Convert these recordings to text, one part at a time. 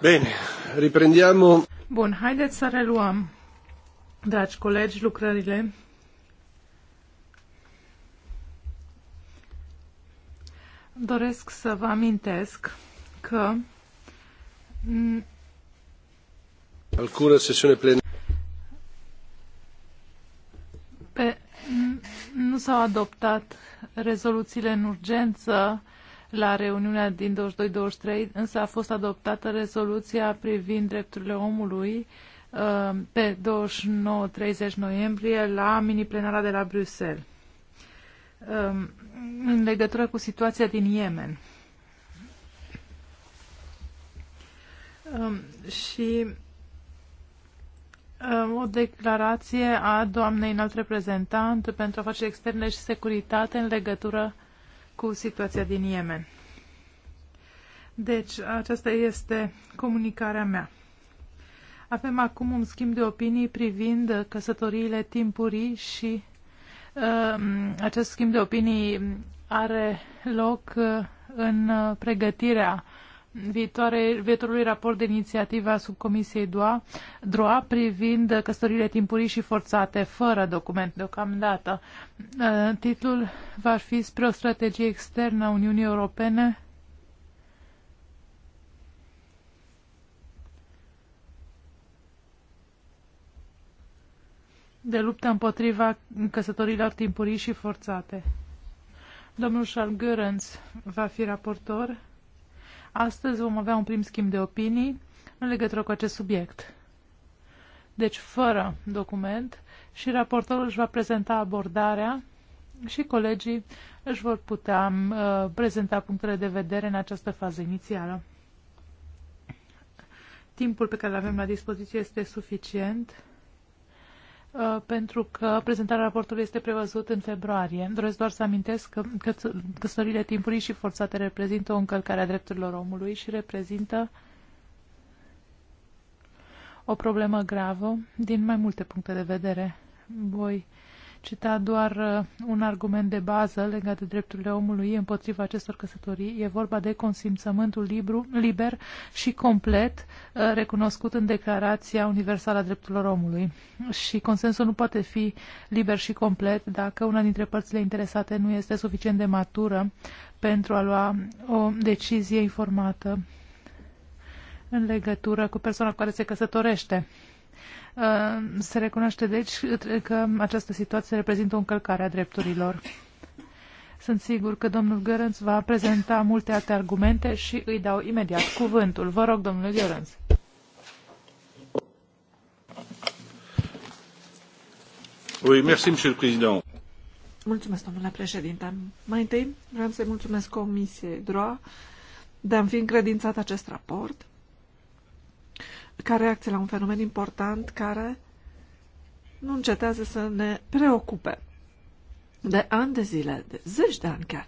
Bine, riprendiamo. Bun, haideți să reluăm, dragi colegi, lucrările. Doresc să vă amintesc că Alcuna sesiune plenare nu s-au adoptat rezoluțiile în urgență la reuniunea din 22-23, însă a fost adoptată rezoluția privind drepturile omului uh, pe 29-30 noiembrie la mini-plenara de la Bruxelles um, în legătură cu situația din Yemen. Um, și um, o declarație a doamnei înalt reprezentant pentru afaceri externe și securitate în legătură cu situația din Yemen. Deci, aceasta este comunicarea mea. Avem acum un schimb de opinii privind căsătoriile timpurii și uh, acest schimb de opinii are loc uh, în pregătirea uh, viitoare, viitorului raport de inițiativă a subcomisiei DOA, DROA privind căsătorile timpurii și forțate, fără document deocamdată. Uh, titlul va fi spre o strategie externă a Uniunii Europene de luptă împotriva căsătorilor timpurii și forțate. Domnul Charles Görens va fi raportor Astăzi vom avea un prim schimb de opinii în legătură cu acest subiect. Deci, fără document, și raportorul își va prezenta abordarea și colegii își vor putea uh, prezenta punctele de vedere în această fază inițială. Timpul pe care îl avem la dispoziție este suficient Uh, pentru că prezentarea raportului este prevăzută în februarie. Doresc doar să amintesc că căsătorile timpurii și forțate reprezintă o încălcare a drepturilor omului și reprezintă o problemă gravă din mai multe puncte de vedere. Voi cita doar uh, un argument de bază legat de drepturile omului împotriva acestor căsătorii. E vorba de consimțământul libru, liber și complet uh, recunoscut în Declarația Universală a Drepturilor Omului. Și consensul nu poate fi liber și complet dacă una dintre părțile interesate nu este suficient de matură pentru a lua o decizie informată în legătură cu persoana cu care se căsătorește. Se recunoaște deci că această situație reprezintă o încălcare a drepturilor. Sunt sigur că domnul Gărânț va prezenta multe alte argumente și îi dau imediat cuvântul. Vă rog, domnule Gărânț. Oui, merci, monsieur le président. Mulțumesc, domnule președinte. Mai întâi vreau să-i mulțumesc Comisiei DROA de a-mi fi încredințat acest raport ca reacție la un fenomen important care nu încetează să ne preocupe de ani de zile, de zeci de ani chiar.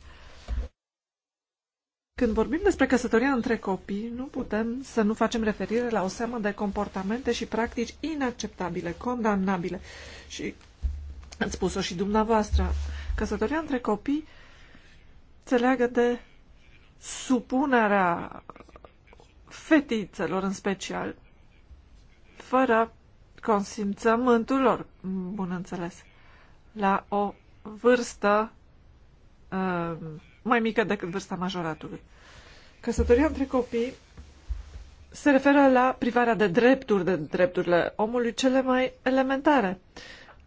Când vorbim despre căsătoria între copii, nu putem să nu facem referire la o seamă de comportamente și practici inacceptabile, condamnabile. Și ați spus-o și dumneavoastră, căsătoria între copii se leagă de supunerea fetițelor în special fără consimțământul lor, bun înțeles, la o vârstă uh, mai mică decât vârsta majoratului. Căsătoria între copii se referă la privarea de drepturi, de drepturile omului cele mai elementare.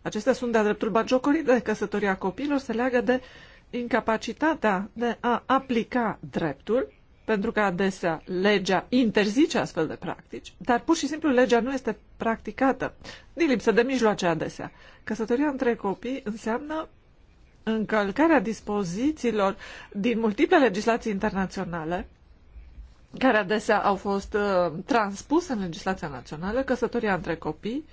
Acestea sunt de-a dreptul de Căsătoria copiilor se leagă de incapacitatea de a aplica dreptul pentru că adesea legea interzice astfel de practici, dar pur și simplu legea nu este practicată, din lipsă de mijloace adesea. Căsătoria între copii înseamnă încălcarea dispozițiilor din multiple legislații internaționale, care adesea au fost uh, transpuse în legislația națională, căsătoria între copii,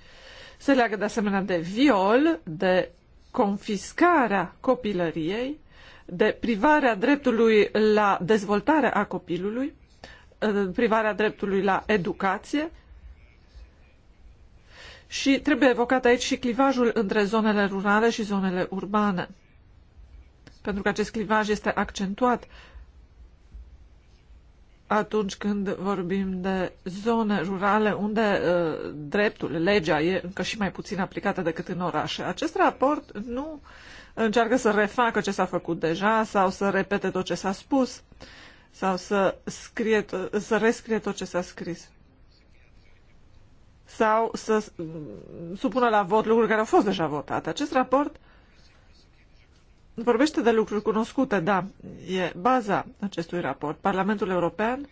se leagă de asemenea de viol, de confiscarea copilăriei, de privarea dreptului la dezvoltare a copilului, eh, privarea dreptului la educație și trebuie evocat aici și clivajul între zonele rurale și zonele urbane. Pentru că acest clivaj este accentuat atunci când vorbim de zone rurale unde uh, dreptul, legea e încă și mai puțin aplicată decât în orașe. Acest raport nu uh, încearcă să refacă ce s-a făcut deja sau să repete tot ce s-a spus sau să, scrie, să rescrie tot ce s-a scris sau să supună la vot lucruri care au fost deja votate. Acest raport vorbește de lucruri cunoscute, da, e baza acestui raport. Parlamentul European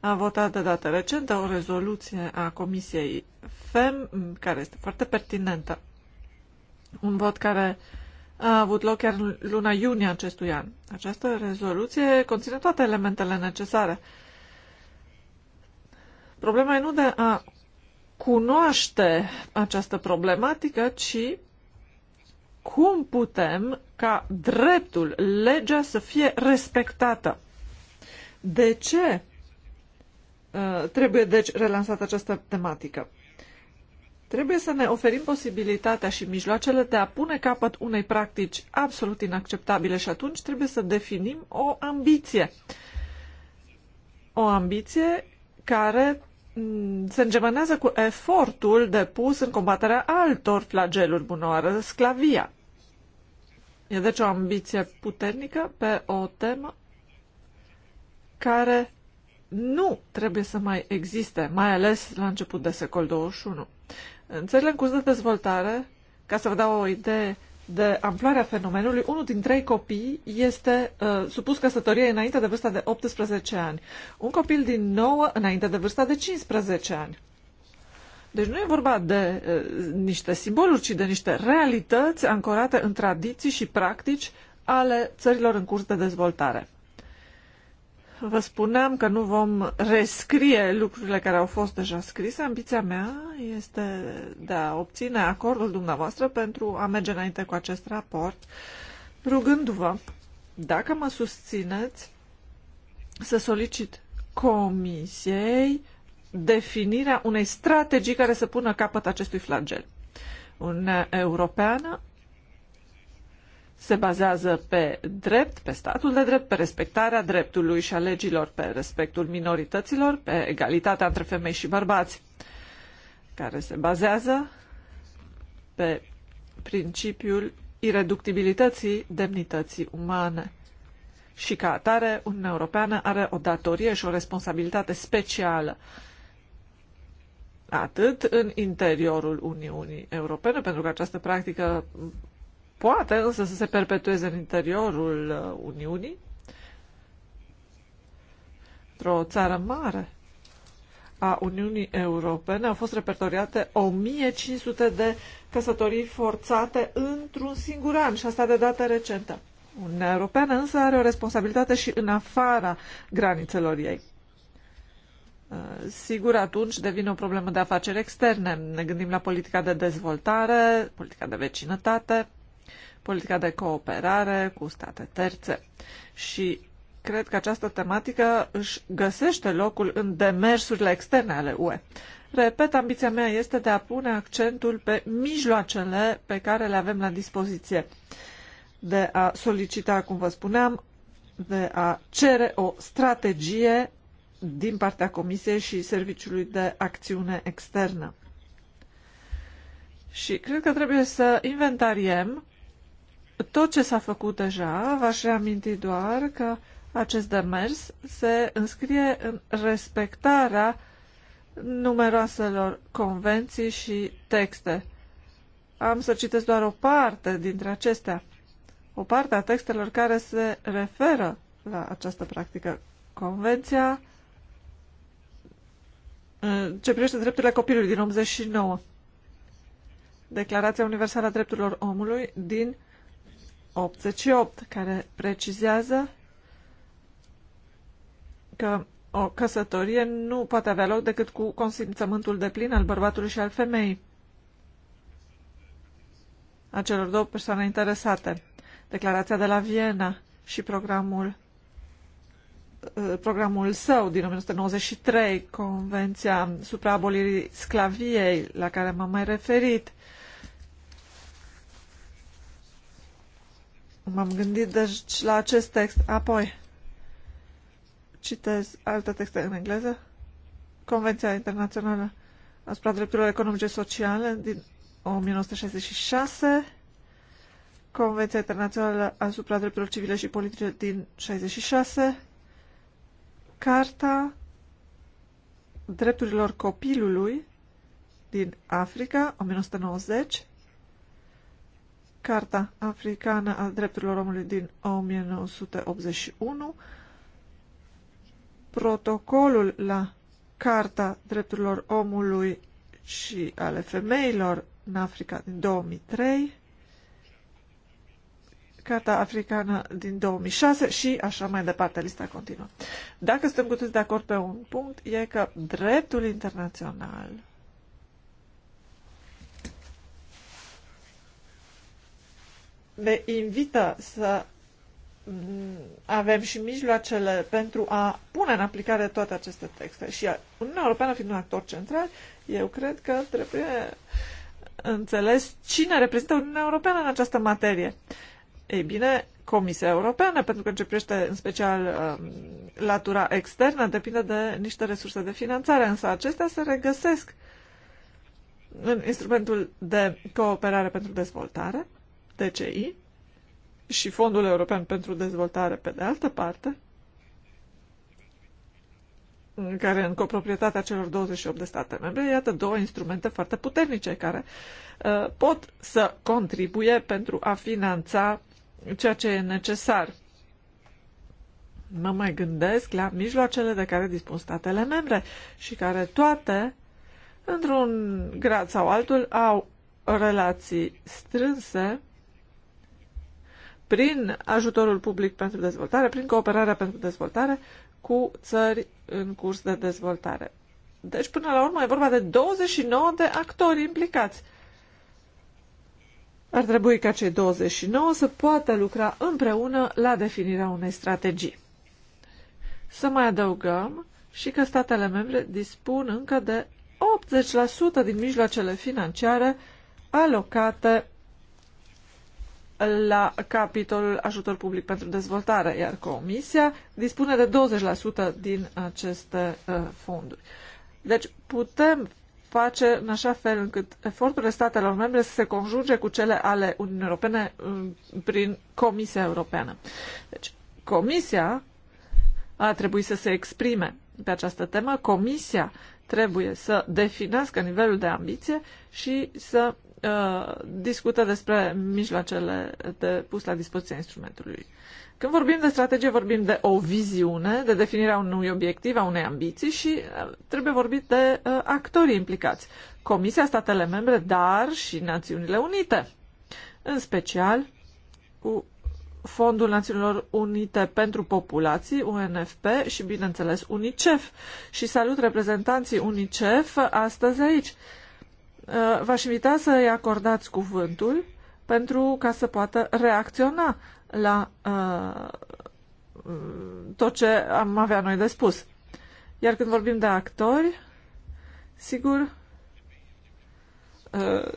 a votat de dată recentă o rezoluție a Comisiei FEM, care este foarte pertinentă. Un vot care uh, a avut loc chiar luna iunie acestui an. Această rezoluție conține toate elementele necesare. Problema e nu de a cunoaște această problematică, ci cum putem ca dreptul, legea să fie respectată. De ce uh, trebuie deci relansată această tematică? Trebuie să ne oferim posibilitatea și mijloacele de a pune capăt unei practici absolut inacceptabile și atunci trebuie să definim o ambiție. O ambiție care mm, se îngemânează cu efortul depus în combaterea altor flageluri bunoare, sclavia. E deci o ambiție puternică pe o temă care nu trebuie să mai existe, mai ales la început de secol 21. În țările în curs de dezvoltare, ca să vă dau o idee de amploarea fenomenului, unul din trei copii este uh, supus căsătoriei înainte de vârsta de 18 ani. Un copil din 9 înainte de vârsta de 15 ani. Deci nu e vorba de uh, niște simboluri, ci de niște realități ancorate în tradiții și practici ale țărilor în curs de dezvoltare vă spuneam că nu vom rescrie lucrurile care au fost deja scrise. Ambiția mea este de a obține acordul dumneavoastră pentru a merge înainte cu acest raport, rugându-vă, dacă mă susțineți, să solicit Comisiei definirea unei strategii care să pună capăt acestui flagel. Uniunea Europeană se bazează pe drept, pe statul de drept, pe respectarea dreptului și a legilor, pe respectul minorităților, pe egalitatea între femei și bărbați, care se bazează pe principiul ireductibilității demnității umane. Și ca atare, Uniunea Europeană are o datorie și o responsabilitate specială atât în interiorul Uniunii Europene, pentru că această practică poate însă să se perpetueze în interiorul uh, Uniunii, într-o țară mare a Uniunii Europene, au fost repertoriate 1500 de căsătorii forțate într-un singur an și asta de dată recentă. Uniunea Europeană însă are o responsabilitate și în afara granițelor ei. Uh, sigur, atunci devine o problemă de afaceri externe. Ne gândim la politica de dezvoltare, politica de vecinătate, politica de cooperare cu state terțe. Și cred că această tematică își găsește locul în demersurile externe ale UE. Repet, ambiția mea este de a pune accentul pe mijloacele pe care le avem la dispoziție, de a solicita, cum vă spuneam, de a cere o strategie din partea Comisiei și Serviciului de Acțiune Externă. Și cred că trebuie să inventariem tot ce s-a făcut deja, v-aș reaminti doar că acest demers se înscrie în respectarea numeroaselor convenții și texte. Am să citesc doar o parte dintre acestea, o parte a textelor care se referă la această practică. Convenția ce privește drepturile copilului din 89, Declarația Universală a Drepturilor Omului din 88, care precizează că o căsătorie nu poate avea loc decât cu consimțământul de plin al bărbatului și al femeii, a celor două persoane interesate. Declarația de la Viena și programul uh, programul său din 1993, Convenția supra abolirii sclaviei, la care m-am mai referit, uh, M-am gândit deci la acest text. Apoi, citez alte texte în engleză. Convenția Internațională asupra drepturilor economice sociale din 1966, Convenția Internațională asupra drepturilor civile și politice din 66, Carta drepturilor copilului din Africa, 1990, Carta Africană a Drepturilor Omului din 1981, protocolul la Carta Drepturilor Omului și ale femeilor în Africa din 2003, Carta Africană din 2006 și așa mai departe, lista continuă. Dacă suntem cu toți de acord pe un punct, e că dreptul internațional ne invită să mm, avem și mijloacele pentru a pune în aplicare toate aceste texte. Și Uniunea Europeană fiind un actor central, eu cred că trebuie înțeles cine reprezintă Uniunea Europeană în această materie. Ei bine, Comisia Europeană, pentru că începește în special um, latura externă, depinde de niște resurse de finanțare, însă acestea se regăsesc în instrumentul de cooperare pentru dezvoltare DCI și Fondul European pentru Dezvoltare pe de altă parte, care în coproprietatea celor 28 de state membre, iată două instrumente foarte puternice care uh, pot să contribuie pentru a finanța ceea ce e necesar. Mă mai gândesc la mijloacele de care dispun statele membre și care toate, într-un grad sau altul, au relații strânse prin ajutorul public pentru dezvoltare, prin cooperarea pentru dezvoltare cu țări în curs de dezvoltare. Deci, până la urmă, e vorba de 29 de actori implicați. Ar trebui ca cei 29 să poată lucra împreună la definirea unei strategii. Să mai adăugăm și că statele membre dispun încă de 80% din mijloacele financiare alocate la capitolul ajutor public pentru dezvoltare, iar Comisia dispune de 20% din aceste uh, fonduri. Deci putem face în așa fel încât eforturile statelor membre să se conjuge cu cele ale Uniunii Europene um, prin Comisia Europeană. Deci, Comisia a trebuit să se exprime pe această temă. Comisia trebuie să definească nivelul de ambiție și să Uh, discută despre mijloacele de pus la dispoziția instrumentului. Când vorbim de strategie, vorbim de o viziune, de definirea unui obiectiv, a unei ambiții și uh, trebuie vorbit de uh, actorii implicați. Comisia, statele membre, dar și Națiunile Unite. În special cu Fondul Națiunilor Unite pentru Populații, UNFP, și, bineînțeles, UNICEF. Și salut reprezentanții UNICEF astăzi aici. Uh, Uh, v-aș invita să-i acordați cuvântul pentru ca să poată reacționa la uh, tot ce am avea noi de spus. Iar când vorbim de actori, sigur, uh,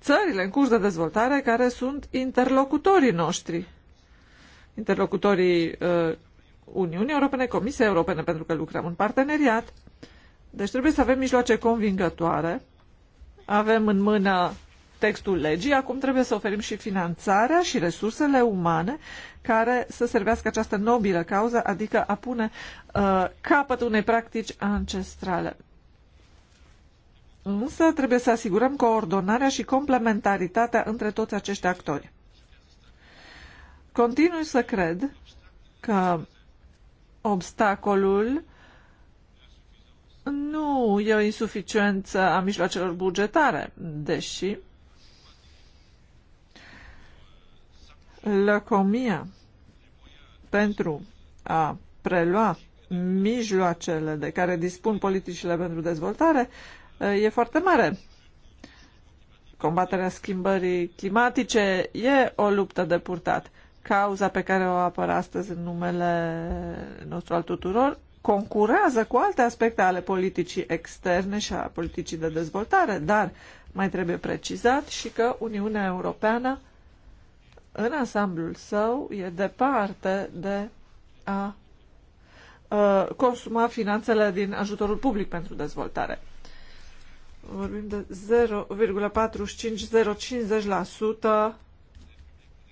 țările în curs de dezvoltare care sunt interlocutorii noștri, interlocutorii Uniunii Europene, Comisiei Europene, pentru că lucrăm în parteneriat. Deci trebuie să avem mijloace convingătoare avem în mână textul legii, acum trebuie să oferim și finanțarea și resursele umane care să servească această nobilă cauză, adică a pune uh, capăt unei practici ancestrale. Însă trebuie să asigurăm coordonarea și complementaritatea între toți acești actori. Continui să cred că obstacolul nu e o insuficiență a mijloacelor bugetare, deși lăcomia pentru a prelua mijloacele de care dispun politicile pentru dezvoltare e foarte mare. Combaterea schimbării climatice e o luptă de purtat. Cauza pe care o apăr astăzi în numele nostru al tuturor concurează cu alte aspecte ale politicii externe și a politicii de dezvoltare, dar mai trebuie precizat și că Uniunea Europeană în ansamblul său e departe de a, uh, consuma finanțele din ajutorul public pentru dezvoltare. Vorbim de 0,45-0,50%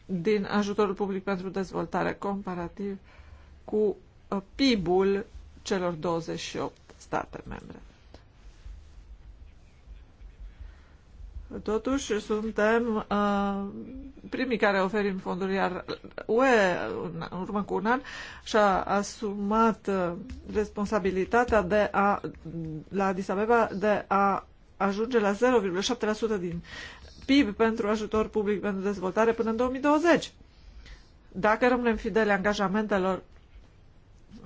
din ajutorul public pentru dezvoltare comparativ cu uh, PIB-ul celor 28 state membre. Totuși, suntem uh, primii care oferim fonduri, iar UE, în urmă cu un an, și-a asumat uh, responsabilitatea de a, la Addis Abeba de a ajunge la 0,7% din PIB pentru ajutor public pentru dezvoltare până în 2020. Dacă rămânem fideli angajamentelor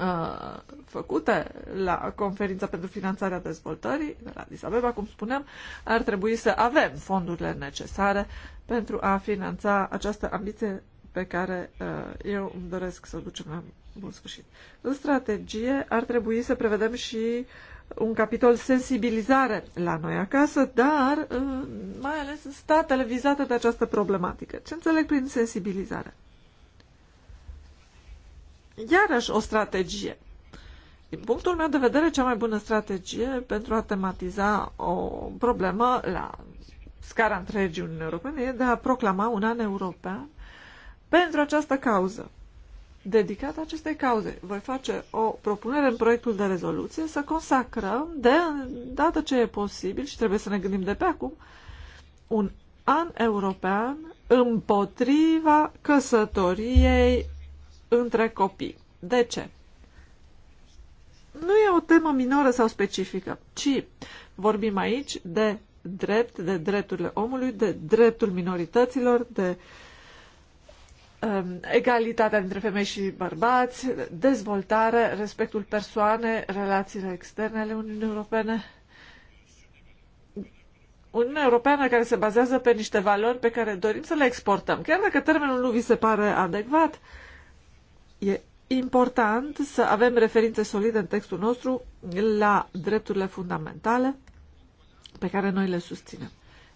Uh, făcute la conferința pentru finanțarea dezvoltării de la Disabeba, cum spuneam, ar trebui să avem fondurile necesare pentru a finanța această ambiție pe care uh, eu îmi doresc să o ducem la bun sfârșit. În strategie ar trebui să prevedem și un capitol sensibilizare la noi acasă, dar uh, mai ales în statele vizate de această problematică. Ce înțeleg prin sensibilizare? Iarăși o strategie. Din punctul meu de vedere, cea mai bună strategie pentru a tematiza o problemă la scara întregii Uniunii Europene e de a proclama un an european pentru această cauză. Dedicat acestei cauze, voi face o propunere în proiectul de rezoluție să consacrăm, de dată ce e posibil și trebuie să ne gândim de pe acum, un an european împotriva căsătoriei între copii. De ce? Nu e o temă minoră sau specifică, ci vorbim aici de drept, de drepturile omului, de dreptul minorităților, de um, egalitatea dintre femei și bărbați, dezvoltare, respectul persoane, relațiile externe ale Uniunii Europene. Uniunea Europeană care se bazează pe niște valori pe care dorim să le exportăm. Chiar dacă termenul nu vi se pare adecvat, uh, E important să avem referințe solide în textul nostru la drepturile fundamentale pe care noi le susținem.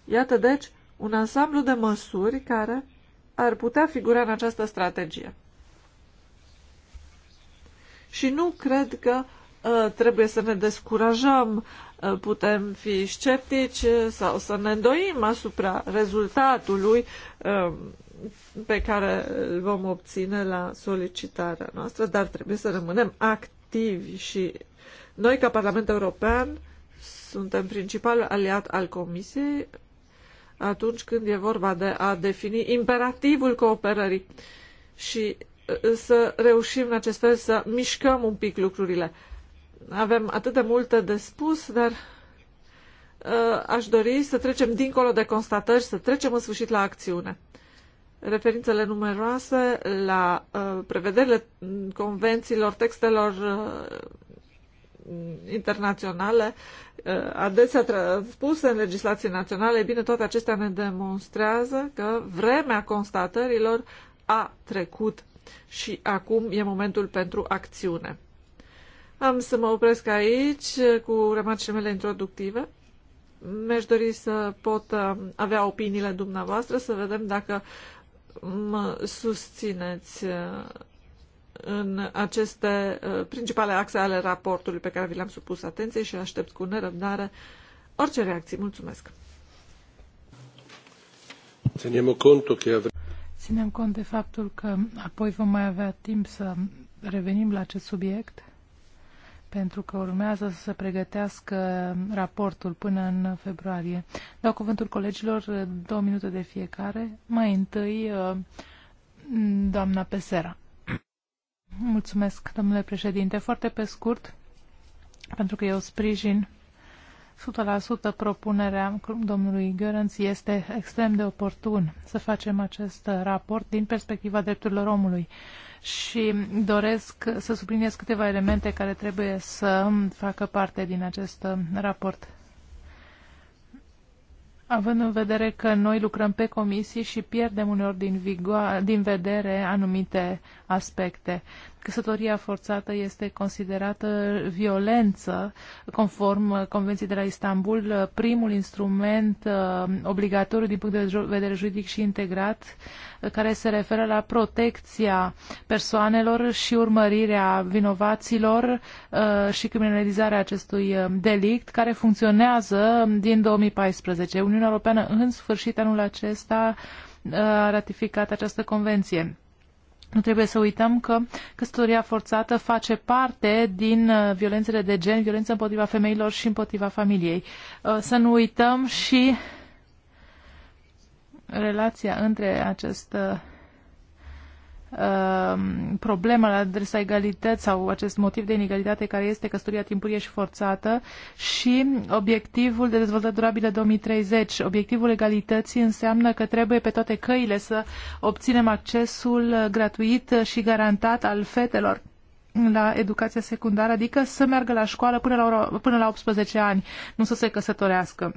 Iată, deci, un ansamblu de măsuri care ar putea figura în această strategie. Și nu cred că uh, trebuie să ne descurajăm, uh, putem fi sceptici uh, sau să ne îndoim asupra rezultatului uh, pe care îl vom obține la solicitarea noastră, dar trebuie să rămânem activi și noi, ca Parlament European, suntem principal aliat al Comisiei atunci când e vorba de a defini imperativul cooperării și uh, să reușim în acest fel să mișcăm un pic lucrurile. Avem atât de multe de spus, dar uh, aș dori să trecem dincolo de constatări, să trecem în sfârșit la acțiune referințele numeroase la uh, prevederile convențiilor, textelor uh, internaționale, uh, adesea transpuse în legislație naționale, bine, toate acestea ne demonstrează că vremea constatărilor a trecut și acum e momentul pentru acțiune. Am să mă opresc aici cu remarcile mele introductive mi-aș dori să pot um, avea opiniile dumneavoastră, să vedem dacă mă susțineți uh, în aceste uh, principale axe ale raportului pe care vi le-am supus atenție și aștept cu nerăbdare orice reacții. Mulțumesc! Ținem cont de faptul că apoi vom mai avea timp să revenim la acest subiect pentru că urmează să se pregătească raportul până în februarie. Dau cuvântul colegilor, două minute de fiecare. Mai întâi, uh, doamna Pesera. Mulțumesc, domnule președinte. Foarte pe scurt, pentru că eu sprijin 100% propunerea domnului Görens este extrem de oportun să facem acest raport din perspectiva drepturilor omului și doresc să subliniez câteva elemente care trebuie să facă parte din acest raport. Având în vedere că noi lucrăm pe comisii și pierdem uneori din, vigo- din vedere anumite aspecte căsătoria forțată este considerată violență conform uh, Convenției de la Istanbul, uh, primul instrument uh, obligatoriu din punct de vedere juridic și integrat care se referă la protecția persoanelor și urmărirea vinovaților și criminalizarea acestui delict care funcționează din 2014. Uniunea Europeană în sfârșit anul acesta a ratificat această convenție. Nu trebuie să uităm că căsătoria forțată face parte din uh, violențele de gen, violență împotriva femeilor și împotriva familiei. Uh, să nu uităm și relația între această uh, Um, problemă la adresa egalități sau acest motiv de inegalitate care este căsătoria timpurie și forțată și obiectivul de dezvoltare durabilă 2030. Obiectivul egalității înseamnă că trebuie pe toate căile să obținem accesul gratuit și garantat al fetelor la educația secundară, adică să meargă la școală până la, ora, până la 18 ani, nu să se căsătorească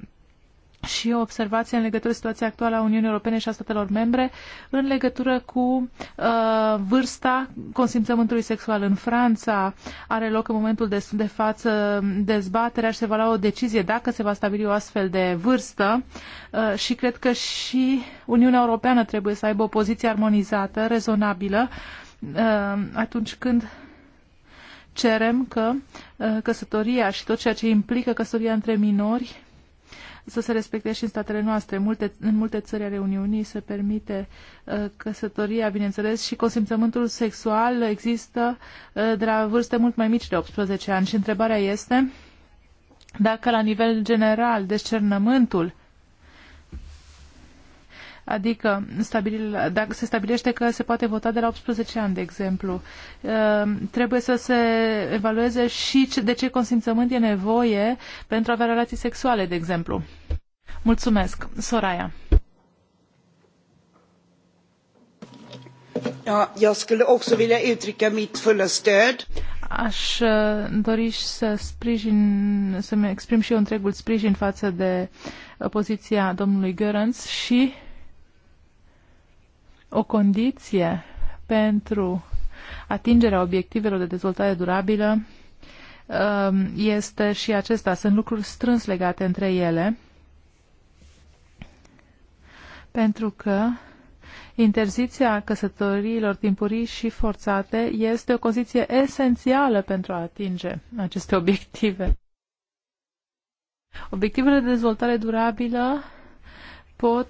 și o observație în legătură cu situația actuală a Uniunii Europene și a statelor membre în legătură cu uh, vârsta consimțământului sexual. În Franța are loc în momentul de, de față dezbaterea și se va lua o decizie dacă se va stabili o astfel de vârstă uh, și cred că și Uniunea Europeană trebuie să aibă o poziție armonizată, rezonabilă, uh, atunci când cerem că uh, căsătoria și tot ceea ce implică căsătoria între minori să se respecte și în statele noastre. Multe, în multe țări ale Uniunii se permite uh, căsătoria, bineînțeles, și consimțământul sexual există uh, de la vârste mult mai mici de 18 ani. Și întrebarea este dacă la nivel general descernământul deci Adică stabil, dacă se stabilește că se poate vota de la 18 ani, de exemplu. Ehm, trebuie să se evalueze și de ce consimțământ e nevoie pentru a avea relații sexuale, de exemplu. Mulțumesc. Soraya. Jag skulle också vilja uttrycka mitt fulla stöd. Aș eh, dori să sprijin, să-mi exprim și eu întregul sprijin față de poziția domnului Görans și o condiție pentru atingerea obiectivelor de dezvoltare durabilă um, este și acesta. Sunt lucruri strâns legate între ele pentru că interziția căsătoriilor timpurii și forțate este o condiție esențială pentru a atinge aceste obiective. Obiectivele de dezvoltare durabilă pot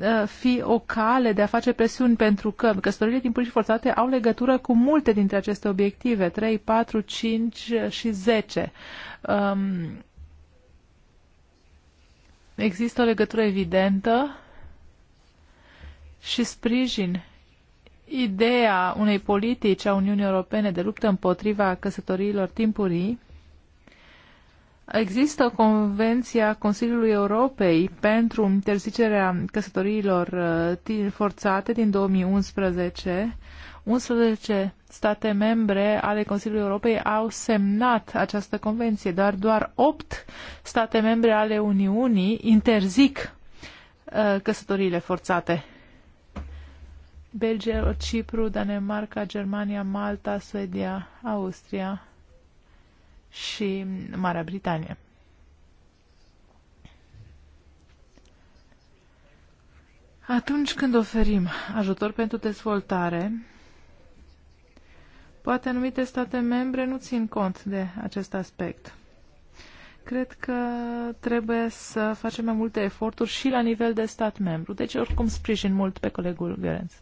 Ă, fi o cale de a face presiuni, pentru că căsătoriile timpurii și forțate au legătură cu multe dintre aceste obiective, 3, 4, 5 și 10. Um, există o legătură evidentă și sprijin ideea unei politici a Uniunii Europene de luptă împotriva căsătoriilor timpurii Există Convenția Consiliului Europei pentru interzicerea căsătoriilor uh, forțate din 2011. 11 state membre ale Consiliului Europei au semnat această convenție, dar doar 8 state membre ale Uniunii interzic uh, căsătoriile forțate. Belgia, Cipru, Danemarca, Germania, Malta, Suedia, Austria, și Marea Britanie. Atunci când oferim ajutor pentru dezvoltare, poate anumite state membre nu țin cont de acest aspect. Cred că trebuie să facem mai multe eforturi și la nivel de stat membru. Deci, oricum, sprijin mult pe colegul Gărenț.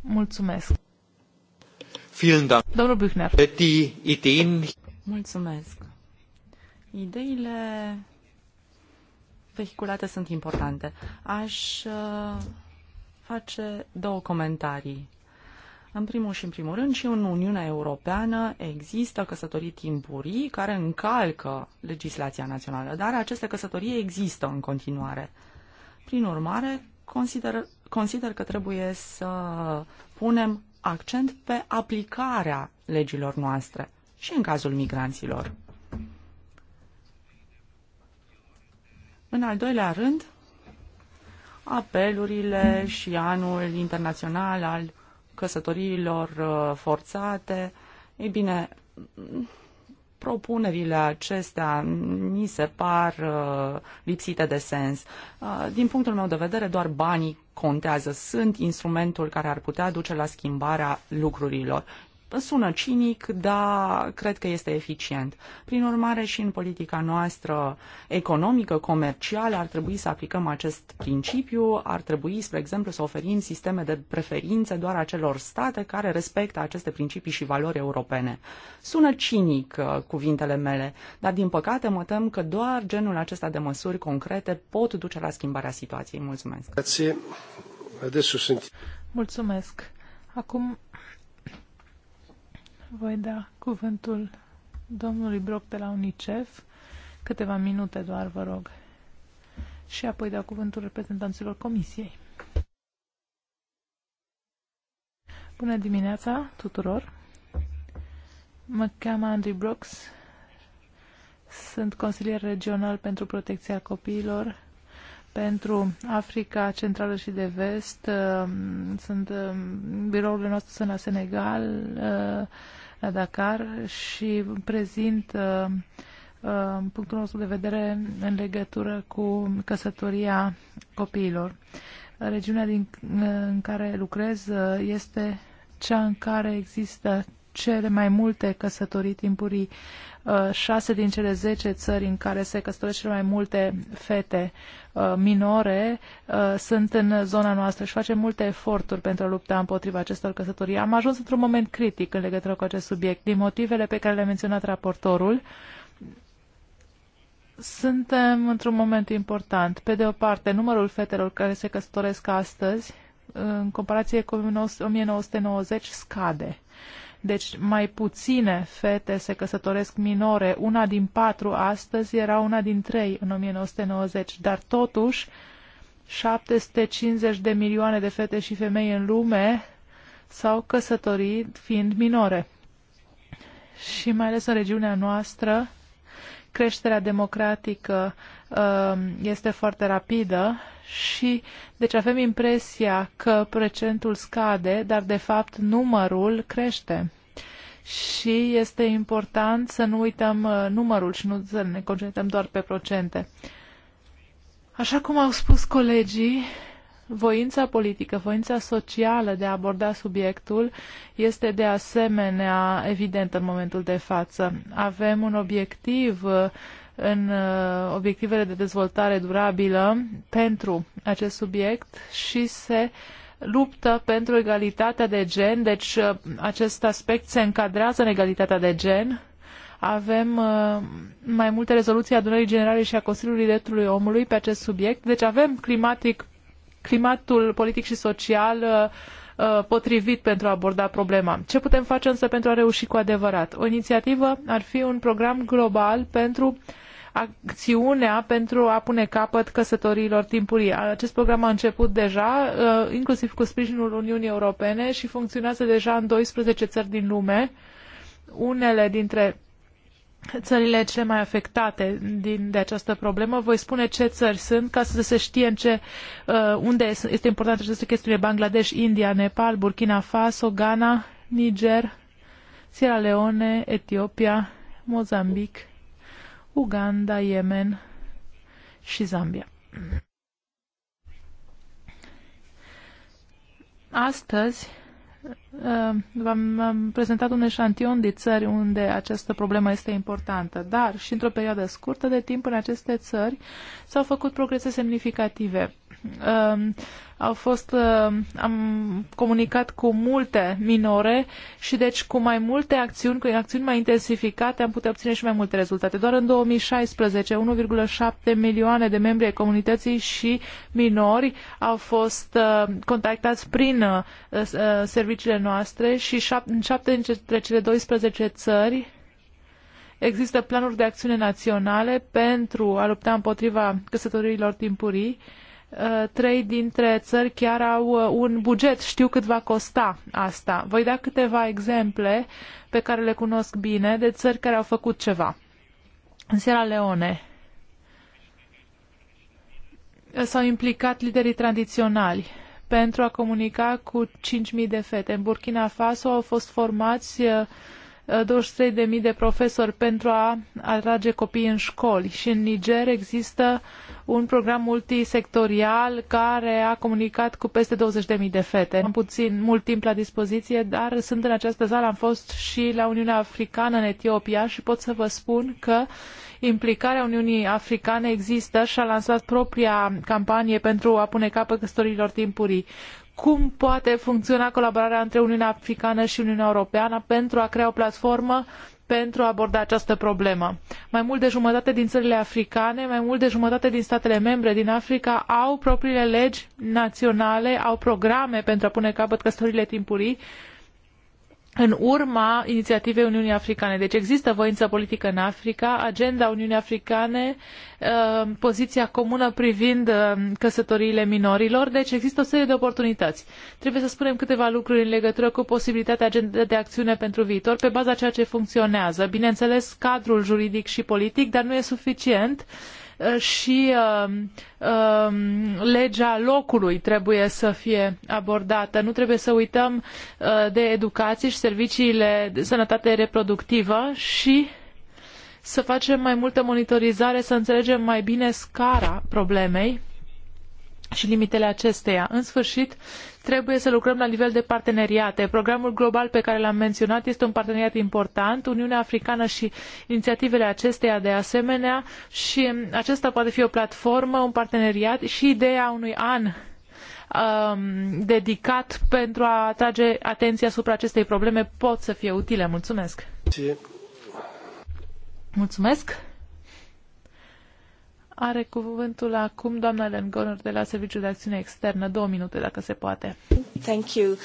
Mulțumesc. Vielen Dank. Domnul Büchner. Die Ideen... Mulțumesc. Ideile vehiculate sunt importante. Aș uh, face două comentarii. În primul și în primul rând, și în Uniunea Europeană există căsătorii timpurii care încalcă legislația națională, dar aceste căsătorii există în continuare. Prin urmare, consider, consider că trebuie să punem accent pe aplicarea legilor noastre și în cazul migranților. În al doilea rând, apelurile și anul internațional al căsătoriilor uh, forțate. Ei bine, propunerile acestea mi se par uh, lipsite de sens. Uh, din punctul meu de vedere, doar banii contează, sunt instrumentul care ar putea duce la schimbarea lucrurilor sună cinic, dar cred că este eficient. Prin urmare, și în politica noastră economică, comercială, ar trebui să aplicăm acest principiu, ar trebui, spre exemplu, să oferim sisteme de preferințe doar acelor state care respectă aceste principii și valori europene. Sună cinic uh, cuvintele mele, dar din păcate mă tem că doar genul acesta de măsuri concrete pot duce la schimbarea situației. Mulțumesc! Mulțumesc! Acum voi da cuvântul domnului Broc de la UNICEF. Câteva minute doar, vă rog. Și apoi dau cuvântul reprezentanților comisiei. Bună dimineața tuturor! Mă cheamă Andrew Brooks, sunt consilier regional pentru protecția copiilor pentru Africa Centrală și de Vest. Sunt, um, birourile noastre sunt la Senegal, uh, la Dakar și prezint uh, uh, punctul nostru de vedere în legătură cu căsătoria copiilor. Regiunea din, uh, în care lucrez uh, este cea în care există cele mai multe căsătorii timpurii Uh, șase din cele zece țări în care se căsătoresc cele mai multe fete uh, minore uh, sunt în zona noastră și facem multe eforturi pentru a lupta împotriva acestor căsătorii. Am ajuns într-un moment critic în legătură cu acest subiect din motivele pe care le-a menționat raportorul suntem într-un moment important. Pe de o parte, numărul fetelor care se căsătoresc astăzi, în comparație cu 1990, scade. Deci mai puține fete se căsătoresc minore, una din patru astăzi era una din trei în 1990, dar totuși 750 de milioane de fete și femei în lume s-au căsătorit fiind minore. Și mai ales în regiunea noastră, creșterea democratică uh, este foarte rapidă și deci avem impresia că procentul scade, dar de fapt numărul crește. Și este important să nu uităm uh, numărul și nu să ne concentrăm doar pe procente. Așa cum au spus colegii, voința politică, voința socială de a aborda subiectul este de asemenea evidentă în momentul de față. Avem un obiectiv uh, în uh, obiectivele de dezvoltare durabilă pentru acest subiect și se luptă pentru egalitatea de gen, deci uh, acest aspect se încadrează în egalitatea de gen. Avem uh, mai multe rezoluții adunării generale și a Consiliului Drepturilor Omului pe acest subiect, deci avem climatic, climatul politic și social Uh, potrivit pentru a aborda problema. Ce putem face însă pentru a reuși cu adevărat? O inițiativă ar fi un program global pentru acțiunea pentru a pune capăt căsătoriilor timpurii. Acest program a început deja, uh, inclusiv cu sprijinul Uniunii Europene și funcționează deja în 12 țări din lume. Unele dintre țările cele mai afectate din, de această problemă. Voi spune ce țări sunt ca să se știe în ce, uh, unde este importantă această chestiune. Bangladesh, India, Nepal, Burkina Faso, Ghana, Niger, Sierra Leone, Etiopia, Mozambic, Uganda, Yemen și Zambia. Astăzi, Uh, v-am prezentat un eșantion de țări unde această problemă este importantă, dar și într-o perioadă scurtă de timp în aceste țări s-au făcut progrese semnificative. Um, au fost, um, am comunicat cu multe minore și deci cu mai multe acțiuni, cu acțiuni mai intensificate am putea obține și mai multe rezultate. Doar în 2016, 1,7 milioane de membri ai comunității și minori au fost uh, contactați prin uh, uh, serviciile noastre și în șapte dintre cele 12 țări există planuri de acțiune naționale pentru a lupta împotriva căsătoriilor timpurii. Eh, trei dintre țări chiar au eh, un buget, știu cât va costa asta. Voi da câteva exemple pe care le cunosc bine de țări care au făcut ceva. În Sierra Leone eh, s-au implicat liderii tradiționali pentru a comunica cu 5.000 de fete. În Burkina Faso au fost formați 23.000 de profesori pentru a atrage copii în școli și în Niger există un program multisectorial care a comunicat cu peste 20.000 de fete. Am puțin mult timp la dispoziție, dar sunt în această sală, am fost și la Uniunea Africană în Etiopia și pot să vă spun că implicarea Uniunii Africane există și a lansat propria campanie pentru a pune capăt căsătorilor timpurii. Cum poate funcționa colaborarea între Uniunea Africană și Uniunea Europeană pentru a crea o platformă pentru a aborda această problemă. Mai mult de jumătate din țările africane, mai mult de jumătate din statele membre din Africa au propriile legi naționale, au programe pentru a pune capăt căsătorile timpurii în urma inițiativei Uniunii Africane. Deci există voință politică în Africa, agenda Uniunii Africane, uh, poziția comună privind uh, căsătoriile minorilor, deci există o serie de oportunități. Trebuie să spunem câteva lucruri în legătură cu posibilitatea de acțiune pentru viitor pe baza ceea ce funcționează. Bineînțeles, cadrul juridic și politic, dar nu e suficient. Uh, și uh, um, legea locului trebuie să fie abordată. Nu trebuie să uităm uh, de educație și serviciile de sănătate reproductivă și să facem mai multă monitorizare, să înțelegem mai bine scara problemei și limitele acesteia. În sfârșit, trebuie să lucrăm la nivel de parteneriate. Programul global pe care l-am menționat este un parteneriat important. Uniunea Africană și inițiativele acesteia de asemenea și um, acesta poate fi o platformă, un parteneriat și ideea unui an um, dedicat pentru a atrage atenția asupra acestei probleme pot să fie utile. Mulțumesc! Mulțumesc! Are cuvântul acum doamna Lemgonor de la Serviciul de Acțiune Externă. Două minute, dacă se poate. Thank you. Uh,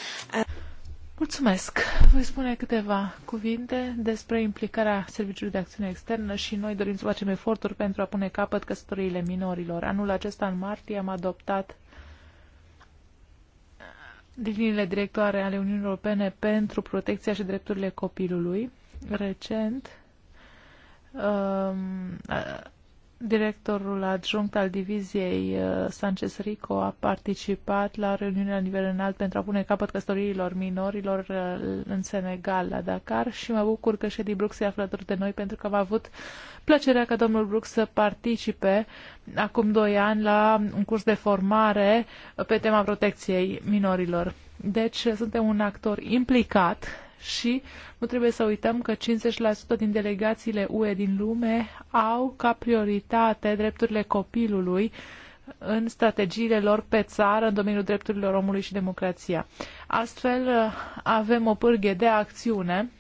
Mulțumesc. Voi spune câteva cuvinte despre implicarea Serviciului de Acțiune Externă și noi dorim să facem eforturi pentru a pune capăt căsătoriile minorilor. Anul acesta, în martie, am adoptat liniile directoare ale Uniunii Europene pentru protecția și drepturile copilului. Recent, um, Directorul adjunct al diviziei uh, Sanchez Rico a participat la reuniunea la nivel înalt pentru a pune capăt căsătoriilor minorilor uh, în Senegal, la Dakar și mă bucur că Shady Brooks se află de noi pentru că am avut plăcerea ca domnul Brooks să participe acum doi ani la un curs de formare pe tema protecției minorilor. Deci suntem un actor implicat și nu trebuie să uităm că 50% din delegațiile UE din lume au ca prioritate drepturile copilului în strategiile lor pe țară în domeniul drepturilor omului și democrația. Astfel avem o pârghie de acțiune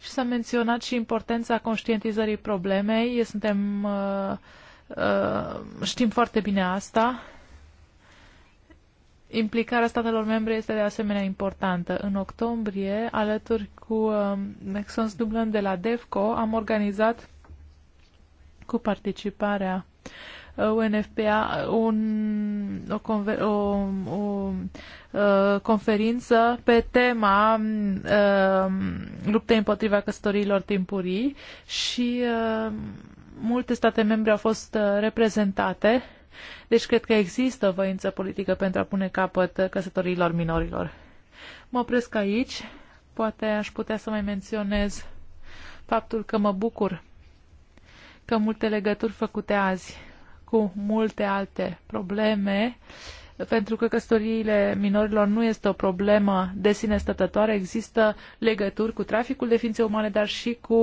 și s-a menționat și importanța conștientizării problemei. Suntem, uh, uh, știm foarte bine asta Implicarea statelor membre este de asemenea importantă. În octombrie, alături cu um, Nexons Dublin de la DEFCO, am organizat cu participarea uh, UNFPA un, o, conver, o, o uh, conferință pe tema um, uh, luptei împotriva căsătoriilor timpurii și uh, multe state membre au fost uh, reprezentate deci cred că există voință politică pentru a pune capăt căsătorilor minorilor. Mă opresc aici. Poate aș putea să mai menționez faptul că mă bucur că multe legături făcute azi cu multe alte probleme uh, pentru că căsătoriile minorilor nu este o problemă de sine stătătoare, există legături cu traficul de ființe umane, dar și cu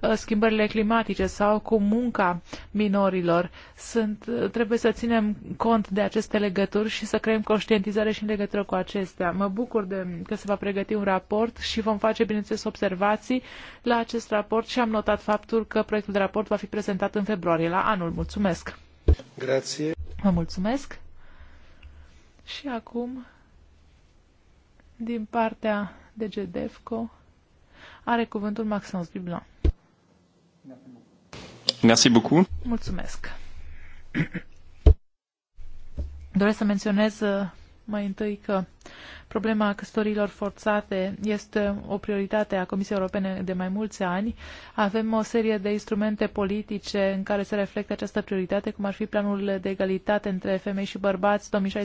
uh, schimbările climatice sau cu munca minorilor. Sunt, uh, trebuie să ținem cont de aceste legături și să creăm conștientizare și în legătură cu acestea. Mă bucur de, că se va pregăti un raport și vom face, bineînțeles, observații la acest raport și am notat faptul că proiectul de raport va fi prezentat în februarie la anul. Mulțumesc! Grazie! Vă mulțumesc! Și acum, din partea de Gedefco, are cuvântul Maxence Biblan. Merci beaucoup. Mulțumesc. Doresc să menționez uh, mai întâi că Problema căsătorilor forțate este o prioritate a Comisiei Europene de mai mulți ani. Avem o serie de instrumente politice în care se reflectă această prioritate, cum ar fi planul de egalitate între femei și bărbați 2016-2020,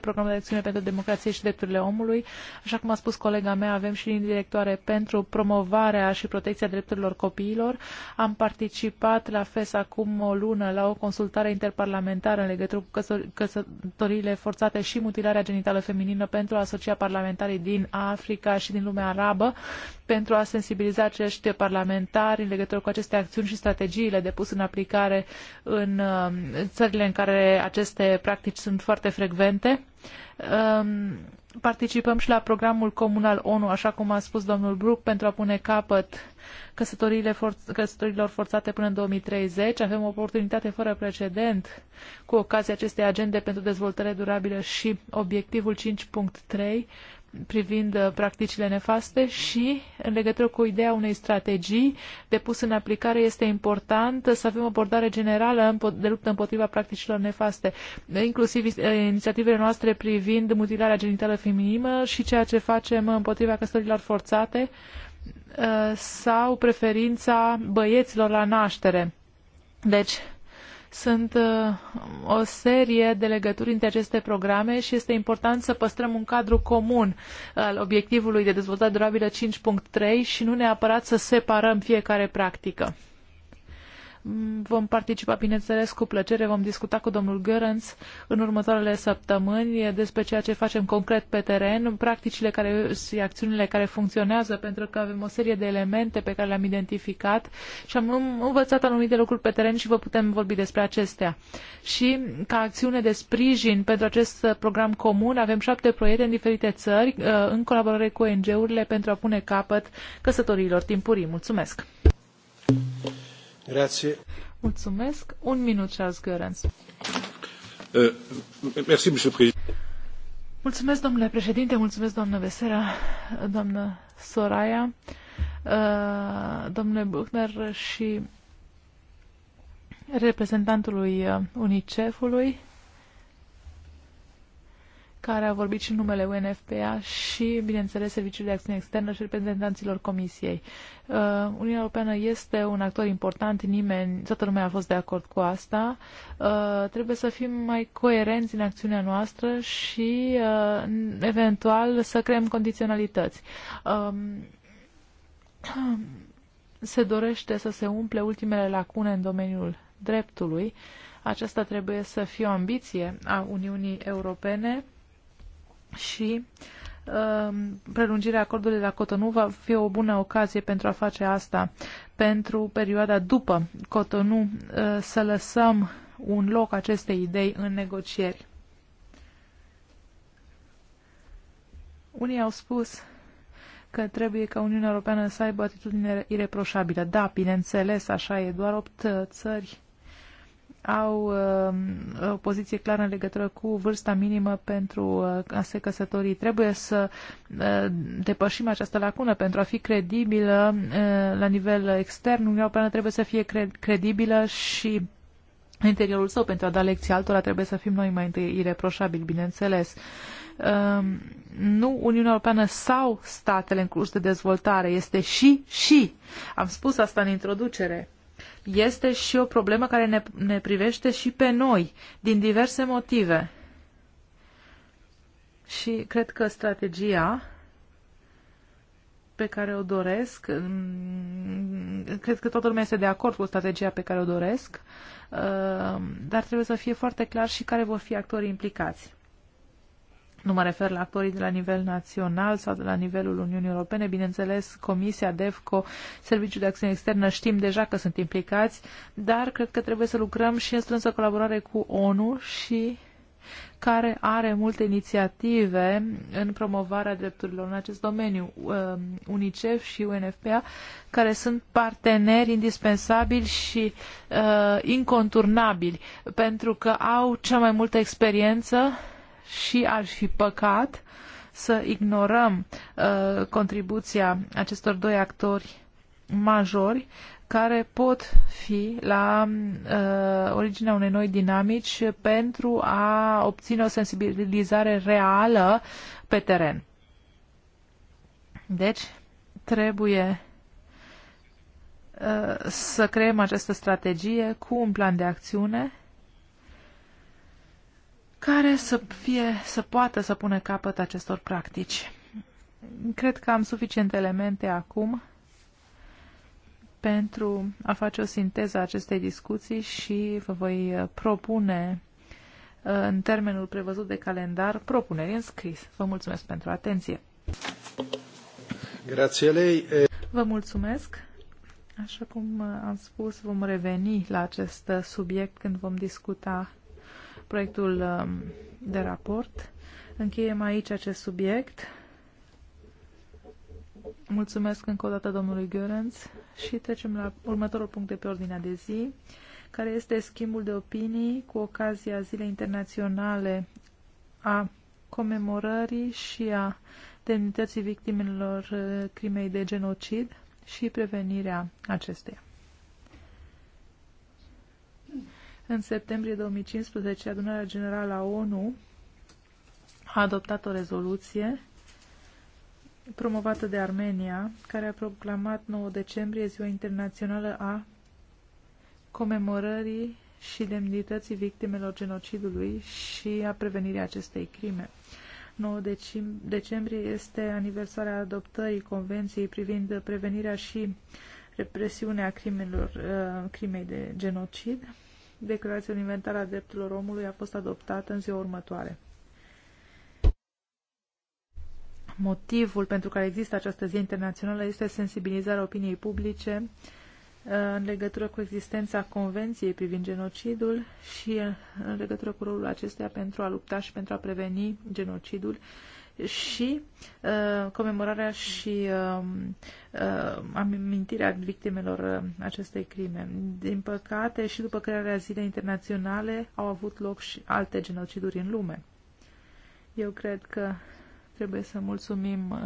programul de acțiune pentru democrație și drepturile omului. Așa cum a spus colega mea, avem și linii directoare pentru promovarea și protecția drepturilor copiilor. Am participat la FES acum o lună la o consultare interparlamentară în legătură cu căsătoriile forțate și mutilarea genitală feminină feminină pentru asocia parlamentarii din Africa și din lumea arabă, pentru a sensibiliza acești parlamentari în legătură cu aceste acțiuni și strategiile de pus în aplicare în uh, țările în care aceste practici sunt foarte frecvente. Um, participăm și la programul comunal ONU, așa cum a spus domnul Brook, pentru a pune capăt for- căsătorilor forțate până în 2030. Avem o oportunitate fără precedent cu ocazia acestei agende pentru dezvoltare durabilă și obiectivul 5.3 privind uh, practicile nefaste și în legătură cu ideea unei strategii de pus în aplicare este important să avem o abordare generală de luptă împotriva practicilor nefaste, inclusiv uh, inițiativele noastre privind mutilarea genitală feminină și ceea ce facem împotriva căsătorilor forțate uh, sau preferința băieților la naștere. Deci, sunt uh, o serie de legături între aceste programe și este important să păstrăm un cadru comun al obiectivului de dezvoltare durabilă 5.3 și nu neapărat să separăm fiecare practică. Vom participa, bineînțeles, cu plăcere, vom discuta cu domnul Görens în următoarele săptămâni despre ceea ce facem concret pe teren, practicile care, și acțiunile care funcționează, pentru că avem o serie de elemente pe care le-am identificat și am învățat anumite lucruri pe teren și vă putem vorbi despre acestea. Și ca acțiune de sprijin pentru acest program comun avem șapte proiecte în diferite țări, uh, în colaborare cu ONG-urile, pentru a pune capăt căsătoriilor timpurii. Mulțumesc! Mulțumesc. Un minut, Charles Görens. Eh, mulțumesc, domnule președinte, mulțumesc, doamnă Vesera, doamnă Soraya, eh, domnule Buchner și reprezentantului eh, UNICEF-ului care a vorbit și în numele UNFPA și, bineînțeles, Serviciul de Acțiune Externă și reprezentanților Comisiei. Uh, Uniunea Europeană este un actor important, nimeni, toată lumea a fost de acord cu asta. Uh, trebuie să fim mai coerenți în acțiunea noastră și, uh, eventual, să creăm condiționalități. Uh, se dorește să se umple ultimele lacune în domeniul dreptului. Aceasta trebuie să fie o ambiție a Uniunii Europene și um, prelungirea acordului la Cotonou va fi o bună ocazie pentru a face asta, pentru perioada după Cotonou uh, să lăsăm un loc acestei idei în negocieri. Unii au spus că trebuie ca Uniunea Europeană să aibă o atitudine ireproșabilă. Da, bineînțeles, așa e. Doar opt uh, țări au uh, o poziție clară în legătură cu vârsta minimă pentru uh, a se căsători. Trebuie să uh, depășim această lacună pentru a fi credibilă la nivel extern. Uniunea Europeană trebuie să fie credibilă și în interiorul său pentru a da lecții altora trebuie să fim noi mai întâi ireproșabili, bineînțeles. Um, nu Uniunea Europeană sau statele în curs de dezvoltare, este și și. Am spus asta în introducere este și o problemă care ne, ne privește și pe noi, din diverse motive. Și cred că strategia pe care o doresc, cred că toată lumea este de acord cu strategia pe care o doresc, uh, dar trebuie să fie foarte clar și care vor fi actorii implicați. Nu mă refer la actorii de la nivel național sau de la nivelul Uniunii Europene. Bineînțeles, Comisia, DEFCO, Serviciul de Acțiune Externă știm deja că sunt implicați, dar cred că trebuie să lucrăm și în strânsă colaborare cu ONU și care are multe inițiative în promovarea drepturilor în acest domeniu, uh, UNICEF și UNFPA, care sunt parteneri indispensabili și uh, inconturnabili, pentru că au cea mai multă experiență și ar fi păcat să ignorăm uh, contribuția acestor doi actori majori care pot fi la uh, originea unei noi dinamici pentru a obține o sensibilizare reală pe teren. Deci, trebuie uh, să creăm această strategie cu un plan de acțiune care să, fie, să poată să pune capăt acestor practici. Cred că am suficiente elemente acum pentru a face o sinteză a acestei discuții și vă voi uh, propune uh, în termenul prevăzut de calendar propuneri în scris. Vă mulțumesc pentru atenție. Grație lei. Vă mulțumesc. Așa cum uh, am spus, vom reveni la acest subiect când vom discuta proiectul um, de raport. Încheiem aici acest subiect. Mulțumesc încă o dată domnului Görenț și trecem la următorul punct de pe ordinea de zi, care este schimbul de opinii cu ocazia Zilei Internaționale a comemorării și a demnității victimelor uh, crimei de genocid și prevenirea acesteia. În septembrie 2015, adunarea generală a ONU a adoptat o rezoluție promovată de Armenia, care a proclamat 9 decembrie Ziua Internațională a comemorării și demnității victimelor genocidului și a prevenirii acestei crime. 9 decembrie este aniversarea adoptării Convenției privind prevenirea și represiunea crimelor, uh, crimei de genocid. Declarația Universală a Drepturilor Omului a fost adoptată în ziua următoare. Motivul pentru care există această zi internațională este sensibilizarea opiniei publice uh, în legătură cu existența Convenției privind genocidul și uh, în legătură cu rolul acesteia pentru a lupta și pentru a preveni genocidul și uh, comemorarea și uh, uh, amintirea victimelor uh, acestei crime. Din păcate, și după crearea zilei internaționale, au avut loc și alte genociduri în lume. Eu cred că trebuie să mulțumim uh,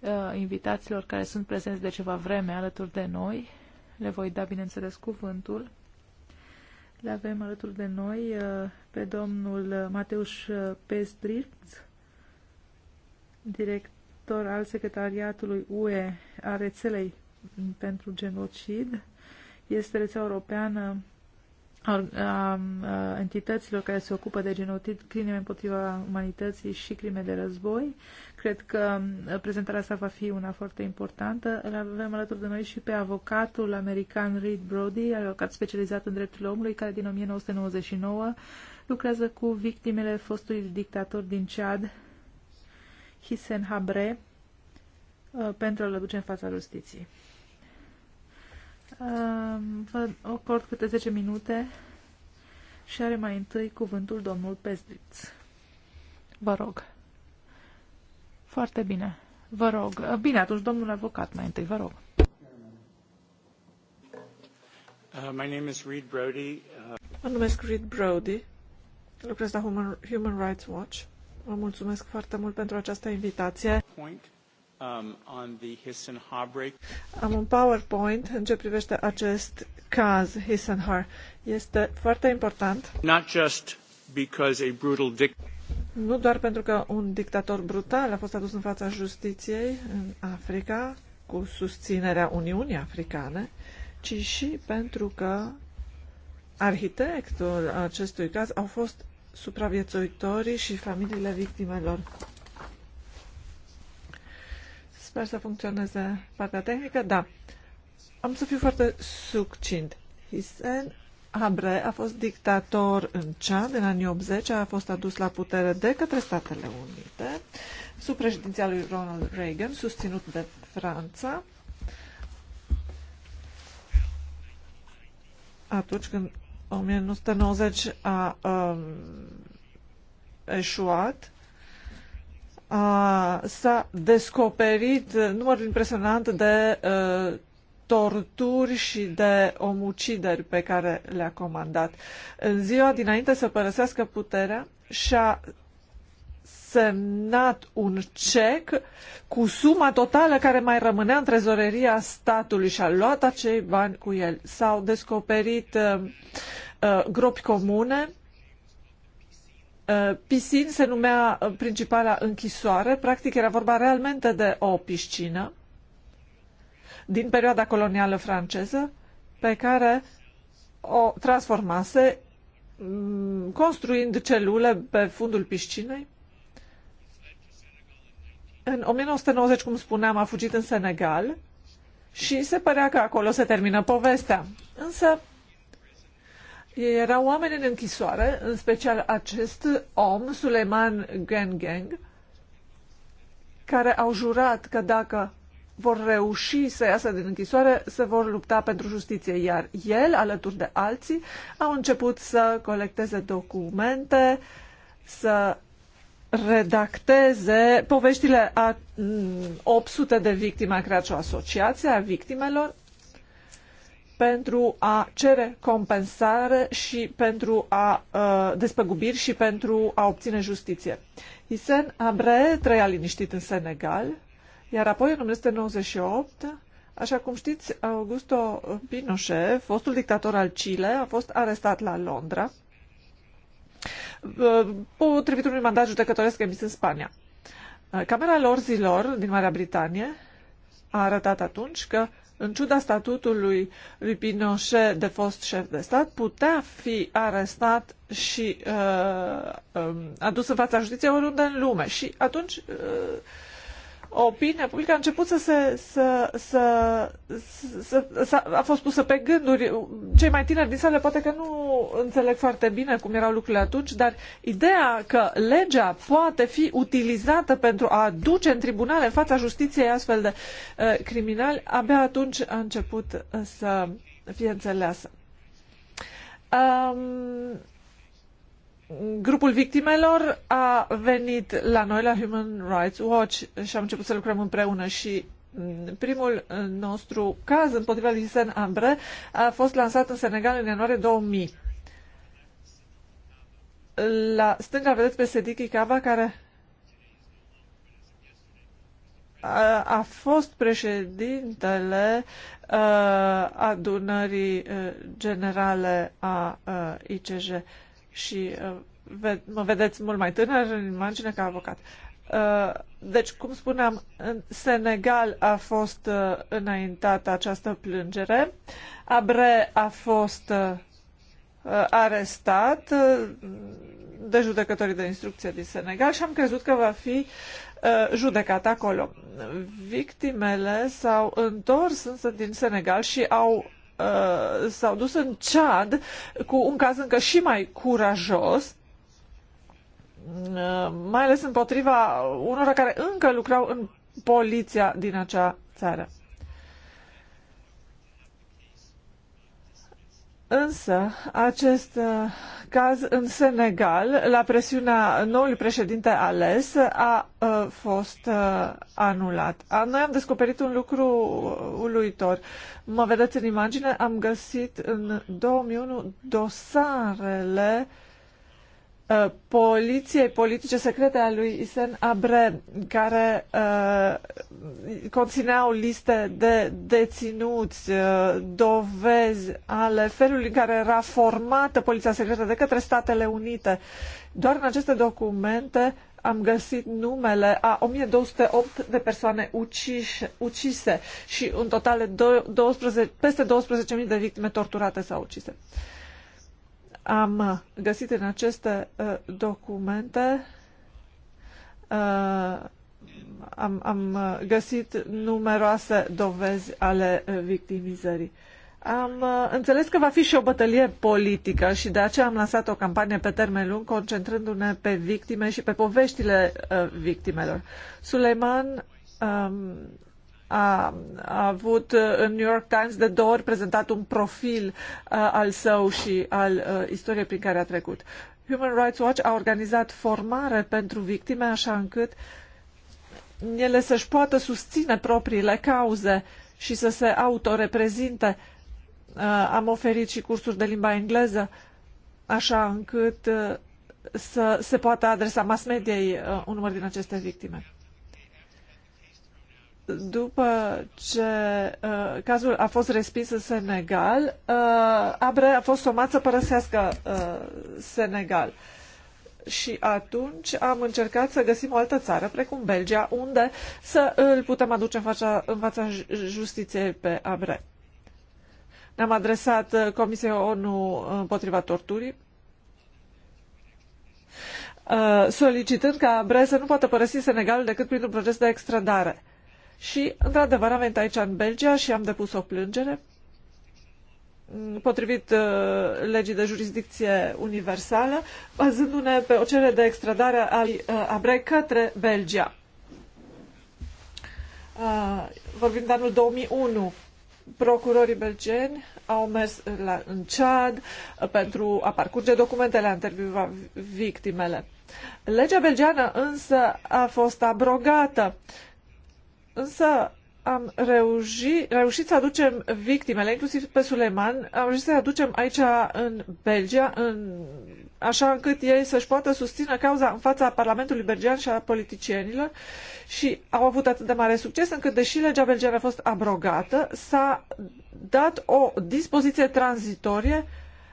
uh invitațiilor care sunt prezenți de ceva vreme alături de noi. Le voi da, bineînțeles, cuvântul. Le avem alături de noi uh, pe domnul uh, Mateuș uh, Pestriț, director al Secretariatului UE a rețelei pentru genocid. Este rețea europeană a entităților care se ocupă de genocid, crime împotriva umanității și crime de război. Cred că prezentarea asta va fi una foarte importantă. Îl avem alături de noi și pe avocatul american Reed Brody, avocat specializat în drepturile omului, care din 1999 lucrează cu victimele fostului dictator din Chad, Hisen Habre uh, pentru a-l duce în fața justiției. Um, vă acord câte 10 minute și are mai întâi cuvântul domnul Pesdriț. Vă rog. Foarte bine. Vă rog. Uh, bine, atunci domnul avocat mai întâi, vă rog. Uh, my name is Reed Brody. Uh... Mă numesc Reed Brody. Lucrez la Human, Human Rights Watch. Vă mulțumesc foarte mult pentru această invitație. Um, Am un PowerPoint în ce privește acest caz, Hissenhar. Este foarte important. Not just because a brutal nu doar pentru că un dictator brutal a fost adus în fața justiției în Africa cu susținerea Uniunii Africane, ci și pentru că arhitectul acestui caz au fost supraviețuitorii și familiile victimelor. Sper să funcționeze partea tehnică. Da. Am să fiu foarte succint. Hisen Abre a fost dictator în Chad în anii 80, a fost adus la putere de către Statele Unite, sub președinția lui Ronald Reagan, susținut de Franța, atunci când 1990 a um, eșuat. S-a descoperit număr impresionant de uh, torturi și de omucideri pe care le-a comandat. În ziua dinainte să părăsească puterea, și-a semnat un cec cu suma totală care mai rămânea în trezoreria statului și a luat acei bani cu el. S-au descoperit uh, uh gropi comune. Uh, Pisin se numea uh, principala închisoare, practic era vorba realmente de o piscină din perioada colonială franceză pe care o transformase mm, construind celule pe fundul piscinei în 1990, cum spuneam, a fugit în Senegal și se părea că acolo se termină povestea. Însă erau oameni în închisoare, în special acest om, Suleiman Gengeng, care au jurat că dacă vor reuși să iasă din închisoare, se vor lupta pentru justiție. Iar el, alături de alții, au început să colecteze documente, să redacteze poveștile a 800 mm, de victime, a creat și o asociație a victimelor pentru a cere compensare și pentru a uh, despăgubiri și pentru a obține justiție. Isen Abre trăia liniștit în Senegal, iar apoi în 1998, așa cum știți, Augusto Pinochet, fostul dictator al Chile, a fost arestat la Londra potrivit unui mandat judecătoresc emis în Spania. Camera lor zilor din Marea Britanie a arătat atunci că, în ciuda statutului lui Pinochet de fost șef de stat, putea fi arestat și uh, um, adus în fața justiției oriunde în lume. Și atunci uh, opinia publică a început să se... Să, să, să, să, a fost pusă pe gânduri. Cei mai tineri din sală poate că nu înțeleg foarte bine cum erau lucrurile atunci, dar ideea că legea poate fi utilizată pentru a duce în tribunale, în fața justiției, astfel de uh, criminali, abia atunci a început uh, să fie înțeleasă. Um, Grupul victimelor a venit la noi, la Human Rights Watch, și am început să lucrăm împreună și mm, primul uh, nostru caz împotriva lui Sen Ambre a fost lansat în Senegal în ianuarie 2000. La stânga vedeți pe Sediki Kaba, care a, fost președintele uh, adunării uh, generale a ICJ și uh, ve- mă vedeți mult mai tânăr în imagine ca avocat. Uh, deci, cum spuneam, în Senegal a fost uh, înaintată această plângere. Abre a fost arestat de judecătorii de instrucție din Senegal și am crezut că va fi judecat acolo. Victimele s-au întors însă din Senegal și au Uh, s-au dus în Chad cu un caz încă și mai curajos, uh, mai ales împotriva unora care încă lucrau în poliția din acea țară. Însă, acest uh, caz în Senegal, la presiunea noului președinte ales, a uh, fost uh, anulat. Noi am descoperit un lucru uluitor. Mă vedeți în imagine, am găsit în 2001 dosarele uh, Uh, poliției politice secrete a lui Isen Abre, care uh, conțineau liste de deținuți, uh, dovezi ale felului în care era formată poliția secretă de către Statele Unite. Doar în aceste documente am găsit numele a 1208 de persoane uciși, ucise și în total de 12, peste 12.000 de victime torturate sau ucise. Uh, am uh, găsit în aceste uh, documente uh, am, am găsit numeroase dovezi ale victimizării. Am înțeles că va fi și o bătălie politică și de aceea am lansat o campanie pe termen lung, concentrându-ne pe victime și pe poveștile uh, victimelor. Suleiman um, a, a avut uh, în New York Times de două ori prezentat un profil a, uh, al său și al a, uh, istoriei prin care a trecut. Human Rights Watch a organizat formare pentru victime așa încât ele să-și poată susține propriile cauze și să se autoreprezinte. Am oferit și cursuri de limba engleză așa încât să se poată adresa mass mediei un număr din aceste victime după ce uh, cazul a fost respins în Senegal, uh, Abre a fost somat să părăsească uh, Senegal. Și atunci am încercat să găsim o altă țară, precum Belgia, unde să îl putem aduce în fața, în fața justiției pe Abre. Ne-am adresat uh, Comisiei ONU împotriva torturii, uh, solicitând ca Abre să nu poată părăsi Senegalul decât printr-un proces de extradare și, într-adevăr, am venit aici în Belgia și am depus o plângere mm, potrivit uh, legii de jurisdicție universală, bazându-ne pe o cerere de extradare a lui uh, Abre către Belgia. Uh, vorbim de anul 2001. Procurorii belgeni au mers la, în Chad uh, pentru a parcurge documentele, a interviua victimele. Legea belgeană însă a fost abrogată însă am reușit, reușit să aducem victimele, inclusiv pe Suleiman, am reușit să aducem aici în Belgia, în, așa încât ei să-și poată susține cauza în fața Parlamentului belgian și a politicienilor și au avut atât de mare succes încât, deși legea belgiană a fost abrogată, s-a dat o dispoziție tranzitorie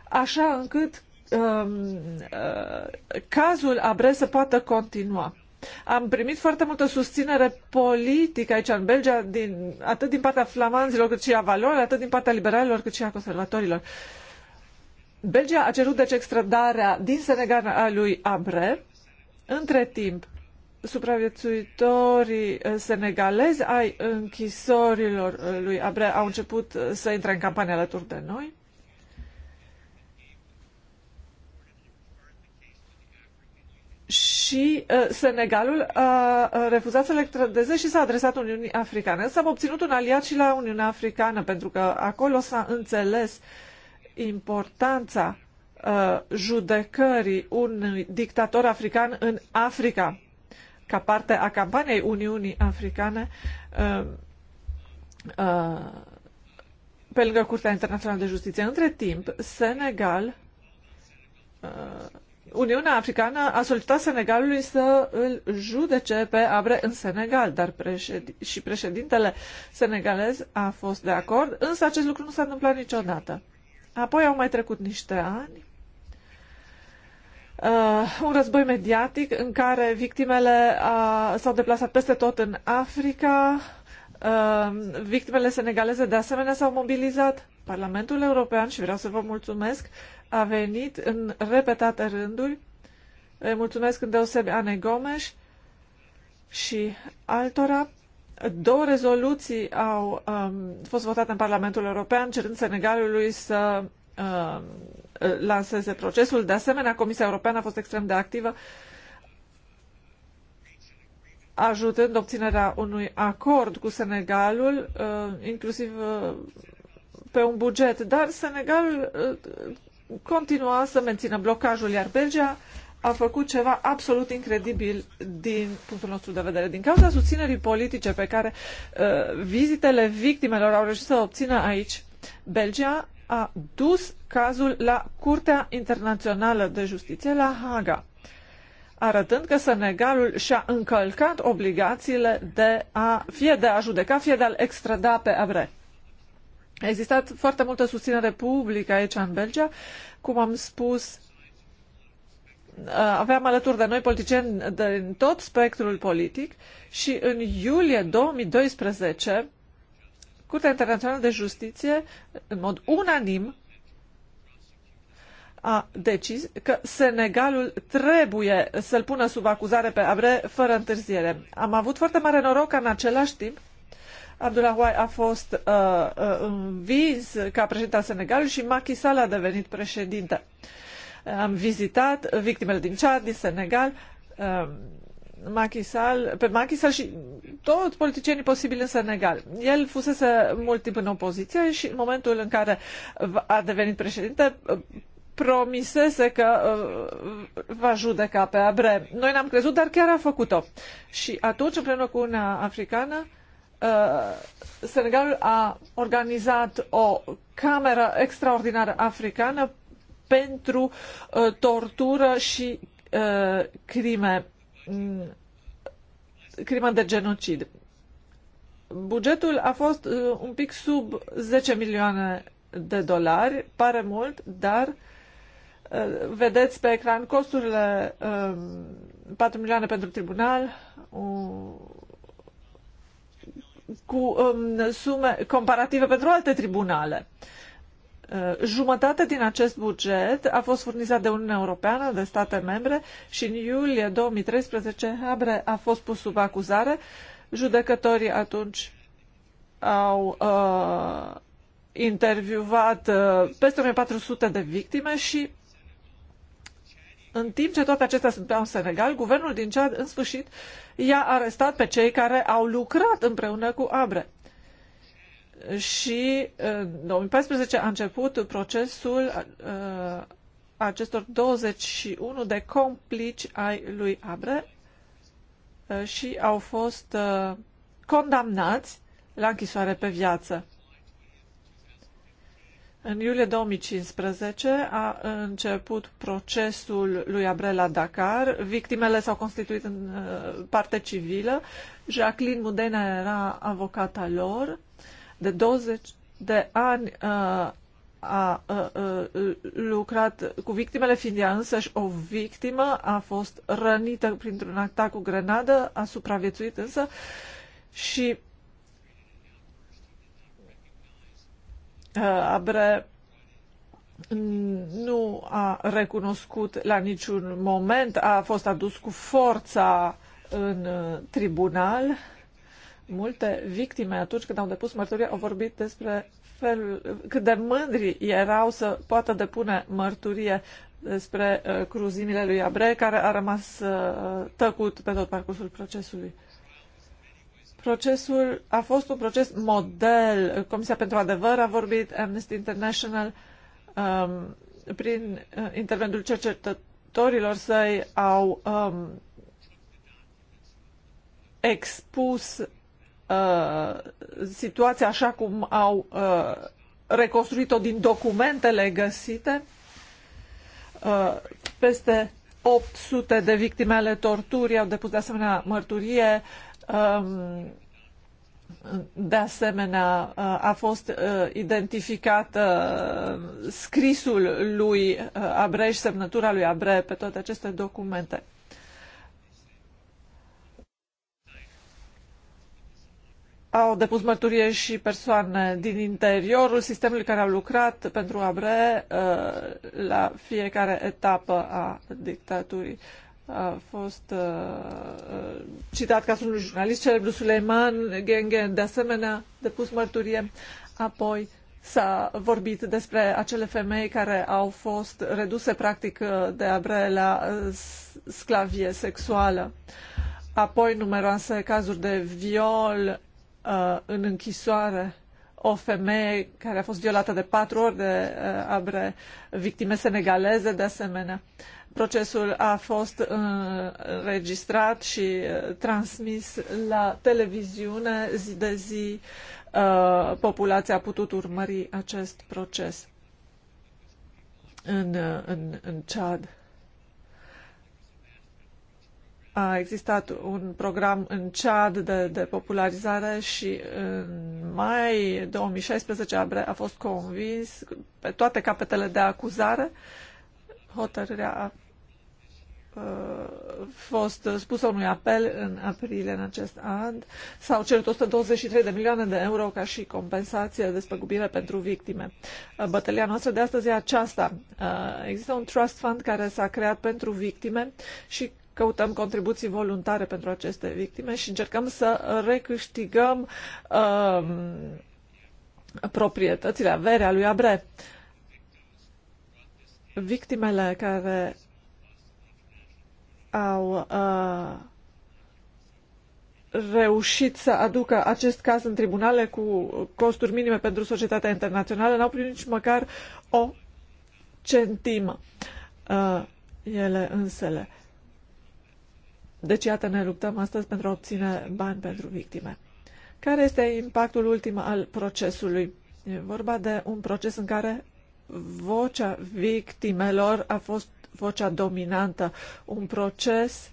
așa încât um, uh, cazul Abre să poată continua. Am primit foarte multă susținere politică aici în Belgia, din, atât din partea flamanzilor cât și a valorilor, atât din partea liberalilor cât și a conservatorilor. Belgia a cerut deci extradarea din Senegal a lui Abre. Între timp, supraviețuitorii eh, senegalezi ai închisorilor eh, lui Abre au început eh, să intre în campanie alături de noi. și uh, Senegalul a refuzat să electrodeze și s-a adresat Uniunii Africane. s am obținut un aliat și la Uniunea Africană, pentru că acolo s-a înțeles importanța uh, judecării unui dictator african în Africa, ca parte a campaniei Uniunii Africane, uh, uh, pe lângă Curtea Internațională de Justiție. Între timp, Senegal uh, Uniunea Africană a solicitat Senegalului să îl judece pe Abre în Senegal, dar președ- și președintele senegalez a fost de acord, însă acest lucru nu s-a întâmplat niciodată. Apoi au mai trecut niște ani, uh, un război mediatic în care victimele uh, s-au deplasat peste tot în Africa, uh, victimele senegaleze de asemenea s-au mobilizat. Parlamentul European, și vreau să vă mulțumesc, a venit în repetate rânduri. Îi mulțumesc deosebi Ane Gomes și altora. Două rezoluții au um, fost votate în Parlamentul European cerând Senegalului să um, lanseze procesul. De asemenea, Comisia Europeană a fost extrem de activă ajutând obținerea unui acord cu Senegalul, uh, inclusiv uh, pe un buget. Dar Senegalul uh, continua să mențină blocajul, iar Belgia a făcut ceva absolut incredibil din punctul nostru de vedere. Din cauza susținerii politice pe care uh, vizitele victimelor au reușit să o obțină aici, Belgia a dus cazul la Curtea Internațională de Justiție la Haga, arătând că Senegalul și-a încălcat obligațiile de a, fie de a judeca, fie de a-l extrada pe Avre. A existat foarte multă susținere publică aici în Belgia. Cum am spus, uh, aveam alături de noi politicieni din tot spectrul politic și în iulie 2012 Curtea Internațională de Justiție, în mod unanim, a decis că Senegalul trebuie să-l pună sub acuzare pe Abre fără întârziere. Am avut foarte mare noroc că în același timp Abdullah a fost uh, uh, învins ca președinte al Senegalului și Macky Sall a devenit președinte. Am vizitat victimele din Chad, din Senegal, uh, Macky Sall, pe Macky Sall și toți politicienii posibili în Senegal. El fusese mult timp în opoziție și în momentul în care a devenit președinte, promisese că uh, va judeca pe Abre. Noi n-am crezut, dar chiar a făcut-o. Și atunci, împreună cu una africană, Uh, Senegalul a organizat o cameră extraordinară africană pentru uh, tortură și uh, crime, mm, crime de genocid. Bugetul a fost uh, un pic sub 10 milioane de dolari, pare mult, dar uh, vedeți pe ecran costurile 4 um, milioane pentru tribunal, cu um, sume comparative pentru alte tribunale. Uh, jumătate din acest buget a fost furnizat de Uniunea Europeană, de state membre și în iulie 2013 Habre a fost pus sub acuzare. Judecătorii atunci au uh, intervievat uh, peste 1400 de victime și în timp ce toate acestea se pe în Senegal, guvernul din Chad, în sfârșit, i-a arestat pe cei care au lucrat împreună cu Abre. Și în 2014 a început procesul uh, acestor 21 de complici ai lui Abre uh, și au fost uh, condamnați la închisoare pe viață. În iulie 2015 a început procesul lui Abrela Dakar. Victimele s-au constituit în uh, parte civilă. Jacqueline Mudena era avocata lor. De 20 de ani uh, a, a, uh, a, lucrat cu victimele, fiind ea însăși o victimă, a fost rănită printr-un atac cu grenadă, a supraviețuit însă și Eh, Abre nu a recunoscut la niciun moment, a fost adus cu forța în eh, tribunal. Multe victime atunci când au depus mărturie au vorbit despre felul, cât de mândri erau să poată depune mărturie despre eh, cruzimile lui Abre, care a rămas tăcut pe tot parcursul procesului. Procesul a fost un proces model. Comisia pentru Adevăr a vorbit, Amnesty International, um, prin uh, intermediul cercetătorilor săi, au um, expus uh, situația așa cum au uh, reconstruit-o din documentele găsite. Uh, peste 800 de victime ale torturii au depus de asemenea mărturie de asemenea, a fost identificat scrisul lui Abre și semnătura lui Abre pe toate aceste documente. Au depus mărturie și persoane din interiorul sistemului care au lucrat pentru Abre la fiecare etapă a dictaturii a fost uh, citat ca un jurnalist celebru Suleiman Genge, de asemenea depus mărturie. Apoi s-a vorbit despre acele femei care au fost reduse practic de abre la sclavie sexuală. Apoi numeroase cazuri de viol uh, în închisoare o femeie care a fost violată de patru ori de uh, abre, victime senegaleze de asemenea. Uh, Procesul a fost uh, înregistrat și uh, transmis la televiziune zi de zi. Uh, populația a putut urmări acest proces în, în, în Chad. A existat un program în Chad de, de popularizare și în mai 2016 Abre a fost convins pe toate capetele de acuzare. Hotărârea a Uh, fost spusă unui apel în aprilie în acest an. S-au cerut 123 de milioane de euro ca și compensație de spăgubire pentru victime. Uh, bătălia noastră de astăzi e aceasta. Uh, există un trust fund care s-a creat pentru victime și căutăm contribuții voluntare pentru aceste victime și încercăm să recâștigăm uh, proprietățile, averea lui Abre. Victimele care au uh, reușit să aducă acest caz în tribunale cu costuri minime pentru societatea internațională, n-au primit nici măcar o centimă uh, ele însele. Deci, iată, ne luptăm astăzi pentru a obține bani pentru victime. Care este impactul ultim al procesului? E vorba de un proces în care vocea victimelor a fost vocea dominantă, un proces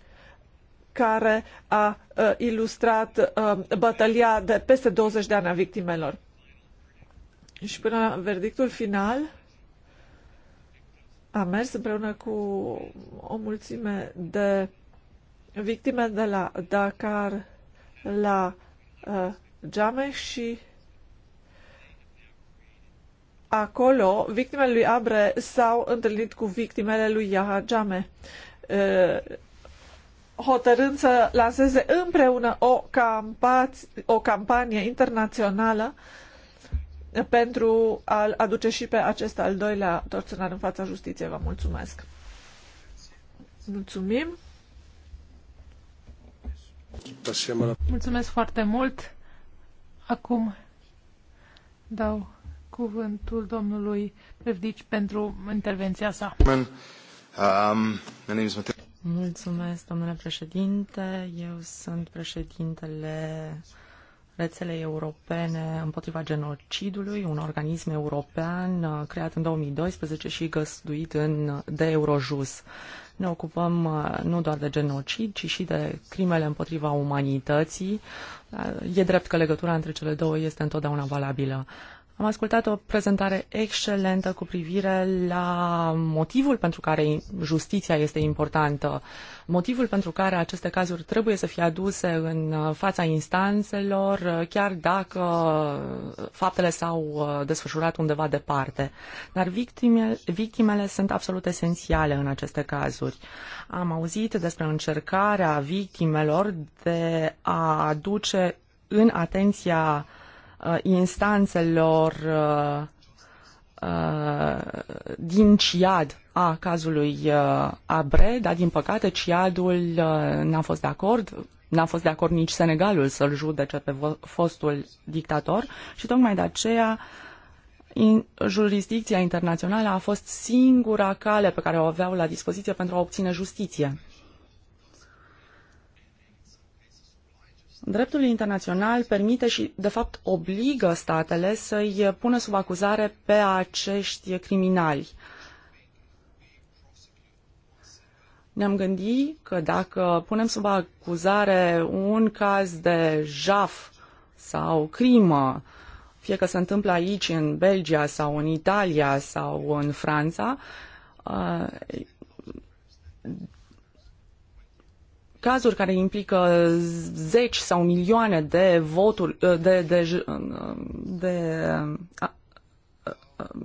care a uh, ilustrat uh, bătălia de peste 20 de ani a victimelor. Și până la verdictul final, a mers împreună cu o mulțime de victime de la Dakar la uh, Jamesh și Acolo, victimele lui Abre s-au întâlnit cu victimele lui Jame, hotărând să lanseze împreună o, campa- o campanie internațională pentru a aduce și pe acest al doilea torționar în fața justiției. Vă mulțumesc! Mulțumim! Mulțumesc foarte mult! Acum dau cuvântul domnului Pevdici pentru intervenția sa. Um, Mulțumesc, domnule președinte. Eu sunt președintele rețelei europene împotriva genocidului, un organism european uh, creat în 2012 și găzduit în, de Eurojust. Ne ocupăm uh, nu doar de genocid, ci și de crimele împotriva umanității. Uh, e drept că legătura între cele două este întotdeauna valabilă. Am ascultat o prezentare excelentă cu privire la motivul pentru care justiția este importantă, motivul pentru care aceste cazuri trebuie să fie aduse în fața instanțelor, chiar dacă faptele s-au uh, desfășurat undeva departe. Dar victimele, victimele sunt absolut esențiale în aceste cazuri. Am auzit despre încercarea victimelor de a aduce în atenția uh, Uh, instanțelor uh, uh, din CIAD a cazului Abre, dar din păcate CIAD-ul n-a fost de acord, n-a fost de acord nici Senegalul să-l judece pe fostul dictator și tocmai de aceea in, jurisdicția internațională a fost singura cale pe care o aveau la dispoziție pentru a obține justiție. Dreptul internațional permite și, de fapt, obligă statele să-i pună sub acuzare pe acești criminali. Ne-am gândit că dacă punem sub acuzare un caz de jaf sau crimă, fie că se întâmplă aici, în Belgia sau în Italia sau în Franța, uh, cazuri care implică zeci sau milioane de voturi, de, de, de, de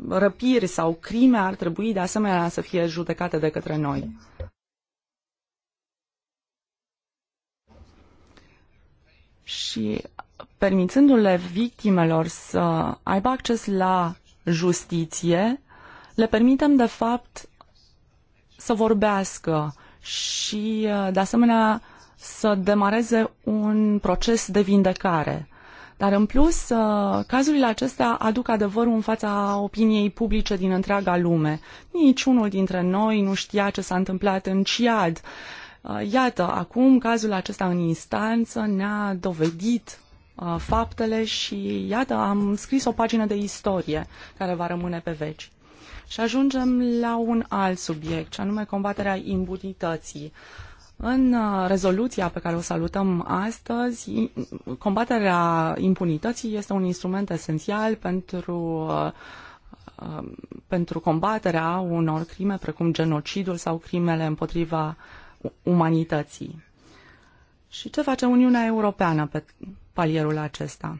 răpiri sau crime ar trebui de asemenea să fie judecate de către noi. Și permițându-le victimelor să aibă acces la justiție, le permitem de fapt să vorbească, și, uh, de asemenea, să demareze un proces de vindecare. Dar, în plus, uh, cazurile acestea aduc adevărul în fața opiniei publice din întreaga lume. Niciunul dintre noi nu știa ce s-a întâmplat în Ciad. Uh, iată, acum cazul acesta în instanță ne-a dovedit faptele și, iată, am scris o pagină de istorie care va rămâne pe veci. Și ajungem la un alt subiect, și anume combaterea impunității. În uh, rezoluția pe care o salutăm astăzi, combaterea impunității este un instrument esențial pentru uh, uh, pentru combaterea unor crime precum genocidul sau crimele împotriva umanității. Și ce face Uniunea Europeană pe palierul acesta?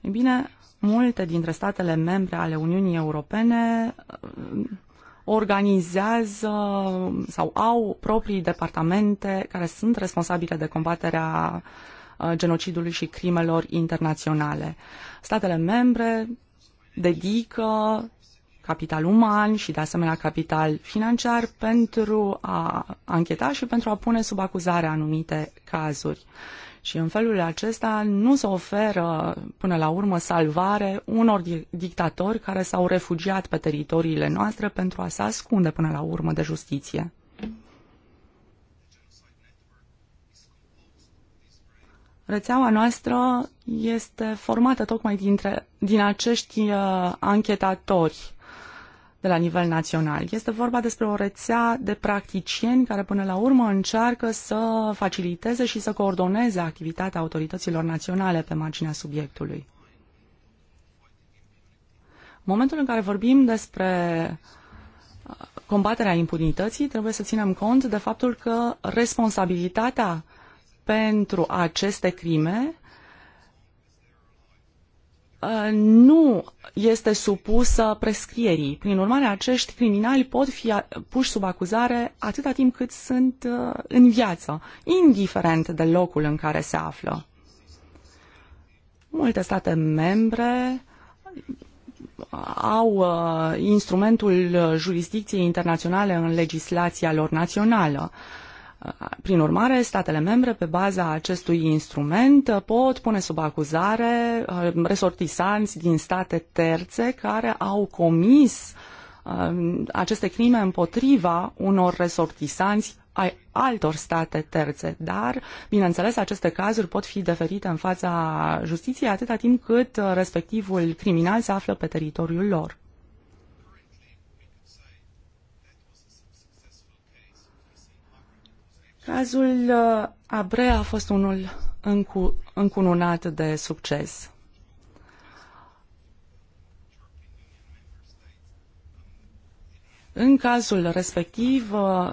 Ei bine, multe dintre statele membre ale Uniunii Europene uh, organizează sau au proprii departamente care sunt responsabile de combaterea uh, genocidului și crimelor internaționale. Statele membre dedică capital uman și de asemenea capital financiar pentru a ancheta și pentru a pune sub acuzare anumite cazuri. Uh, și în felul acesta nu se oferă până la urmă salvare unor dictatori care s-au refugiat pe teritoriile noastre pentru a se ascunde până la urmă de justiție. Rețeaua noastră este formată tocmai dintre, din acești uh, de la nivel național. Este vorba despre o rețea de practicieni care până la urmă încearcă să faciliteze și să coordoneze activitatea autorităților naționale pe marginea subiectului. În momentul în care vorbim despre uh, combaterea impunității, trebuie să ținem cont de faptul că responsabilitatea pentru aceste crime Uh, nu este supusă prescrierii. Prin urmare, acești criminali pot fi puși sub acuzare atâta timp cât sunt uh, în viață, indiferent de locul în care se află. Multe state membre au uh, instrumentul jurisdicției internaționale în legislația lor națională. Prin urmare, statele membre, pe baza acestui instrument, pot pune sub acuzare uh, resortisanți din state terțe care au comis uh, aceste crime împotriva unor resortisanți ai altor state terțe, dar, bineînțeles, aceste cazuri pot fi deferite în fața justiției atâta timp cât uh, respectivul criminal se află pe teritoriul lor. Cazul uh, Abrea a fost unul încu- încununat de succes. În cazul respectiv, uh,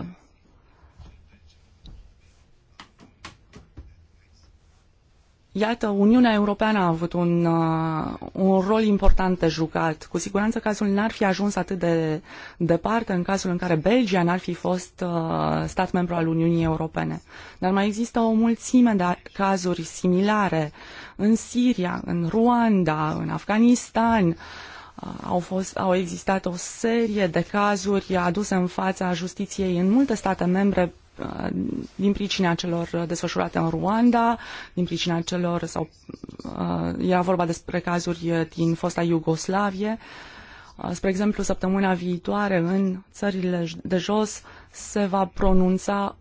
Iată, Uniunea Europeană a avut un, uh, un rol important de jucat. Cu siguranță cazul n-ar fi ajuns atât de departe în cazul în care Belgia n-ar fi fost uh, stat membru al Uniunii Europene. Dar mai există o mulțime de cazuri similare în Siria, în Ruanda, în Afganistan. Uh, au, fost, au existat o serie de cazuri aduse în fața justiției în multe state membre Uh, din pricina celor desfășurate în Ruanda, din pricina celor sau uh, era vorba despre cazuri uh, din fosta Iugoslavie. Spre exemplu, săptămâna viitoare în țările de jos se va pronunța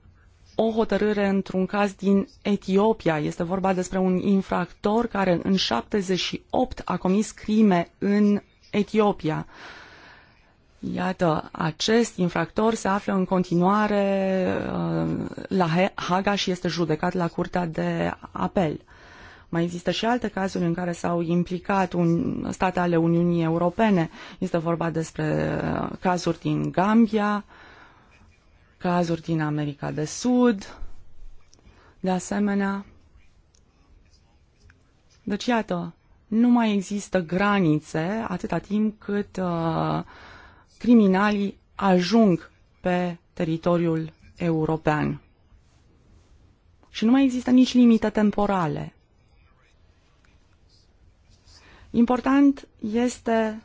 o hotărâre într-un caz din Etiopia. Este vorba despre un infractor care în 78 a comis crime în Etiopia. Uh, Iată, acest infractor se află în continuare uh, la Haga și este judecat la Curtea de Apel. Mai există și alte cazuri în care s-au implicat un, state ale Uniunii Europene. Este vorba despre uh, cazuri din Gambia, cazuri din America de Sud, de asemenea. Deci, iată, nu mai există granițe atâta timp cât uh, criminalii ajung pe teritoriul european. Și nu mai există nici limite temporale. Important este,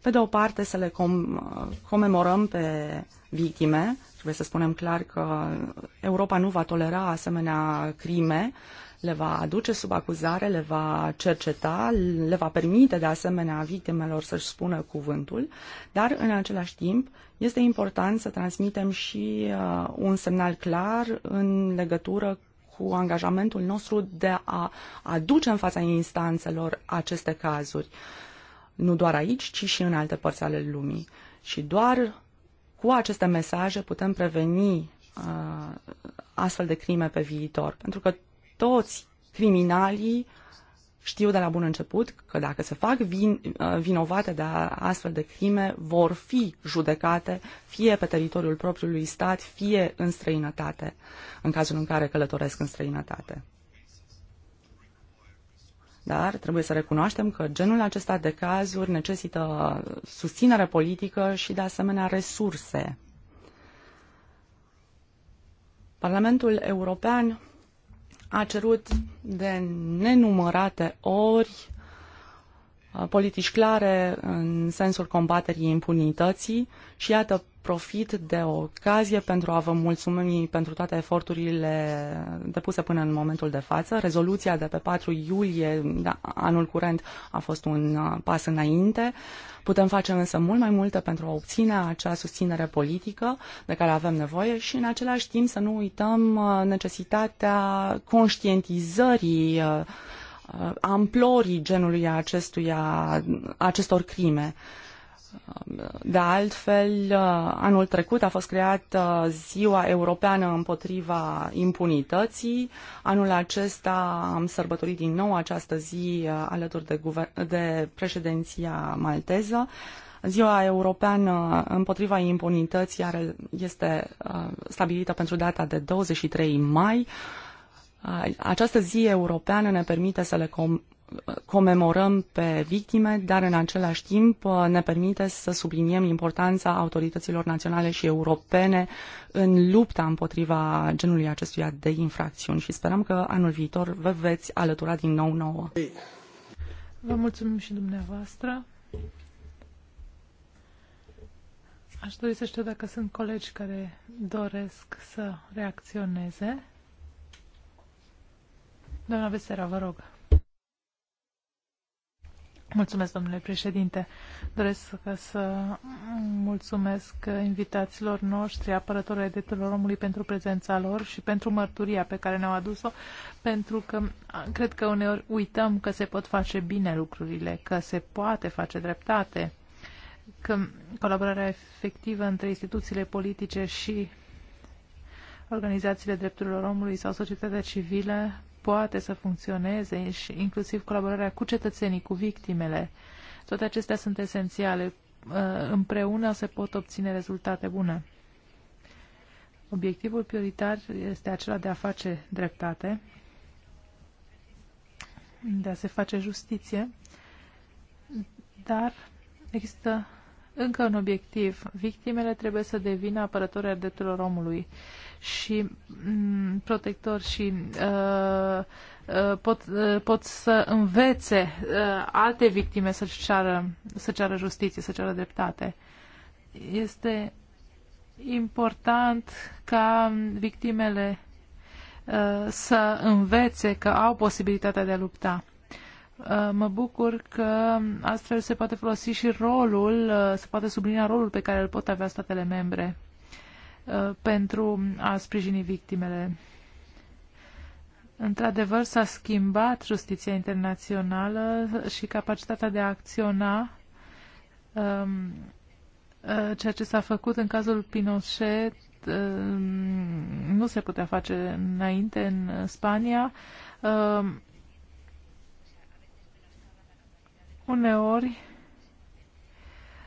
pe de o parte, să le com- comemorăm pe victime, trebuie să spunem clar că Europa nu va tolera asemenea crime, le va aduce sub acuzare, le va cerceta, le va permite de asemenea victimelor să-și spună cuvântul, dar în același timp este important să transmitem și uh, un semnal clar în legătură cu angajamentul nostru de a aduce în fața instanțelor aceste cazuri. Nu doar aici, ci și în alte părți ale lumii. Și doar cu aceste mesaje putem preveni uh, astfel de crime pe viitor. Pentru că toți criminalii știu de la bun început că dacă se fac vin, uh, vinovate de astfel de crime, vor fi judecate fie pe teritoriul propriului stat, fie în străinătate, în cazul în care călătoresc în străinătate. Dar trebuie să recunoaștem că genul acesta de cazuri necesită susținere politică și, de asemenea, resurse. Parlamentul European a cerut de nenumărate ori uh, politici clare în sensul combaterii impunității și iată profit de ocazie pentru a vă mulțumi pentru toate eforturile depuse până în momentul de față. Rezoluția de pe 4 iulie da, anul curent a fost un uh, pas înainte. Putem face însă mult mai multe pentru a obține acea susținere politică de care avem nevoie și în același timp să nu uităm uh, necesitatea conștientizării uh, amplorii genului acestuia, acestor crime. De altfel, anul trecut a fost creat Ziua Europeană împotriva impunității. Anul acesta am sărbătorit din nou această zi alături de, guver- de președinția malteză. Ziua Europeană împotriva impunității are, este uh, stabilită pentru data de 23 mai. Uh, această zi europeană ne permite să le com- comemorăm pe victime, dar în același timp uh, ne permite să subliniem importanța autorităților naționale și europene în lupta împotriva genului acestuia de infracțiuni și sperăm că anul viitor vă veți alătura din nou nouă. Vă mulțumim și dumneavoastră. Aș dori să știu dacă sunt colegi care doresc să reacționeze. Doamna Vesera, vă rog. Mulțumesc, domnule președinte. Doresc să mulțumesc invitaților noștri, apărători ai drepturilor omului, pentru prezența lor și pentru mărturia pe care ne-au adus-o, pentru că cred că uneori uităm că se pot face bine lucrurile, că se poate face dreptate, că colaborarea efectivă între instituțiile politice și organizațiile drepturilor omului sau societatea civilă poate să funcționeze și inclusiv colaborarea cu cetățenii, cu victimele. Toate acestea sunt esențiale. Uh, împreună se pot obține rezultate bune. Obiectivul prioritar este acela de a face dreptate, de a se face justiție, dar există încă un obiectiv. Victimele trebuie să devină apărători ai drepturilor omului și mm, protector și uh, uh, pot, uh, pot să învețe uh, alte victime să ceară, să ceară justiție, să ceară dreptate. Este important ca victimele uh, să învețe că au posibilitatea de a lupta. Uh, mă bucur că astfel se poate folosi și rolul, uh, se poate sublinia rolul pe care îl pot avea statele membre uh, pentru a sprijini victimele. Într-adevăr, s-a schimbat justiția internațională și capacitatea de a acționa um, ceea ce s-a făcut în cazul Pinochet um, nu se putea face înainte în Spania um, Uneori,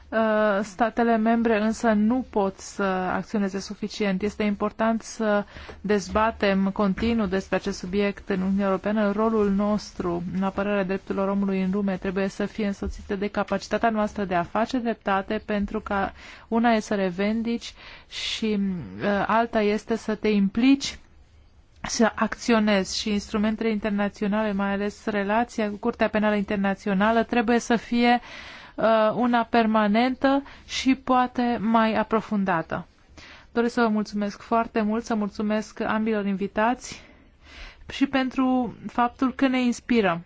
uh, statele membre însă nu pot să acționeze suficient. Este important să dezbatem continuu despre acest subiect în Uniunea Europeană. Rolul nostru în apărarea drepturilor omului în lume trebuie să fie însoțită de capacitatea noastră de a face dreptate pentru că una e să revendici și uh, alta este să te implici să acționez și instrumentele internaționale, mai ales relația cu Curtea Penală Internațională, trebuie să fie uh, una permanentă și poate mai aprofundată. Doresc să vă mulțumesc foarte mult, să mulțumesc ambilor invitați și pentru faptul că ne inspiră.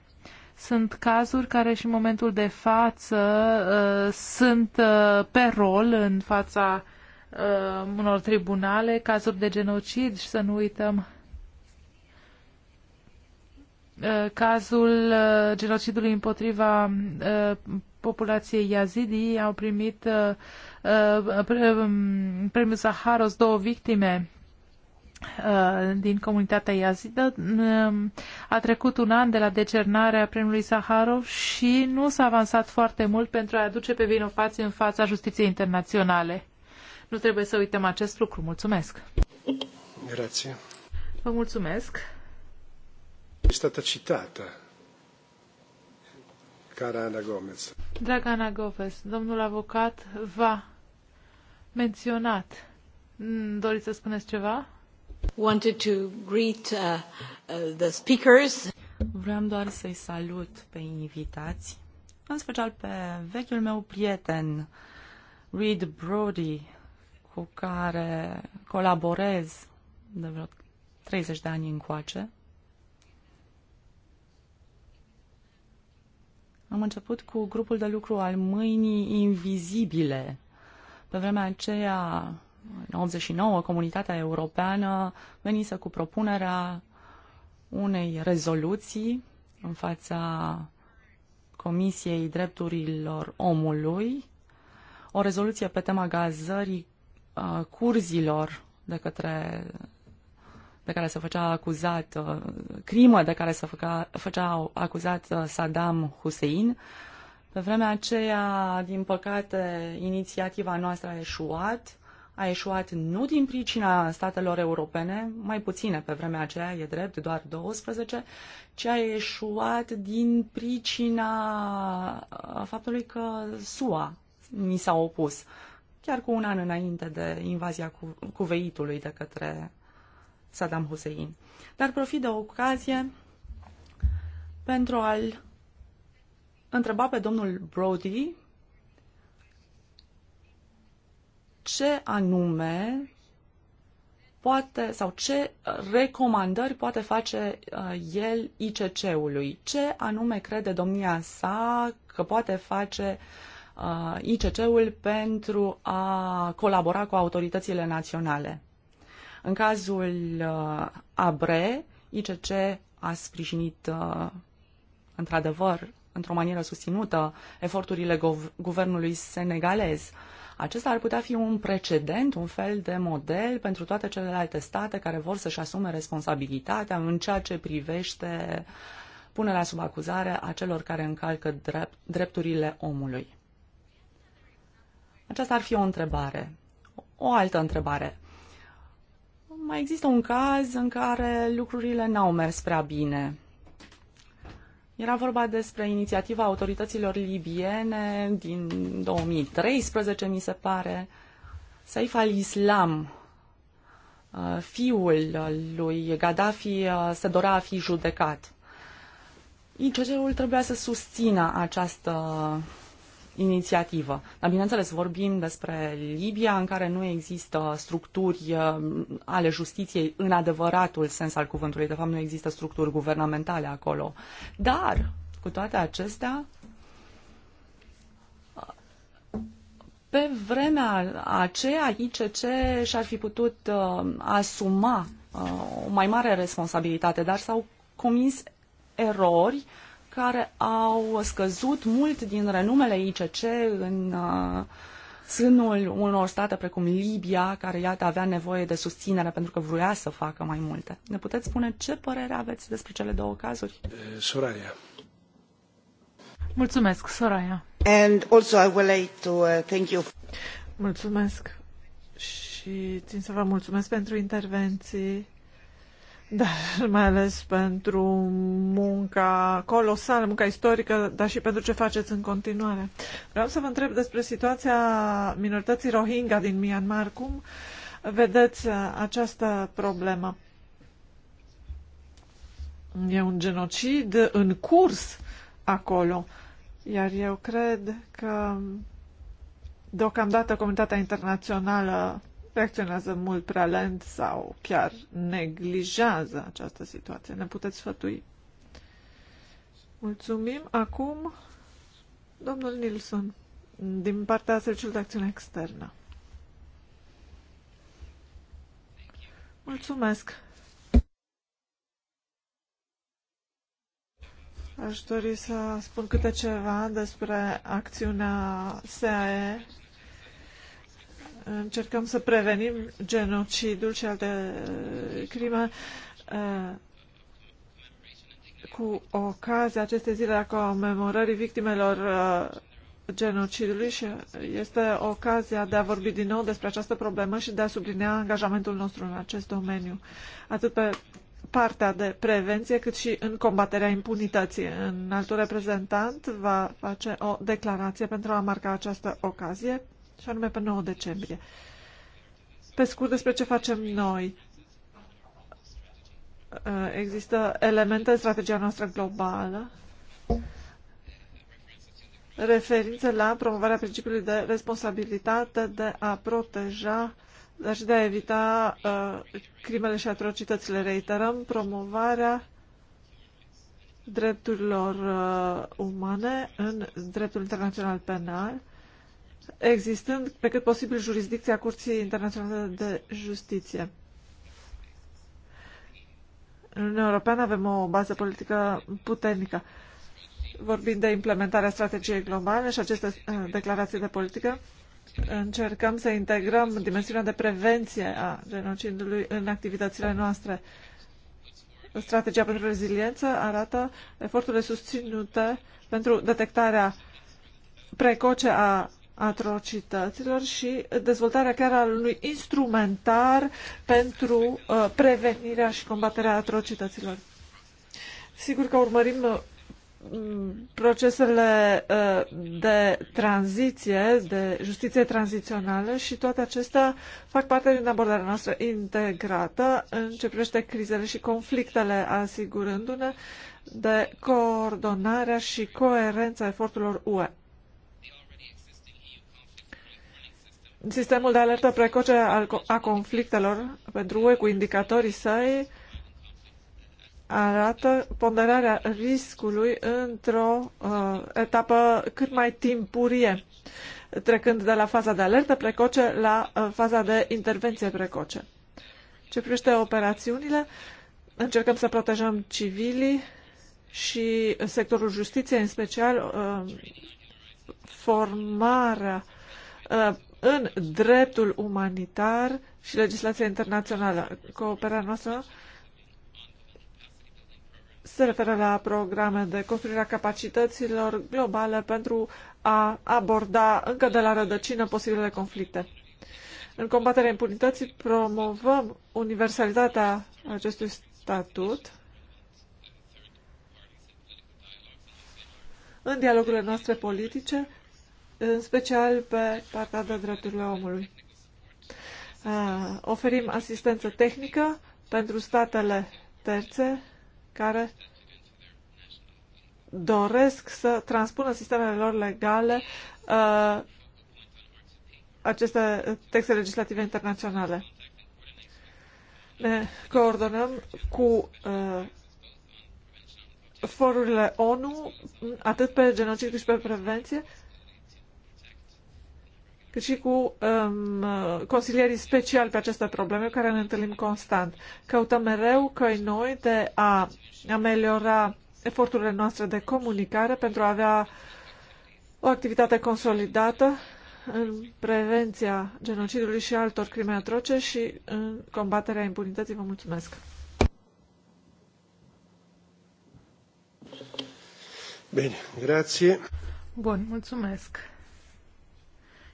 Sunt cazuri care și în momentul de față uh, sunt uh, pe rol în fața uh, unor tribunale, cazuri de genocid și să nu uităm Uh, cazul uh, genocidului împotriva uh, populației Yazidi au primit um, premiul Zaharos două victime din comunitatea Yazidă. Um, a trecut un an de la decernarea premiului Saharov și nu s-a avansat foarte mult pentru a aduce pe vinovați în fața justiției internaționale. Nu trebuie să uităm acest lucru. Mulțumesc! Grație! Vă mulțumesc! Este stata Cara Ana Gomez. Dragă Ana Gomez, domnul avocat va menționat. Mm, doriți să spuneți ceva? Wanted to greet uh, uh, the speakers. Vreau doar să-i salut pe invitați, în special pe vechiul meu prieten, Reed Brody, cu care colaborez de vreo 30 de ani încoace. Am început cu grupul de lucru al mâinii invizibile. Pe vremea aceea, în 89, comunitatea europeană venise cu propunerea unei rezoluții în fața Comisiei Drepturilor Omului, o rezoluție pe tema gazării uh, curzilor de către de care se făcea acuzat, uh, crimă de care se făcea, făcea acuzat uh, Saddam Hussein. Pe vremea aceea, din păcate, inițiativa noastră a eșuat. A eșuat nu din pricina statelor europene, mai puține pe vremea aceea, e drept, doar 12, ci a eșuat din pricina uh, faptului că SUA ni s-a opus, chiar cu un an înainte de invazia cu, cuveitului de către Saddam Hussein. Dar profit de ocazie pentru a-l întreba pe domnul Brody ce anume poate sau ce recomandări poate face uh, el ICC-ului? Ce anume crede domnia sa că poate face uh, ICC-ul pentru a colabora cu autoritățile naționale? În cazul uh, ABRE, ICC a sprijinit uh, într-adevăr, într-o manieră susținută, eforturile guvernului senegalez. Acesta ar putea fi un precedent, un fel de model pentru toate celelalte state care vor să-și asume responsabilitatea în ceea ce privește punerea sub acuzare a celor care încalcă drept, drepturile omului. Aceasta ar fi o întrebare. O altă întrebare mai există un caz în care lucrurile n-au mers prea bine. Era vorba despre inițiativa autorităților libiene din 2013, mi se pare. Saif al-Islam, uh, fiul lui Gaddafi, uh, se dorea a fi judecat. ICG-ul trebuia să susțină această inițiativă. Dar, bineînțeles, vorbim despre Libia, în care nu există structuri uh, ale justiției în adevăratul sens al cuvântului. De fapt, nu există structuri guvernamentale acolo. Dar, cu toate acestea, pe vremea aceea, ICC și-ar fi putut uh, asuma uh, o mai mare responsabilitate, dar s-au comis erori uh, care au scăzut mult din renumele ICC în uh, sânul unor state precum Libia, care iată avea nevoie de susținere pentru că vrea să facă mai multe. Ne puteți spune ce părere aveți despre cele două cazuri? Eh, Soraya. Mulțumesc, Soraya. And also I would like to uh, thank you. Mulțumesc și țin să vă mulțumesc pentru intervenții dar mai ales pentru munca colosală, munca istorică, dar și pentru ce faceți în continuare. Vreau să vă întreb despre situația minorității Rohingya din Myanmar. Cum vedeți uh, această problemă? E un genocid în curs acolo, iar eu cred că deocamdată comunitatea internațională reacționează mult prea lent sau chiar neglijează această situație. Ne puteți sfătui. Mulțumim. Acum, domnul Nilsson, din partea Serviciului de Acțiune Externă. Mulțumesc. Aș dori să spun câte ceva despre acțiunea SAE încercăm să prevenim genocidul și alte uh, crime uh, cu ocazia acestei zile a comemorării victimelor uh, genocidului și este ocazia de a vorbi din nou despre această problemă și de a sublinea angajamentul nostru în acest domeniu, atât pe partea de prevenție, cât și în combaterea impunității. Un alt reprezentant va face o declarație pentru a marca această ocazie și anume pe 9 decembrie. Pe scurt, despre ce facem noi. Uh, există elemente în strategia noastră globală referințe la promovarea principiului de responsabilitate de a proteja, dar și de a evita uh, crimele și atrocitățile. Reiterăm promovarea drepturilor uh, umane în dreptul internațional penal existând pe cât posibil jurisdicția Curții Internaționale de Justiție. În Uniunea Europeană avem o bază politică puternică. Vorbind de implementarea strategiei globale și aceste uh, declarații de politică, încercăm să integrăm dimensiunea de prevenție a genocidului în activitățile noastre. Strategia pentru reziliență arată eforturile susținute pentru detectarea precoce a atrocităților și dezvoltarea chiar al unui instrumentar pentru uh, prevenirea și combaterea atrocităților. Sigur că urmărim uh, procesele uh, de tranziție, de justiție tranzițională și toate acestea fac parte din abordarea noastră integrată în ce privește crizele și conflictele, asigurându-ne de coordonarea și coerența eforturilor UE. Sistemul de alertă precoce a conflictelor pentru UE cu indicatorii săi arată ponderarea riscului într-o uh, etapă cât mai timpurie, trecând de la faza de alertă precoce la uh, faza de intervenție precoce. Ce privește operațiunile, încercăm să protejăm civilii și sectorul justiției, în special uh, formarea uh, în dreptul umanitar și legislația internațională. Cooperarea noastră se referă la programe de construire a capacităților globale pentru a aborda încă de la rădăcină posibilele conflicte. În combaterea impunității promovăm universalitatea acestui statut în dialogurile noastre politice în special pe partea de drepturile omului. Oferim asistență tehnică pentru statele terțe care doresc să transpună sistemele lor legale aceste texte legislative internaționale. Ne coordonăm cu forurile ONU, atât pe genocid cât și pe prevenție, cât și cu um, consilierii speciali pe aceste probleme care ne întâlnim constant. Căutăm mereu căi noi de a ameliora eforturile noastre de comunicare pentru a avea o activitate consolidată în prevenția genocidului și altor crime atroce și în combaterea impunității. Vă mulțumesc! Bine, grație! Bun, mulțumesc!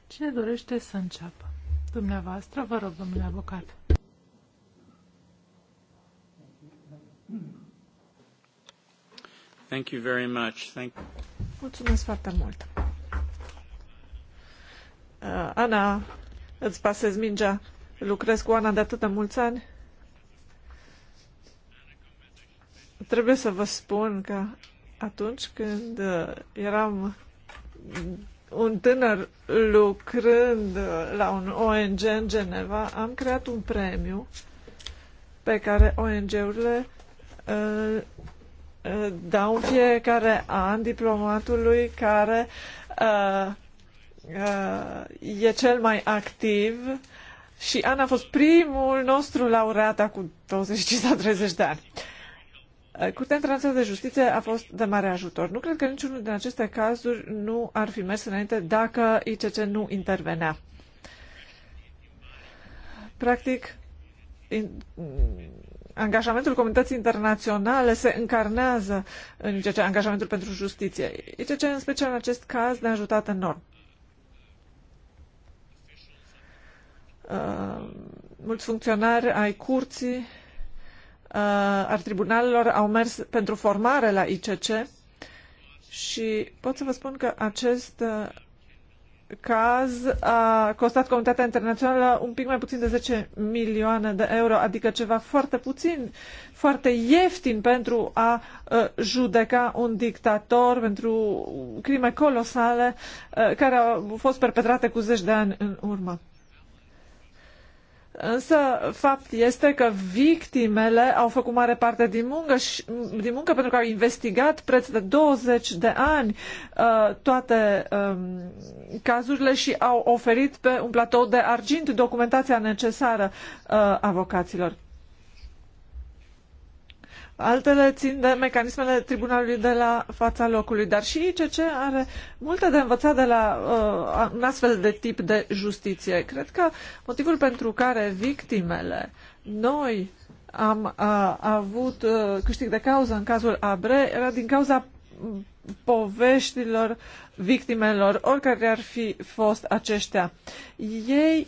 Cine dorește să înceapă? Dumneavoastră, vă rog, domnule avocat. Thank you very much. Thank Mulțumesc foarte mult. Uh, Ana, îți pasez mingea. Lucrez cu Ana de atât de mulți ani. Trebuie să vă spun că atunci când uh, eram un tânăr lucrând la un ONG în Geneva, am creat un premiu pe care ONG-urile uh, uh, dau în fiecare an diplomatului care uh, uh, e cel mai activ și Ana a fost primul nostru laureat cu 25 30 de ani. Uh, Eh, Curtea Internațională de Justiție a fost de mare ajutor. Nu cred că niciunul din aceste cazuri nu ar fi mers înainte dacă ICC nu intervenea. Practic, in, angajamentul comunității internaționale se încarnează în ICC, angajamentul pentru justiție. ICC, în special în acest caz, ne-a ajutat enorm. Uh, mulți funcționari ai curții Uh, al tribunalelor au mers pentru formare la ICC și pot să vă spun că acest uh, caz a costat comunitatea internațională un pic mai puțin de 10 milioane de euro, adică ceva foarte puțin, foarte ieftin pentru a uh, judeca un dictator pentru crime colosale care au fost perpetrate cu zeci de ani în urmă. Însă, fapt este că victimele au făcut mare parte din muncă, și, din muncă pentru că au investigat preț de 20 de ani uh, toate um, cazurile și au oferit pe un platou de argint documentația necesară uh, avocaților altele țin de mecanismele tribunalului de la fața locului. Dar și ICC are multe de învățat de la uh, un astfel de tip de justiție. Cred că motivul pentru care victimele, noi am uh, avut uh, câștig de cauză în cazul Abre era din cauza poveștilor victimelor, oricare ar fi fost aceștia. Ei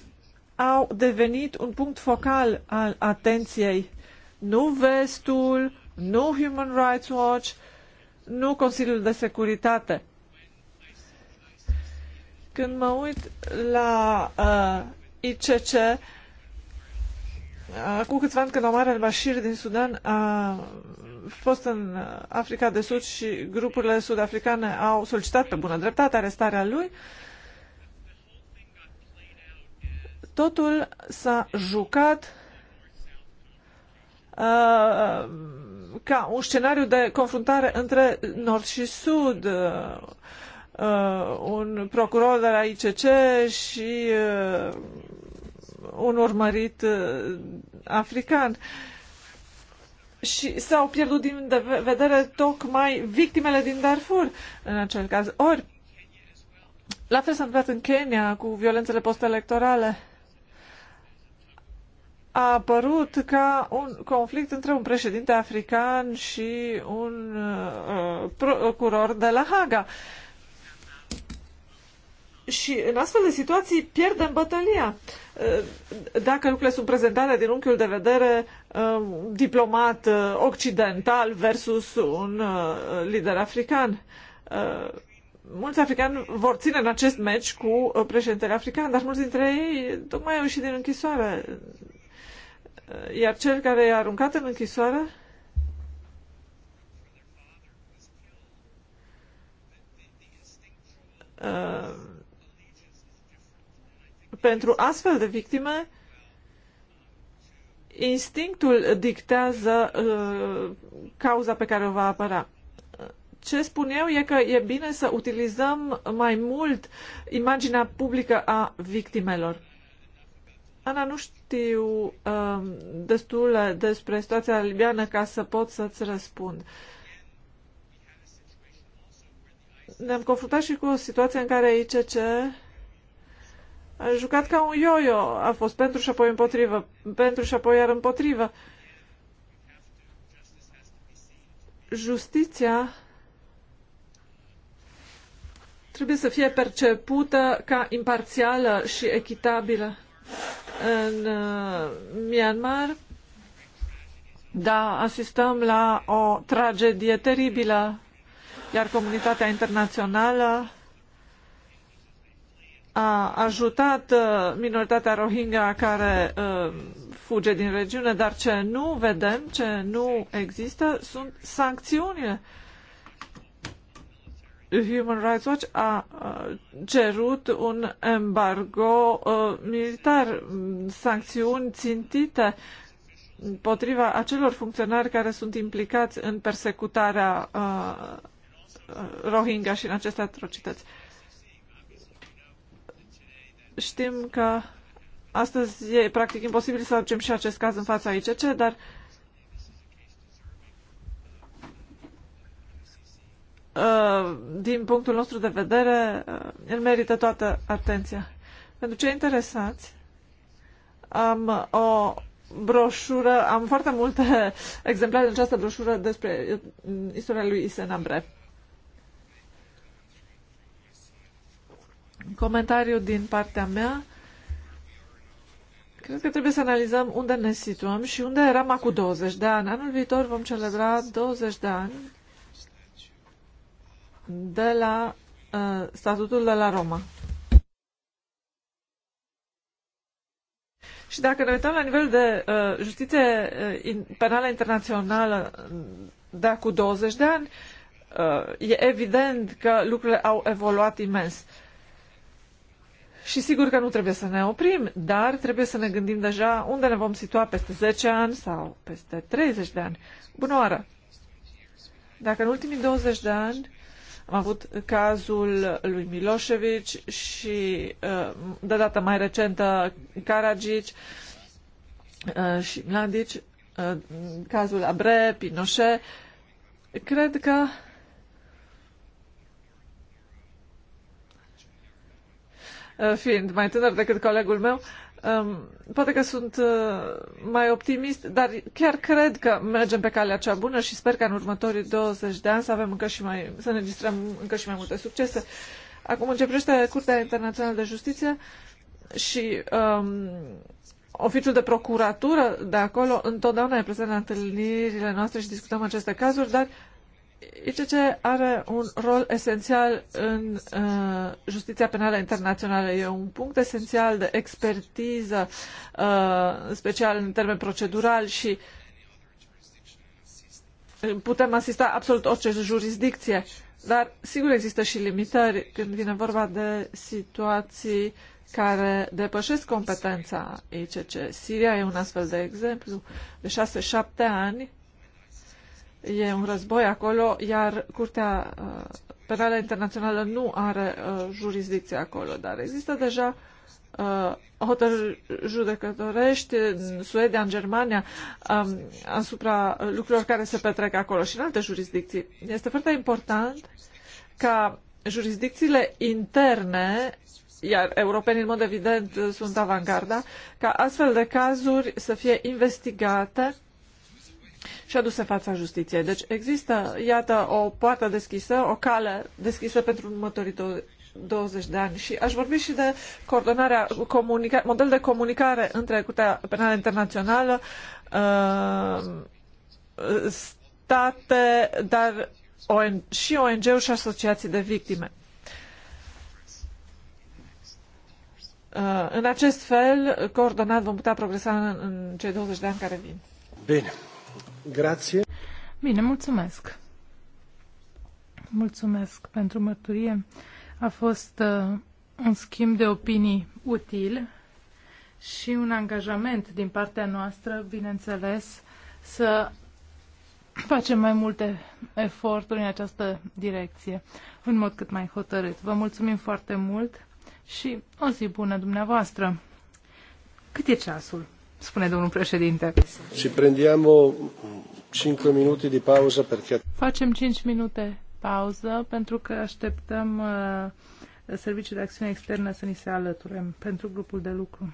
au devenit un punct focal al atenției. Nu vestul, nu Human Rights Watch, nu Consiliul de Securitate. Când mă uit la uh, ICC, cu câțiva ani când Omar al-Bashir din Sudan a fost în Africa de Sud și grupurile sud-africane au solicitat pe bună dreptate arestarea lui, totul s-a jucat uh, ca un scenariu de confruntare între nord și sud. Uh, uh, un procuror de la ICC și uh, un urmărit african. Și s-au pierdut din vedere tocmai victimele din Darfur în acel caz. Ori, la fel s-a întâmplat în Kenya cu violențele postelectorale. electorale a apărut ca un conflict între un președinte african și un uh, procuror uh, de la Haga. Și în astfel de situații pierdem bătălia. Uh, dacă lucrurile sunt prezentate din unchiul de vedere uh, diplomat uh, occidental versus un uh, lider african. Uh, mulți africani vor ține în acest meci cu președintele african, dar mulți dintre ei tocmai au ieșit din închisoare iar cel care e aruncat în închisoare uh, pentru astfel de victime, instinctul dictează uh, cauza pe care o va apăra. Ce spun eu e că e bine să utilizăm mai mult imaginea publică a victimelor. Ana, nu știu uh, destul despre situația libiană ca să pot să-ți răspund. Ne-am confruntat și cu o situație în care ICC a jucat ca un yo-yo. A fost pentru și apoi împotrivă, pentru și apoi iar împotrivă. Justiția trebuie să fie percepută ca imparțială și echitabilă în uh, Myanmar, da, asistăm la o tragedie teribilă, iar comunitatea internațională a ajutat uh, minoritatea Rohingya care uh, fuge din regiune, dar ce nu vedem, ce nu există, sunt sancțiunile Human Rights Watch a cerut un embargo uh, militar, mm, sancțiuni țintite împotriva acelor funcționari care sunt implicați în persecutarea uh, uh, Rohingya și în aceste atrocități. Știm că astăzi e practic imposibil să aducem și acest caz în fața ICC, dar uh, Uh, din punctul nostru de vedere, uh, el merită toată atenția. Pentru cei interesați, am o broșură, am foarte multe exemplare în această broșură despre uh, istoria lui Isen Ambre. Comentariu din partea mea. Cred că trebuie să analizăm unde ne situăm și unde eram acum 20 de ani. Anul viitor vom celebra 20 de ani de la uh, statutul de la Roma. Și dacă ne uităm la nivel de uh, justiție uh, in, penală internațională mm, de cu 20 de ani, uh, e evident că lucrurile au evoluat imens. Și sigur că nu trebuie să ne oprim, dar trebuie să ne gândim deja unde ne vom situa peste 10 ani sau peste 30 de ani. Bună oară! Dacă în ultimii 20 de ani am avut cazul lui Milosevic și, uh, de data mai recentă, Karadzic uh, și Mladic, uh, cazul Abre, Pinochet. Cred că fiind mai tânăr decât colegul meu, uh, Poate că sunt uh, mai optimist, dar chiar cred că mergem pe calea cea bună și sper că în următorii 20 de ani să avem încă și mai, să ne distrăm încă și mai multe succese. Acum începește Curtea Internațională de Justiție și um, oficiul de procuratură de acolo întotdeauna e prezent la întâlnirile noastre și discutăm aceste cazuri, dar ICC are un rol esențial în uh, justiția penală internațională. E un punct esențial de expertiză, uh, special în termen procedural și putem asista absolut orice jurisdicție. Dar, sigur, există și limitări când vine vorba de situații care depășesc competența ICC. Siria e un astfel de exemplu. De șase, șapte ani E un război acolo, iar Curtea uh, Penală Internațională nu are uh, jurisdicție acolo, dar există deja uh, hotărâri judecătorești în Suedia, în Germania, um, asupra lucrurilor care se petrec acolo și în alte jurisdicții. Este foarte important ca jurisdicțiile interne, iar europenii în mod evident sunt avangarda, ca astfel de cazuri să fie investigate și dus în fața justiției. Deci există, iată, o poartă deschisă, o cale deschisă pentru următorii 20 de ani și aș vorbi și de coordonarea, comunica- model de comunicare între Curtea Penală Internațională, uh, state, dar și ONG-uri și asociații de victime. Uh, în acest fel, coordonat, vom putea progresa în, în cei 20 de ani care vin. Bine. Grație. Bine, mulțumesc. Mulțumesc pentru mărturie. A fost uh, un schimb de opinii util și un angajament din partea noastră, bineînțeles, să facem mai multe eforturi în această direcție, în mod cât mai hotărât. Vă mulțumim foarte mult și o zi bună dumneavoastră. Cât e ceasul? spune domnul președinte. Și prendiamo 5 minute de pauză perché... Facem 5 minute pauză pentru că așteptăm uh, Serviciul de Acțiune Externă să ni se alăture pentru grupul de lucru.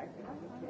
Thank you.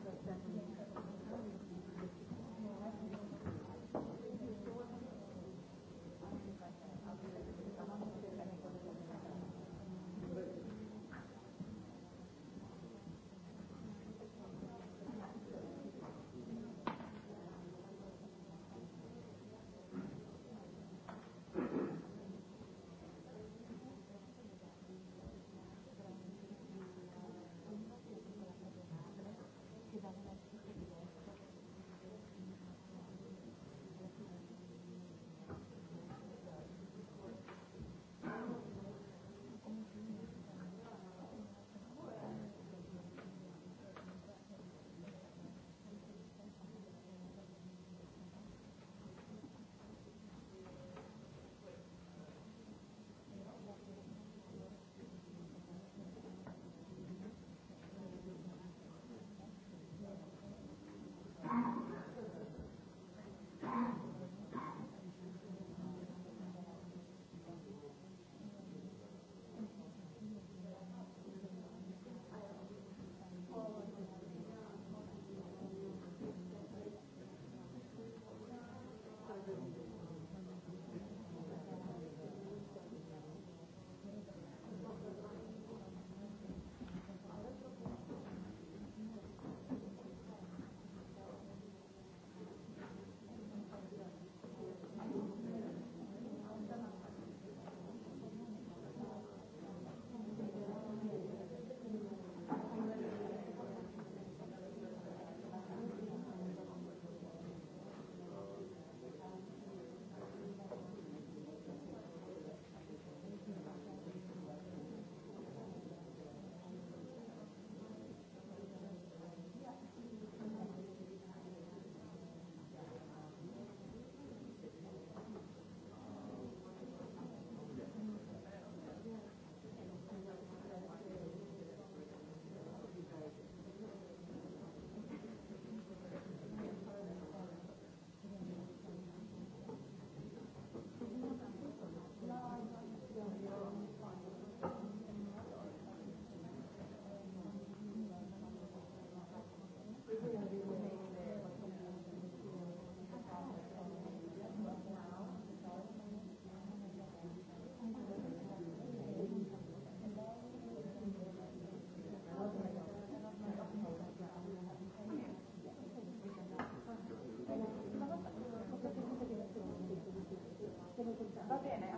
Va bene?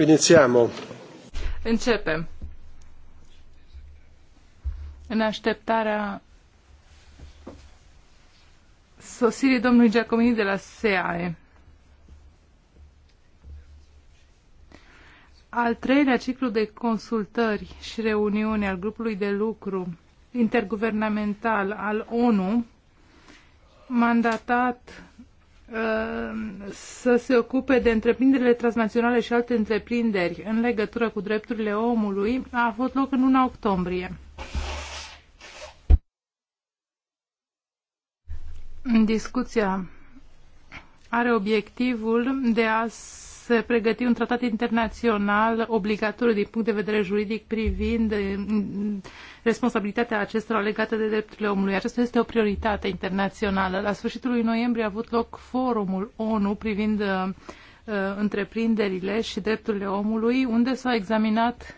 Inițiamo. Începem. În așteptarea sosirii domnului Giacomini de la SEAE. Al treilea ciclu de consultări și reuniuni al grupului de lucru interguvernamental al ONU, mandatat Uh, să se ocupe de întreprinderile transnaționale și alte întreprinderi în legătură cu drepturile omului a avut loc în luna octombrie. Discuția are obiectivul de a veți pregăti un tratat internațional obligatoriu din punct de vedere juridic privind eh, responsabilitatea acestora legată de drepturile omului. Aceasta este o prioritate internațională. La sfârșitul lui noiembrie a avut loc forumul ONU privind eh, eh, întreprinderile și drepturile omului, unde s-a examinat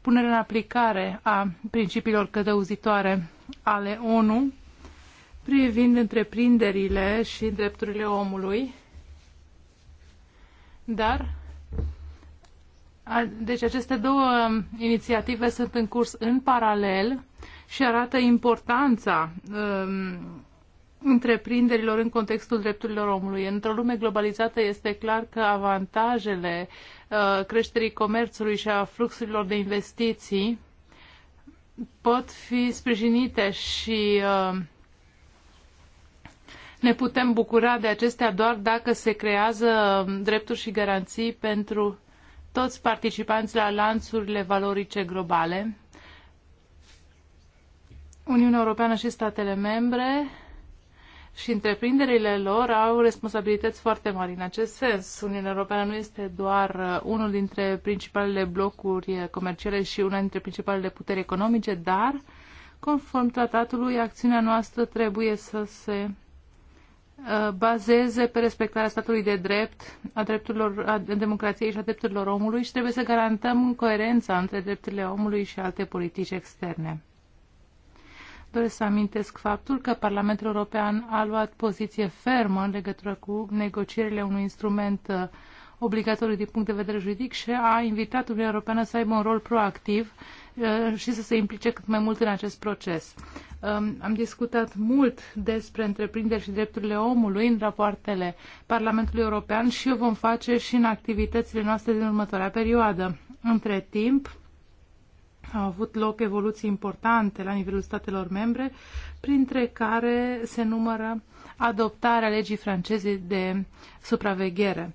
punerea în aplicare a principiilor cădăuzitoare ale ONU privind întreprinderile și drepturile omului dar, deci aceste două um, inițiative sunt în curs în paralel și arată importanța um, întreprinderilor în contextul drepturilor omului. Într-o lume globalizată este clar că avantajele uh, creșterii comerțului și a fluxurilor de investiții pot fi sprijinite și uh, ne putem bucura de acestea doar dacă se creează drepturi și garanții pentru toți participanții la lanțurile valorice globale. Uniunea Europeană și statele membre și întreprinderile lor au responsabilități foarte mari în acest sens. Uniunea Europeană nu este doar uh, unul dintre principalele blocuri uh, comerciale și una dintre principalele puteri economice, dar, conform tratatului, acțiunea noastră trebuie să se Uh, bazeze pe respectarea statului de drept, a drepturilor, a democrației și a drepturilor omului și trebuie să garantăm coerența între drepturile omului și alte politici externe. Doresc să amintesc faptul că Parlamentul European a luat poziție fermă în legătură cu negocierile unui instrument uh, obligatoriu din punct de vedere juridic și a invitat Uniunea Europeană să aibă un rol proactiv uh, și să se implice cât mai mult în acest proces. Um, am discutat mult despre întreprinderi și drepturile omului în rapoartele Parlamentului European și o vom face și în activitățile noastre din următoarea perioadă. Între timp, au avut loc evoluții importante la nivelul statelor membre, printre care se numără adoptarea legii franceze de supraveghere.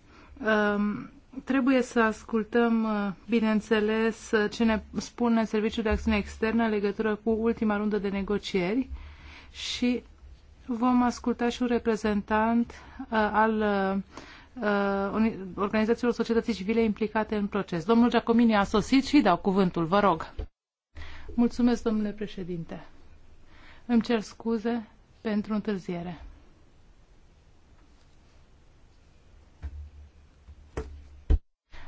Um, Trebuie să ascultăm, uh, bineînțeles, uh, ce ne spune Serviciul de Acțiune Externă în legătură cu ultima rundă de negocieri și vom asculta și un reprezentant uh, al organizațiilor societății civile implicate în proces. Domnul Giacomini a sosit și dau cuvântul, vă rog. Mulțumesc, domnule președinte. Îmi cer scuze pentru întârziere.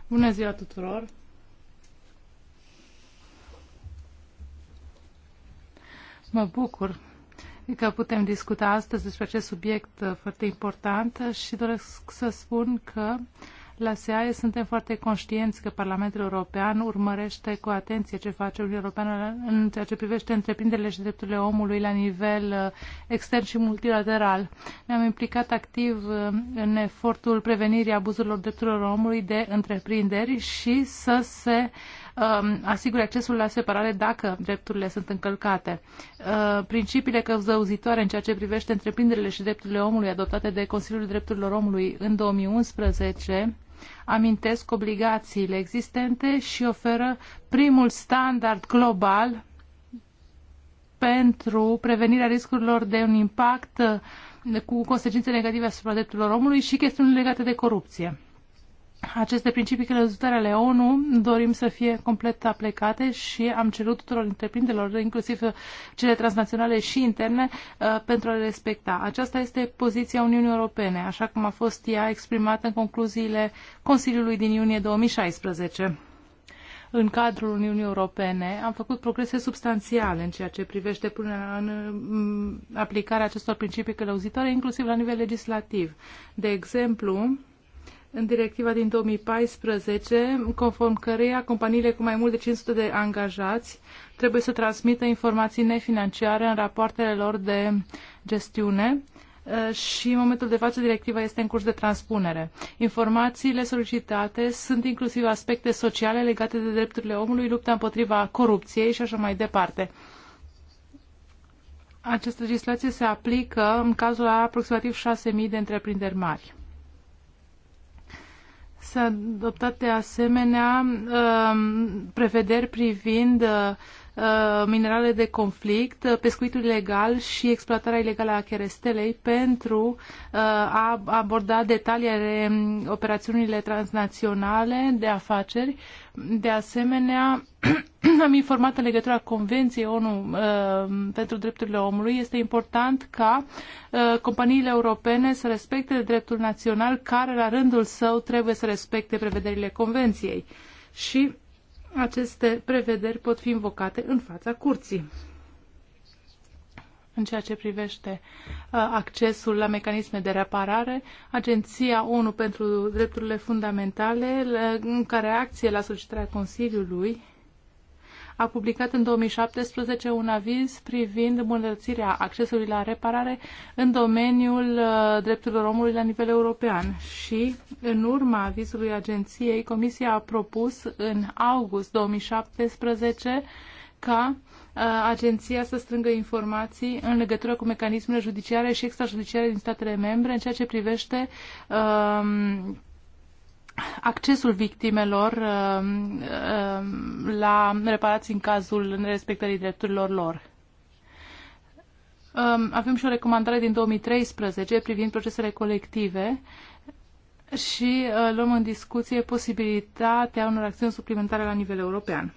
Bună ziua tuturor! Mă bucur că putem discuta astăzi despre acest subiect uh, foarte important și doresc să spun că la SEAE suntem foarte conștienți că Parlamentul European urmărește cu atenție ce face Uniunea Europeană în ceea ce privește întreprinderile și drepturile omului la nivel uh, extern și multilateral. Ne-am implicat activ uh, în efortul prevenirii abuzurilor drepturilor omului de întreprinderi și să se um, asigure accesul la separare dacă drepturile sunt încălcate. Uh, principiile căzăuzitoare în ceea ce privește întreprinderile și drepturile omului adoptate de Consiliul Drepturilor Omului în 2011 amintesc obligațiile existente și oferă primul standard global pentru prevenirea riscurilor de un impact cu consecințe negative asupra drepturilor omului și chestiuni legate de corupție aceste principii crezutare ale ONU dorim să fie complet aplicate și am cerut tuturor întreprinderilor, inclusiv cele transnaționale și interne, uh, pentru a le respecta. Aceasta este poziția Uniunii Europene, așa cum a fost ea exprimată în concluziile Consiliului din iunie 2016. În cadrul Uniunii Europene am făcut progrese substanțiale în ceea ce privește punerea în mm, aplicarea acestor principii călăuzitoare, inclusiv la nivel legislativ. De exemplu, în directiva din 2014, conform căreia companiile cu mai mult de 500 de angajați trebuie să transmită informații nefinanciare în rapoartele lor de gestiune uh, și în momentul de față directiva este în curs de transpunere. Informațiile solicitate sunt inclusiv aspecte sociale legate de drepturile omului, lupta împotriva corupției și așa mai departe. Această legislație se aplică în cazul a aproximativ 6.000 de întreprinderi mari să adoptate asemenea um, prevederi privind uh, Uh, minerale de conflict, uh, pescuitul ilegal și exploatarea ilegală a cherestelei pentru uh, a aborda detaliile um, operațiunile transnaționale de afaceri. De asemenea, am informat în legătura Convenției ONU pentru drepturile omului. Este important ca companiile europene să respecte dreptul național care, la rândul său, trebuie să respecte prevederile Convenției. Și aceste prevederi pot fi invocate în fața curții. În ceea ce privește uh, accesul la mecanisme de reparare, Agenția ONU pentru Drepturile Fundamentale, uh, în care acție la solicitarea Consiliului, a publicat în 2017 un aviz privind îmbunătățirea accesului la reparare în domeniul uh, drepturilor omului la nivel european și în urma avizului agenției Comisia a propus în august 2017 ca uh, agenția să strângă informații în legătură cu mecanismele judiciare și extrajudiciare din statele membre în ceea ce privește um, accesul victimelor uh, uh, la reparații în cazul nerespectării drepturilor lor. Uh, avem și o recomandare din 2013 privind procesele colective și uh, luăm în discuție posibilitatea unor acțiuni suplimentare la nivel european.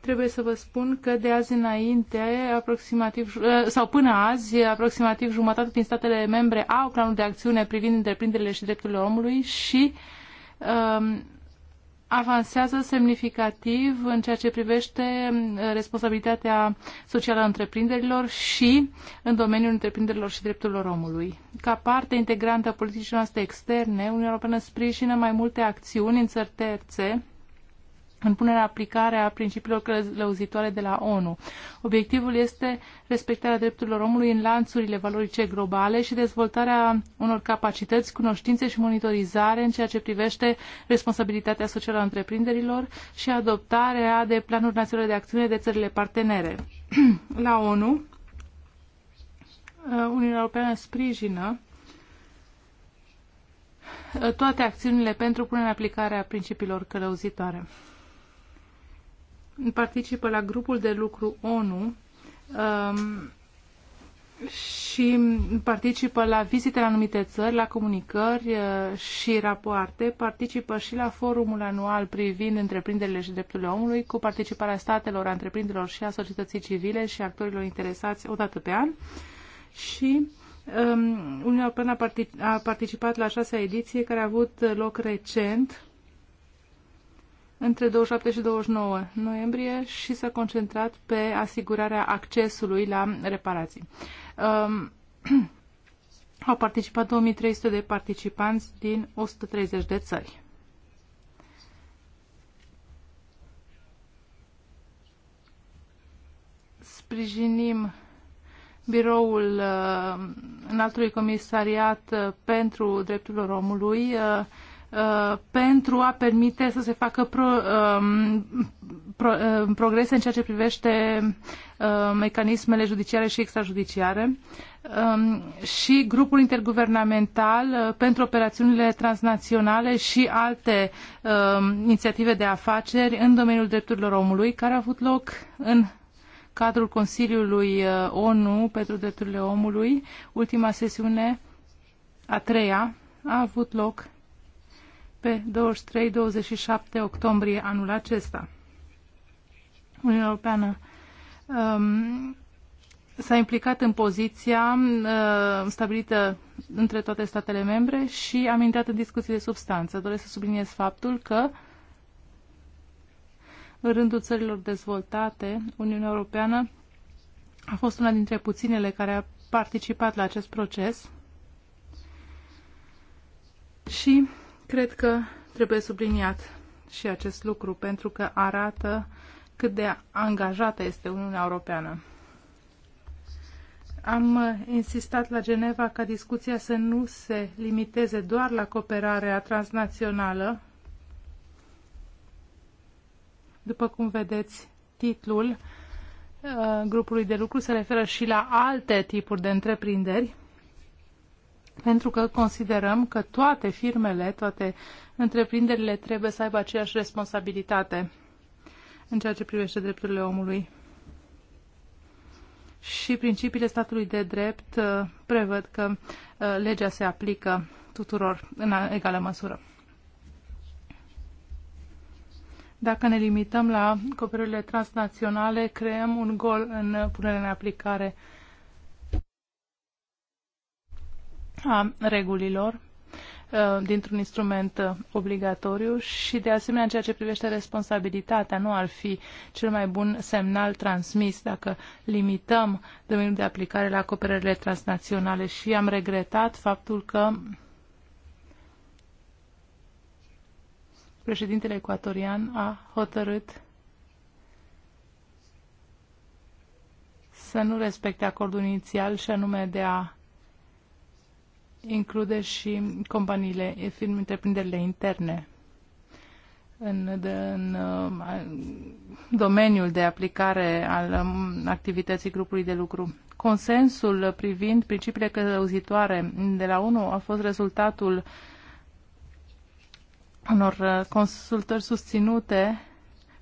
Trebuie să vă spun că de azi înainte, aproximativ, uh, sau până azi, aproximativ jumătate din statele membre au planul de acțiune privind întreprinderile și drepturile omului și uh, Um, avansează semnificativ în ceea ce privește uh, responsabilitatea socială a întreprinderilor și în domeniul întreprinderilor și drepturilor omului. Ca parte integrantă a politicii noastre externe, Uniunea Europeană sprijină mai multe acțiuni în țări terțe în punerea aplicare a principiilor lăuzitoare de la ONU. Obiectivul este respectarea drepturilor omului în lanțurile valorice globale și dezvoltarea unor capacități, cunoștințe și monitorizare în ceea ce privește responsabilitatea socială a întreprinderilor și adoptarea de planuri naționale de acțiune de țările partenere. la ONU, uh, Uniunea Europeană sprijină uh, toate acțiunile pentru punerea în aplicare a principiilor călăuzitoare participă la grupul de lucru ONU um, și participă la vizite la anumite țări, la comunicări uh, și rapoarte, participă și la forumul anual privind întreprinderile și drepturile omului, cu participarea statelor, a întreprinderilor și a societății civile și actorilor interesați o dată pe an. Și um, Uniunea Europeană a, partic- a participat la șasea ediție care a avut loc recent între 27 și 29 noiembrie și s-a concentrat pe asigurarea accesului la reparații. Um, au participat 2300 de participanți din 130 de țări. Sprijinim biroul uh, înaltului comisariat uh, pentru drepturile omului uh, Uh, pentru a permite să se facă pro, um, pro, um, progrese în ceea ce privește uh, mecanismele judiciare și extrajudiciare um, și grupul interguvernamental uh, pentru operațiunile transnaționale și alte inițiative de afaceri în domeniul drepturilor omului care a avut loc în cadrul Consiliului ONU pentru drepturile omului. Ultima sesiune, a treia, a avut loc pe 23-27 octombrie anul acesta. Uniunea Europeană um, s-a implicat în poziția uh, stabilită între toate statele membre și am intrat în discuții de substanță. Doresc să subliniez faptul că în rândul țărilor dezvoltate, Uniunea Europeană a fost una dintre puținele care a participat la acest proces și Cred că trebuie subliniat și acest lucru pentru că arată cât de angajată este Uniunea Europeană. Am insistat la Geneva ca discuția să nu se limiteze doar la cooperarea transnațională. După cum vedeți, titlul uh, grupului de lucru se referă și la alte tipuri de întreprinderi pentru că considerăm că toate firmele, toate întreprinderile trebuie să aibă aceeași responsabilitate în ceea ce privește drepturile omului. Și principiile statului de drept uh, prevăd că uh, legea se aplică tuturor în egală măsură. Dacă ne limităm la cooperările transnaționale, creăm un gol în punerea în aplicare uh, a regulilor dintr-un instrument obligatoriu și, de asemenea, în ceea ce privește responsabilitatea, nu ar fi cel mai bun semnal transmis dacă limităm domeniul de aplicare la acoperările transnaționale și am regretat faptul că președintele ecuatorian a hotărât să nu respecte acordul inițial și anume de a include și companiile, firme, întreprinderile interne în, de, în uh, domeniul de aplicare al um, activității grupului de lucru. Consensul privind principiile călăuzitoare de la 1 a fost rezultatul unor uh, consultări susținute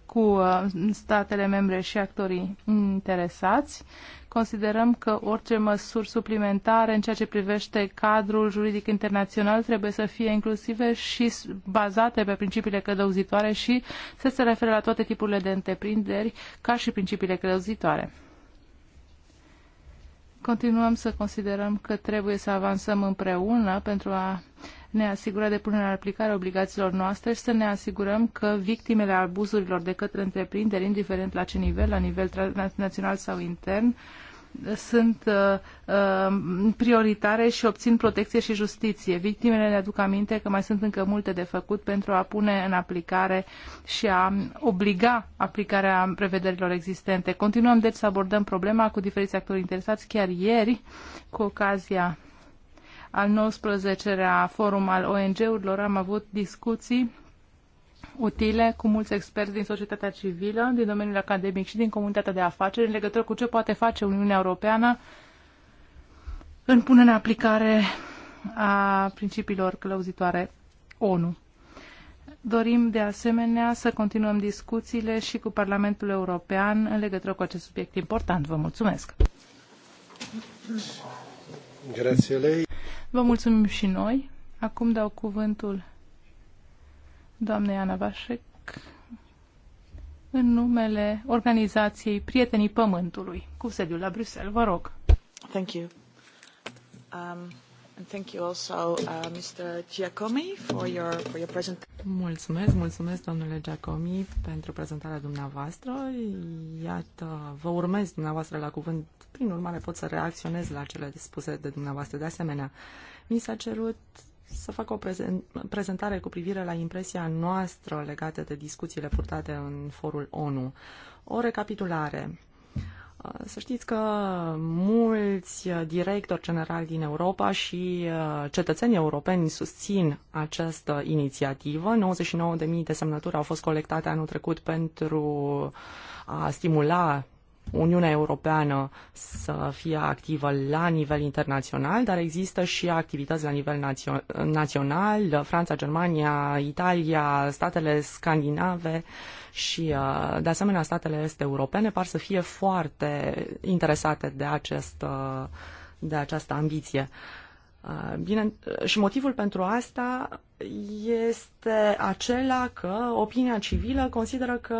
cu uh, statele membre și actorii interesați. Considerăm că orice măsuri suplimentare în ceea ce privește cadrul juridic internațional trebuie să fie inclusive și bazate pe principiile călăuzitoare și să se refere la toate tipurile de întreprinderi ca și principiile călăuzitoare. Continuăm să considerăm că trebuie să avansăm împreună pentru a ne asigura de punerea în aplicare obligațiilor noastre și să ne asigurăm că victimele abuzurilor de către întreprinderi, indiferent la ce nivel, la nivel național sau intern, uh, sunt uh, uh, prioritare și obțin protecție și justiție. Victimele ne aduc aminte că mai sunt încă multe de făcut pentru a pune în aplicare și a obliga aplicarea prevederilor existente. Continuăm deci să abordăm problema cu diferiți actori interesați. Chiar ieri, cu ocazia al 19-lea forum al ONG-urilor, am avut discuții utile cu mulți experți din societatea civilă, din domeniul academic și din comunitatea de afaceri în legătură cu ce poate face Uniunea Europeană în punerea în aplicare a principiilor călăuzitoare ONU. Dorim de asemenea să continuăm discuțiile și cu Parlamentul European în legătură cu acest subiect important. Vă mulțumesc! Grazie lei. Vă mulțumim și noi. Acum dau cuvântul doamnei Ana Vașec în numele organizației Prietenii Pământului, cu sediul la Bruxelles. Vă rog. Thank you. Um... And thank you also, uh, Mr. Giacomi, for your, for your presentation. Mulțumesc, mulțumesc, domnule Giacomi, pentru prezentarea dumneavoastră. Iată, vă urmez dumneavoastră la cuvânt, prin urmare pot să reacționez la cele spuse de dumneavoastră de asemenea. Mi s-a cerut să fac o prezentare cu privire la impresia noastră legată de discuțiile purtate în forul ONU. O recapitulare. Uh, să știți că mulți directori generali din Europa și uh, cetățenii europeni susțin această inițiativă. 99.000 de semnături au fost colectate anul trecut pentru a stimula Uniunea Europeană să fie activă la nivel internațional, dar există și activități la nivel națio- național, Franța, Germania, Italia, statele scandinave și, uh, de asemenea, statele est europene par să fie foarte interesate de, acest, uh, de această ambiție. Uh, bine, și motivul pentru asta este acela că opinia civilă consideră că,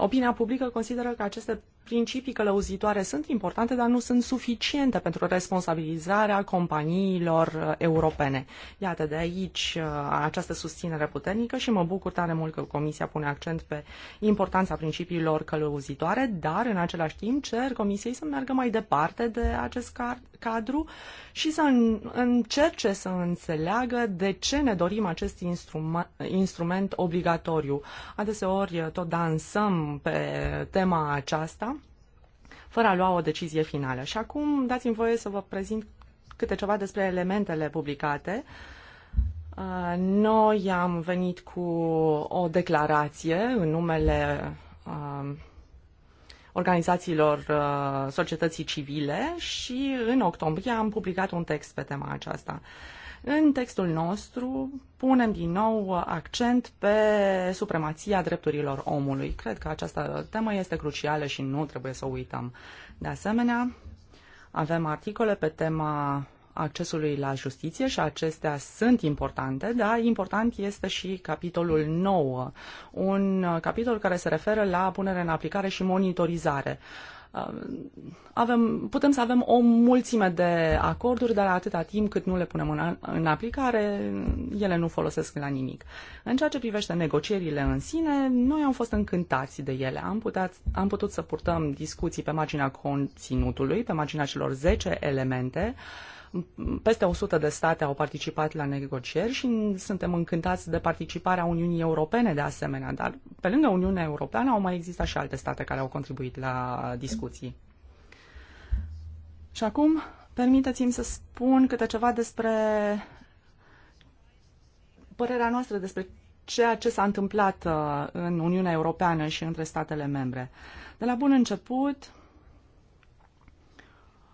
opinia publică consideră că aceste principii călăuzitoare sunt importante, dar nu sunt suficiente pentru responsabilizarea companiilor uh, europene. Iată, de aici uh, această susținere puternică și mă bucur tare mult că Comisia pune accent pe importanța principiilor călăuzitoare, dar în același timp cer Comisiei să meargă mai departe de acest cadru și să încerce să înțeleagă de ce ne dorim acest instrument, instrument obligatoriu. Adeseori uh, tot dansăm pe tema aceasta, fără a lua o decizie finală. Și acum dați-mi voie să vă prezint câte ceva despre elementele publicate. Uh, noi am venit cu o declarație în numele uh, organizațiilor uh, societății civile și în octombrie am publicat un text pe tema aceasta. În textul nostru punem din nou accent pe supremația drepturilor omului. Cred că această temă este crucială și nu trebuie să o uităm. De asemenea, avem articole pe tema accesului la justiție și acestea sunt importante, dar important este și capitolul 9, un capitol care se referă la punere în aplicare și monitorizare. Um, avem, putem să avem o mulțime de acorduri, dar atâta timp cât nu le punem în, în aplicare, ele nu folosesc la nimic. În ceea ce privește negocierile în sine, noi am fost încântați de ele. Am, putea, am putut să purtăm discuții pe marginea conținutului, pe marginea celor 10 elemente. Peste 100 de state au participat la negocieri și suntem încântați de participarea Uniunii Europene de asemenea, dar pe lângă Uniunea Europeană au mai existat și alte state care au contribuit la discuții discuții. Și acum, permiteți-mi să spun câte ceva despre părerea noastră despre ceea ce s-a întâmplat uh, în Uniunea Europeană și între statele membre. De la bun început,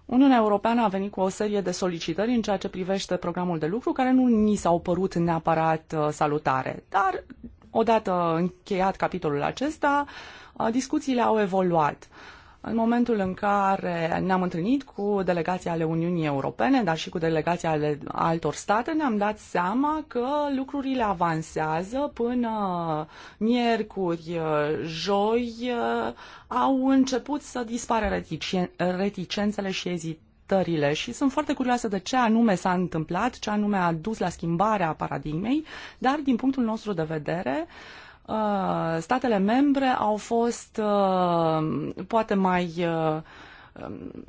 Uniunea Europeană a venit cu o serie de solicitări în ceea ce privește programul de lucru, care nu ni s-au părut neapărat uh, salutare. Dar, odată încheiat capitolul acesta, uh, discuțiile au evoluat. În momentul în care ne-am întâlnit cu delegația ale Uniunii Europene, dar și cu delegația ale altor state, ne-am dat seama că lucrurile avansează până miercuri, joi, au început să dispară reticențele și ezitările și sunt foarte curioasă de ce anume s-a întâmplat, ce anume a dus la schimbarea paradigmei, dar din punctul nostru de vedere, uh, Uh, statele membre au fost uh, poate mai uh, um,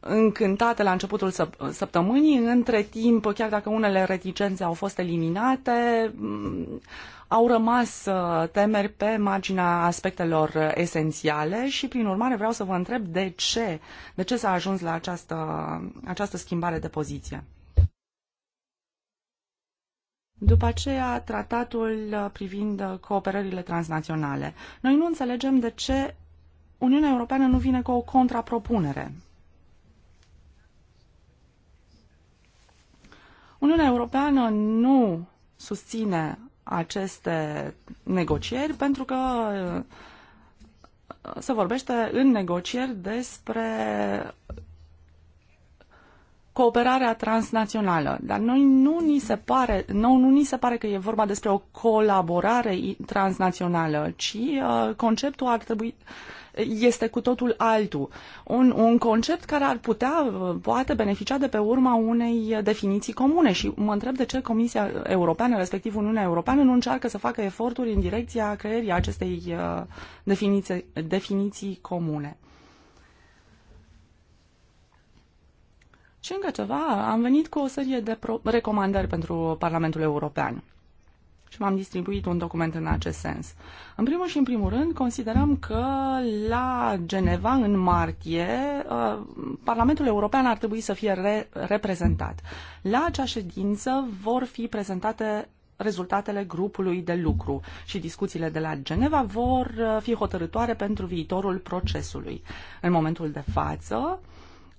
încântate la începutul săp- săptămânii. Între timp, chiar dacă unele reticențe au fost eliminate, mm, au rămas temeri pe marginea aspectelor esențiale și, prin urmare, vreau să vă întreb de ce, de ce s-a ajuns la această, această schimbare de poziție. După aceea, tratatul uh, privind uh, cooperările transnaționale. Noi nu înțelegem de ce Uniunea Europeană nu vine cu o contrapropunere. Uniunea Europeană nu susține aceste negocieri pentru că uh, se vorbește în negocieri despre cooperarea transnațională. Dar noi nu ni se pare, nou, nu ni se pare că e vorba despre o colaborare transnațională, ci uh, conceptul ar trebui este cu totul altul. Un, un concept care ar putea, uh, poate beneficia de pe urma unei definiții comune și mă întreb de ce Comisia Europeană, respectiv Uniunea Europeană, nu încearcă să facă eforturi în direcția creierii acestei uh, definiții, definiții comune. Și încă ceva, am venit cu o serie de recomandări pentru Parlamentul European și m-am distribuit un document în acest sens. În primul și în primul rând, considerăm că la Geneva, în martie, uh, Parlamentul European ar trebui să fie re- reprezentat. La acea ședință vor fi prezentate rezultatele grupului de lucru și discuțiile de la Geneva vor uh, fi hotărătoare pentru viitorul procesului. În momentul de față, uh,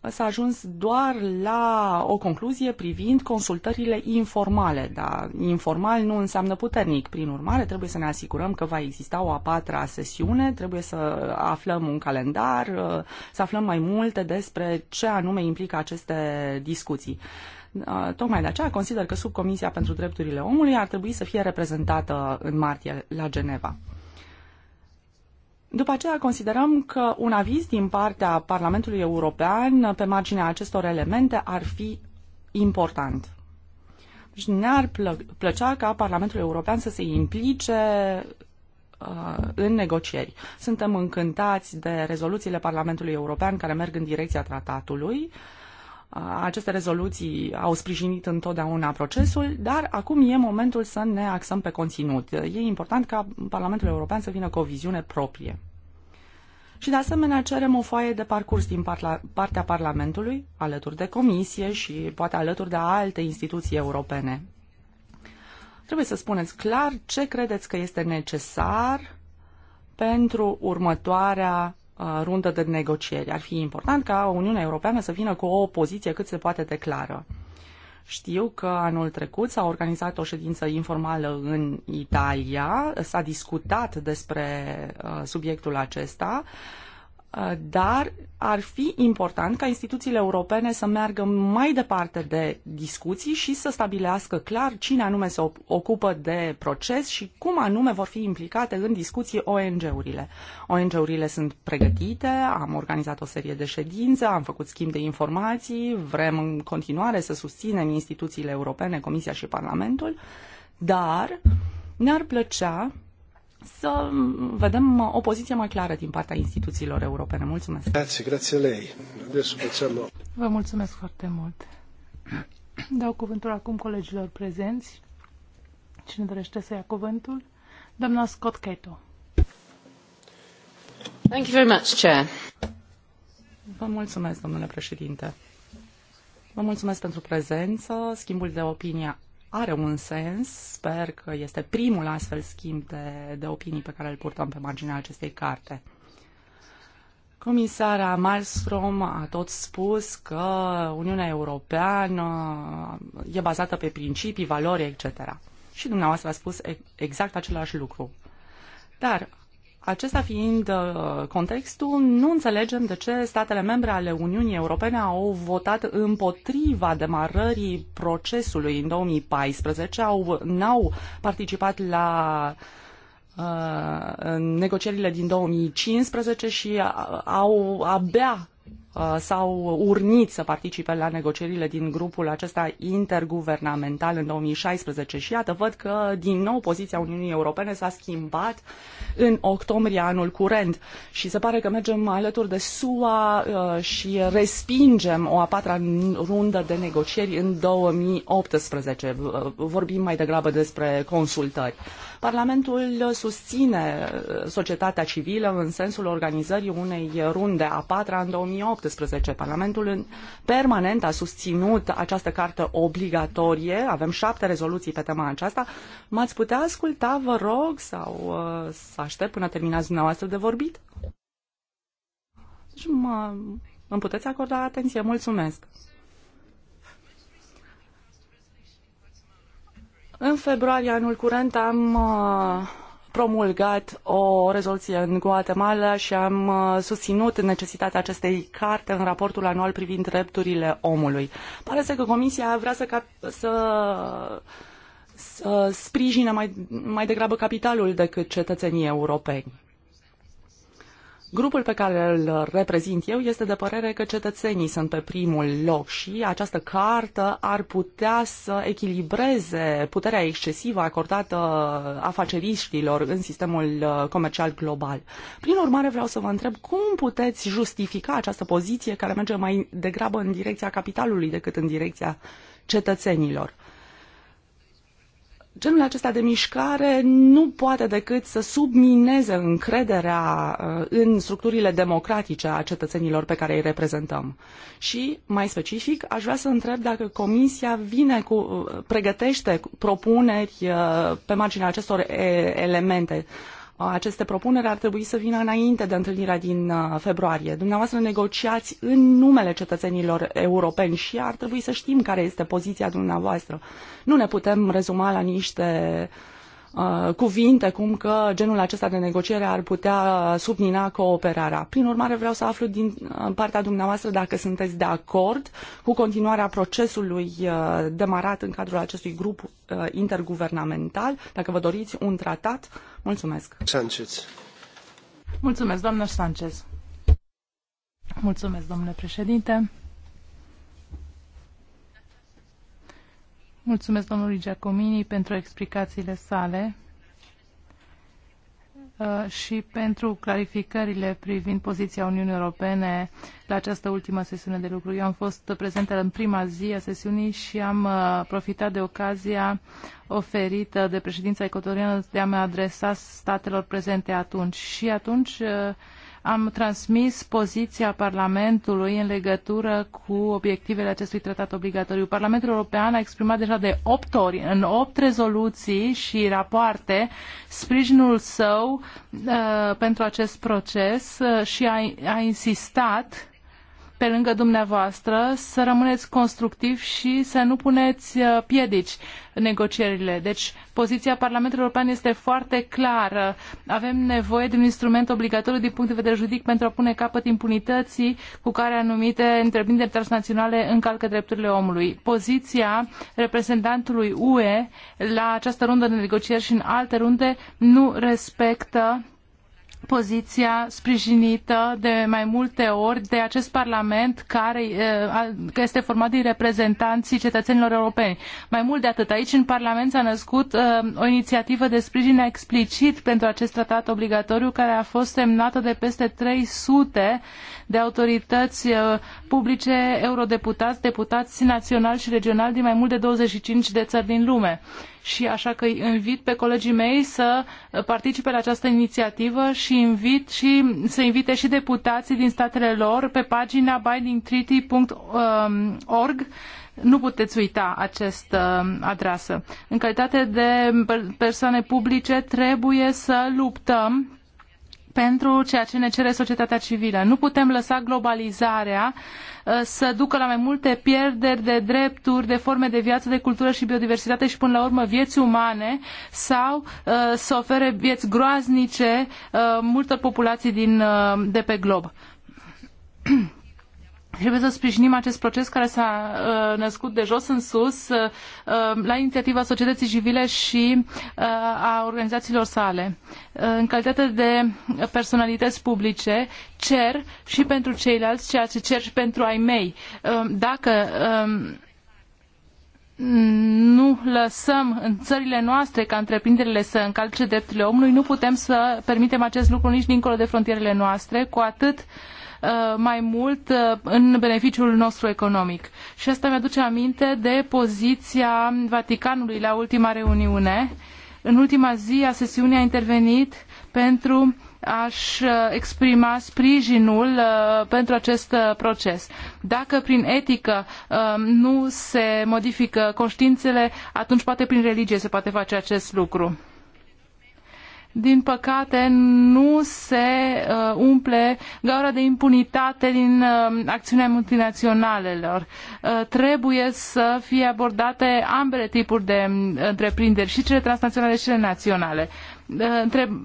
s-a ajuns doar la o concluzie privind consultările informale, dar informal nu înseamnă puternic. Prin urmare, trebuie să ne asigurăm că va exista o a patra sesiune, trebuie să aflăm un calendar, uh, să aflăm mai multe despre ce anume implică aceste discuții. Uh, tocmai de aceea consider că subcomisia pentru drepturile omului ar trebui să fie reprezentată în martie la Geneva. După aceea considerăm că un aviz din partea Parlamentului European pe marginea acestor elemente ar fi important. Deci ne-ar plă plăcea ca Parlamentul European să se implice uh, în negocieri. Suntem încântați de rezoluțiile Parlamentului European care merg în direcția tratatului uh, aceste rezoluții au sprijinit întotdeauna procesul, dar acum e momentul să ne axăm pe conținut. E important ca Parlamentul European să vină cu o viziune proprie. Și de asemenea cerem o foaie de parcurs din partea Parlamentului, alături de Comisie și poate alături de alte instituții europene. Trebuie să spuneți clar ce credeți că este necesar pentru următoarea rundă de negocieri. Ar fi important ca Uniunea Europeană să vină cu o poziție cât se poate de clară. Știu că anul trecut s-a organizat o ședință informală în Italia, s-a discutat despre uh, subiectul acesta. Uh, dar ar fi important ca instituțiile europene să meargă mai departe de discuții și să stabilească clar cine anume se ocupă de proces și cum anume vor fi implicate în discuții ONG-urile. ONG-urile sunt pregătite, am organizat o serie de ședințe, am făcut schimb de informații, vrem în continuare să susținem instituțiile europene, Comisia și Parlamentul, dar ne-ar plăcea să vedem uh, o poziție mai clară din partea instituțiilor europene. Mulțumesc! Grazie, grazie lei. Vă mulțumesc foarte mult! Dau cuvântul acum colegilor prezenți. Cine dorește să ia cuvântul? Doamna Scott Cato. Thank you very much, Chair. Vă mulțumesc, domnule președinte. Vă mulțumesc pentru prezență, schimbul de opinie are un sens, sper că este primul astfel schimb de, de opinii pe care îl purtăm pe marginea acestei carte. Comisara Malmström a tot spus că Uniunea Europeană e bazată pe principii, valori, etc. Și dumneavoastră a spus exact același lucru. Dar acesta fiind uh, contextul, nu înțelegem de ce statele membre ale Uniunii Europene au votat împotriva demarării procesului în 2014, au, n-au participat la uh, negocierile din 2015 și au abia Uh, s-au urnit să participe la negocierile din grupul acesta interguvernamental în 2016 și iată, văd că din nou poziția Uniunii Europene s-a schimbat în octombrie anul curent și se pare că mergem alături de SUA uh, și respingem o a patra rundă de negocieri în 2018. Vorbim mai degrabă despre consultări. Parlamentul susține uh, societatea civilă în sensul organizării unei runde a patra în 2018. Parlamentul în permanent a susținut această carte obligatorie. Avem șapte rezoluții pe tema aceasta. M-ați putea asculta, vă rog, sau uh, să aștept până terminați dumneavoastră de vorbit? Deci mă, îmi puteți acorda atenție. Mulțumesc! În februarie anul curent am uh, promulgat o rezoluție în Guatemala și am uh, susținut necesitatea acestei carte în raportul anual privind drepturile omului. Pare să că Comisia vrea să, cap- să, să sprijine mai, mai degrabă capitalul decât cetățenii europeni. Grupul pe care îl reprezint eu este de părere că cetățenii sunt pe primul loc și această cartă ar putea să echilibreze puterea excesivă acordată afaceriștilor în sistemul uh, comercial global. Prin urmare, vreau să vă întreb cum puteți justifica această poziție care merge mai degrabă în direcția capitalului decât în direcția cetățenilor genul acesta de mișcare nu poate decât să submineze încrederea uh, în structurile democratice a cetățenilor pe care îi reprezentăm. Și, mai specific, aș vrea să întreb dacă Comisia vine cu, uh, pregătește propuneri uh, pe marginea acestor elemente aceste propuneri ar trebui să vină înainte de întâlnirea din februarie. Dumneavoastră negociați în numele cetățenilor europeni și ar trebui să știm care este poziția dumneavoastră. Nu ne putem rezuma la niște uh, Uh, cuvinte cum că genul acesta de negociere ar putea uh, submina cooperarea. Prin urmare, vreau să aflu din uh, partea dumneavoastră dacă sunteți de acord cu continuarea procesului demarat în cadrul acestui grup interguvernamental, dacă vă doriți un tratat. Mulțumesc. Sanchez. Mulțumesc, doamnă Sanchez. Mulțumesc, domnule președinte. Mulțumesc domnului Giacomini pentru explicațiile sale uh, și pentru clarificările privind poziția Uniunii Europene la această ultimă sesiune de lucru. Eu am fost prezentă în prima zi a sesiunii și am uh, profitat de ocazia oferită de președința ecuatoriană de a mă adresa statelor prezente atunci. Și atunci uh, am transmis poziția Parlamentului în legătură cu obiectivele acestui tratat obligatoriu. Parlamentul European a exprimat deja de 8 ori, în 8 rezoluții și rapoarte, sprijinul său uh, pentru acest proces uh, și a, a insistat pe lângă dumneavoastră, să rămâneți constructiv și să nu puneți uh, piedici negocierile. Deci, poziția Parlamentului European este foarte clară. Avem nevoie de un instrument obligatoriu din punct de vedere juridic pentru a pune capăt impunității cu care anumite întreprinderi transnaționale încalcă drepturile omului. Poziția reprezentantului UE la această rundă de negocieri și în alte runde nu respectă poziția sprijinită de mai multe ori de acest Parlament care este format din reprezentanții cetățenilor europeni. Mai mult de atât, aici în Parlament s-a născut o inițiativă de sprijin explicit pentru acest tratat obligatoriu care a fost semnată de peste 300 de autorități publice, eurodeputați, deputați naționali și regionali din mai mult de 25 de țări din lume și așa că îi invit pe colegii mei să participe la această inițiativă și invit și să invite și deputații din statele lor pe pagina bindingtreaty.org nu puteți uita această adresă. În calitate de persoane publice trebuie să luptăm pentru ceea ce ne cere societatea civilă. Nu putem lăsa globalizarea uh, să ducă la mai multe pierderi de drepturi, de forme de viață, de cultură și biodiversitate și până la urmă vieți umane sau uh, să ofere vieți groaznice uh, multor populații din, de pe glob. Trebuie să sprijinim acest proces care s-a uh, născut de jos în sus uh, uh la inițiativa societății civile și uh, a organizațiilor sale. Uh, în calitate de personalități publice, cer și pentru ceilalți ceea ce cer și pentru ai mei. Uh, dacă um, nu lăsăm în țările noastre ca întreprinderile să încalce drepturile omului, nu putem să permitem acest lucru nici dincolo de frontierele noastre, cu atât uh, Uh, mai mult uh, în beneficiul nostru economic. Și asta mi-aduce aminte de poziția Vaticanului la ultima reuniune. În ultima zi a sesiunii a intervenit pentru aș uh, exprima sprijinul pentru acest proces. Dacă prin etică nu se modifică conștiințele, atunci poate prin religie se poate face acest lucru din păcate, nu se uh, umple gaura de impunitate din uh, acțiunea multinaționalelor. Uh, trebuie să fie abordate ambele tipuri de uh, întreprinderi, și cele transnaționale și cele naționale.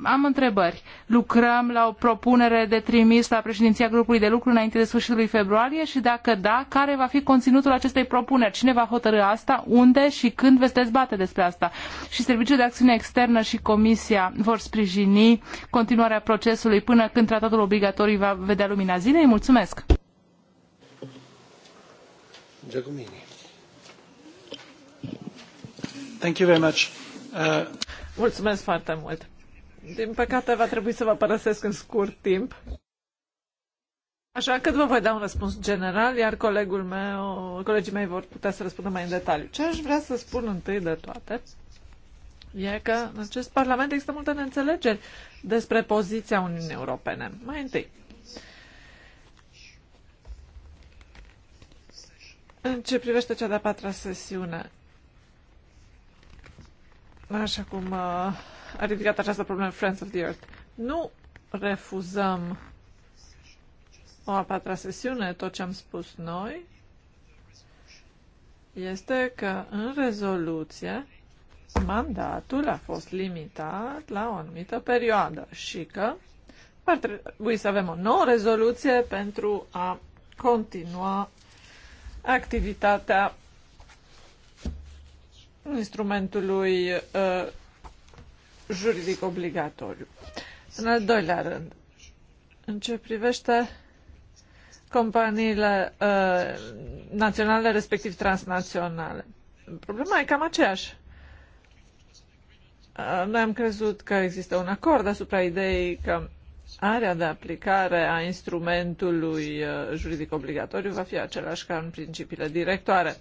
Am întrebări. Lucrăm la o propunere de trimis la președinția grupului de lucru înainte de sfârșitul lui februarie și dacă da, care va fi conținutul acestei propuneri? Cine va hotărâ asta? Unde și când veți dezbate despre asta? Și Serviciul de Acțiune Externă și Comisia vor sprijini continuarea procesului până când tratatul obligatoriu va vedea lumina zilei? Mulțumesc! Giacomini. Thank you very much. Uh... Mulțumesc foarte mult. Din păcate, va trebui să vă părăsesc în scurt timp. Așa că vă voi da un răspuns general, iar colegul meu, colegii mei vor putea să răspundă mai în detaliu. Ce aș vrea să spun întâi de toate e că în acest Parlament există multe neînțelegeri despre poziția Uniunii Europene. Mai întâi, în ce privește cea de-a patra sesiune, așa cum uh, a ridicat această problemă Friends of the Earth, nu refuzăm o a patra sesiune, tot ce am spus noi este că în rezoluție mandatul a fost limitat la o anumită perioadă și că ar trebui să avem o nouă rezoluție pentru a continua activitatea instrumentului uh, juridic obligatoriu. În al doilea rând, în ce privește companiile uh, naționale, respectiv transnaționale. Problema e cam aceeași. Uh, noi am crezut că există un acord asupra ideii că area de aplicare a instrumentului uh, juridic obligatoriu va fi același ca în principiile directoare.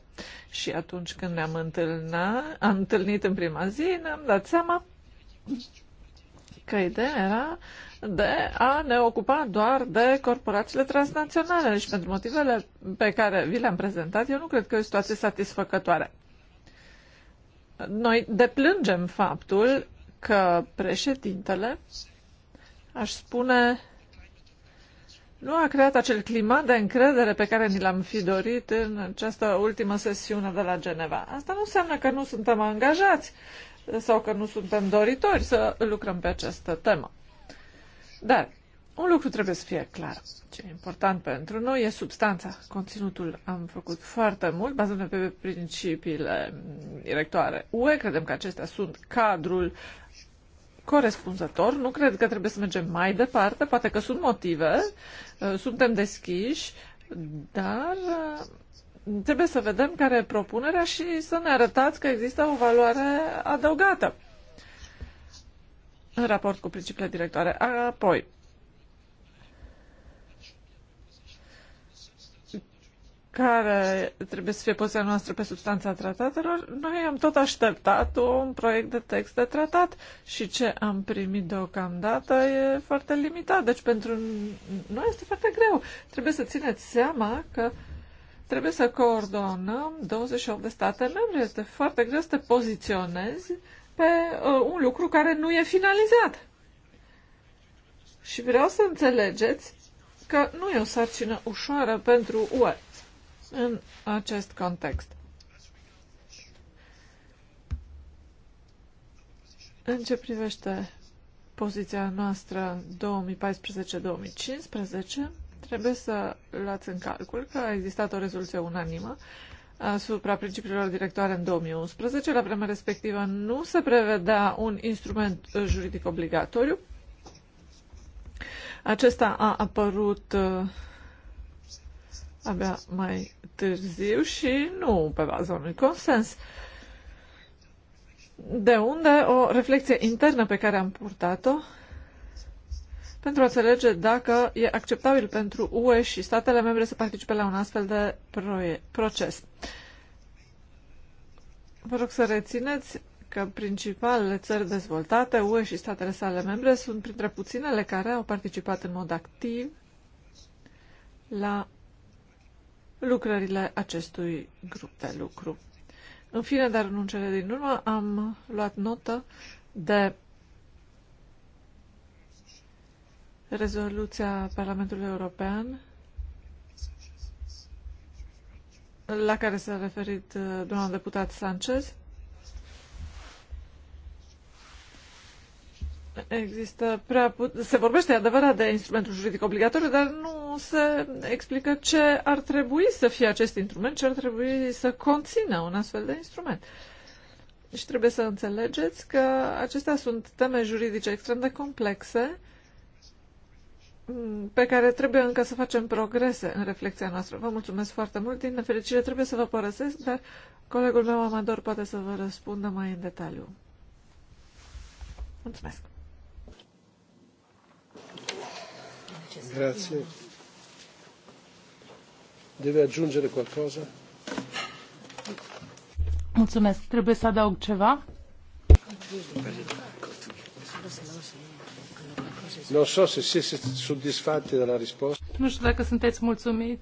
Și atunci când ne-am întâlnit, am întâlnit în prima zi, ne-am dat seama că ideea era de a ne ocupa doar de corporațiile transnaționale. și deci, pentru motivele pe care vi le-am prezentat, eu nu cred că e o situație satisfăcătoare. Noi deplângem faptul că președintele aș spune, nu a creat acel climat de încredere pe care ni l-am fi dorit în această ultimă sesiune de la Geneva. Asta nu înseamnă că nu suntem angajați sau că nu suntem doritori să lucrăm pe această temă. Dar un lucru trebuie să fie clar. Ce e important pentru noi e substanța, conținutul. Am făcut foarte mult, bazându-ne pe principiile directoare UE. Credem că acestea sunt cadrul corespunzător. Nu cred că trebuie să mergem mai departe, poate că sunt motive, uh, suntem deschiși, dar uh, trebuie să vedem care e propunerea și să ne arătați că există o valoare adăugată în raport cu principiile directoare. Apoi, care trebuie să fie poziția noastră pe substanța tratatelor, noi am tot așteptat un proiect de text de tratat și ce am primit deocamdată e foarte limitat. Deci pentru noi este foarte greu. Trebuie să țineți seama că trebuie să coordonăm 28 de state membre. Este foarte greu să te poziționezi pe uh, un lucru care nu e finalizat. Și vreau să înțelegeți că nu e o sarcină ușoară pentru UE în acest context. În ce privește poziția noastră 2014-2015, trebuie să luați în calcul că a existat o rezoluție unanimă asupra principiilor directoare în 2011. La vremea respectivă nu se prevedea un instrument juridic obligatoriu. Acesta a apărut uh, abia mai târziu și nu pe baza unui consens. De unde o reflexie internă pe care am purtat-o pentru a înțelege dacă e acceptabil pentru UE și statele membre să participe la un astfel de proces. Vă rog să rețineți că principalele țări dezvoltate, UE și statele sale membre, sunt printre puținele care au participat în mod activ la lucrările acestui grup de lucru. În fine, dar nu în cele din urmă, am luat notă de rezoluția Parlamentului European la care s-a referit uh, doamna deputat Sanchez Există prea put- se vorbește adevărat de instrumentul juridic obligatoriu, dar nu se explică ce ar trebui să fie acest instrument, ce ar trebui să conțină un astfel de instrument. Și trebuie să înțelegeți că acestea sunt teme juridice extrem de complexe pe care trebuie încă să facem progrese în reflexia noastră. Vă mulțumesc foarte mult. Din nefericire trebuie să vă părăsesc, dar colegul meu Amador poate să vă răspundă mai în detaliu. Mulțumesc! acest Grazie. Deve aggiungere qualcosa? Mulțumesc. Trebuie să adaug ceva? Nu știu dacă sunteți soddisfatti della risposta. Nu știu dacă sunteți mulțumiți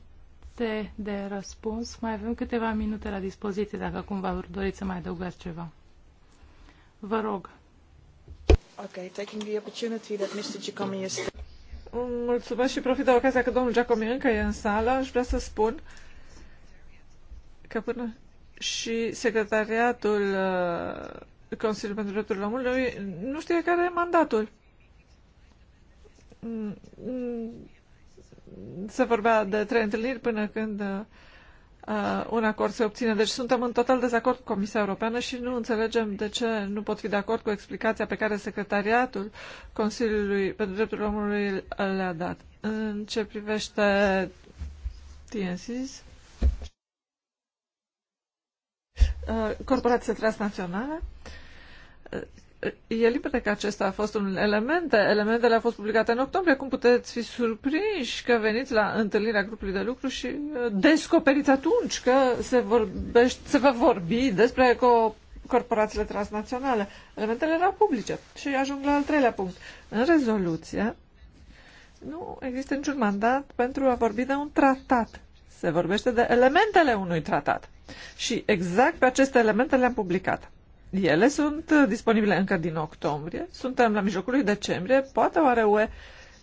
de, răspuns. Mai avem câteva minute la dispoziție dacă cumva doriți să mai adăugați ceva. Vă rog. Ok, taking the opportunity that Mr. Giacomi is mulțumesc și profit de ocazia că domnul Giacomi încă e în sală. Aș vrea să spun că până și secretariatul uh, Consiliului pentru Drepturile Omului nu știe care e mandatul. Mm, mm, se vorbea de trei întâlniri până când uh, Uh, un acord se obține. Deci suntem în total dezacord cu Comisia Europeană și nu înțelegem de ce nu pot fi de acord cu explicația pe care Secretariatul Consiliului pentru Drepturile Omului le-a dat. În ce privește TNCs, uh, corporația transnaționale, e limpede că acesta a fost un element. Elementele au fost publicate în octombrie. Cum puteți fi surprinși că veniți la întâlnirea grupului de lucru și descoperiți atunci că se, vorbește, se va vorbi despre co- corporațiile transnaționale. Elementele erau publice. Și ajung la al treilea punct. În rezoluție nu există niciun mandat pentru a vorbi de un tratat. Se vorbește de elementele unui tratat. Și exact pe aceste elemente le-am publicat. Ele sunt uh, disponibile încă din octombrie, suntem la mijlocul lui decembrie, poate oare UE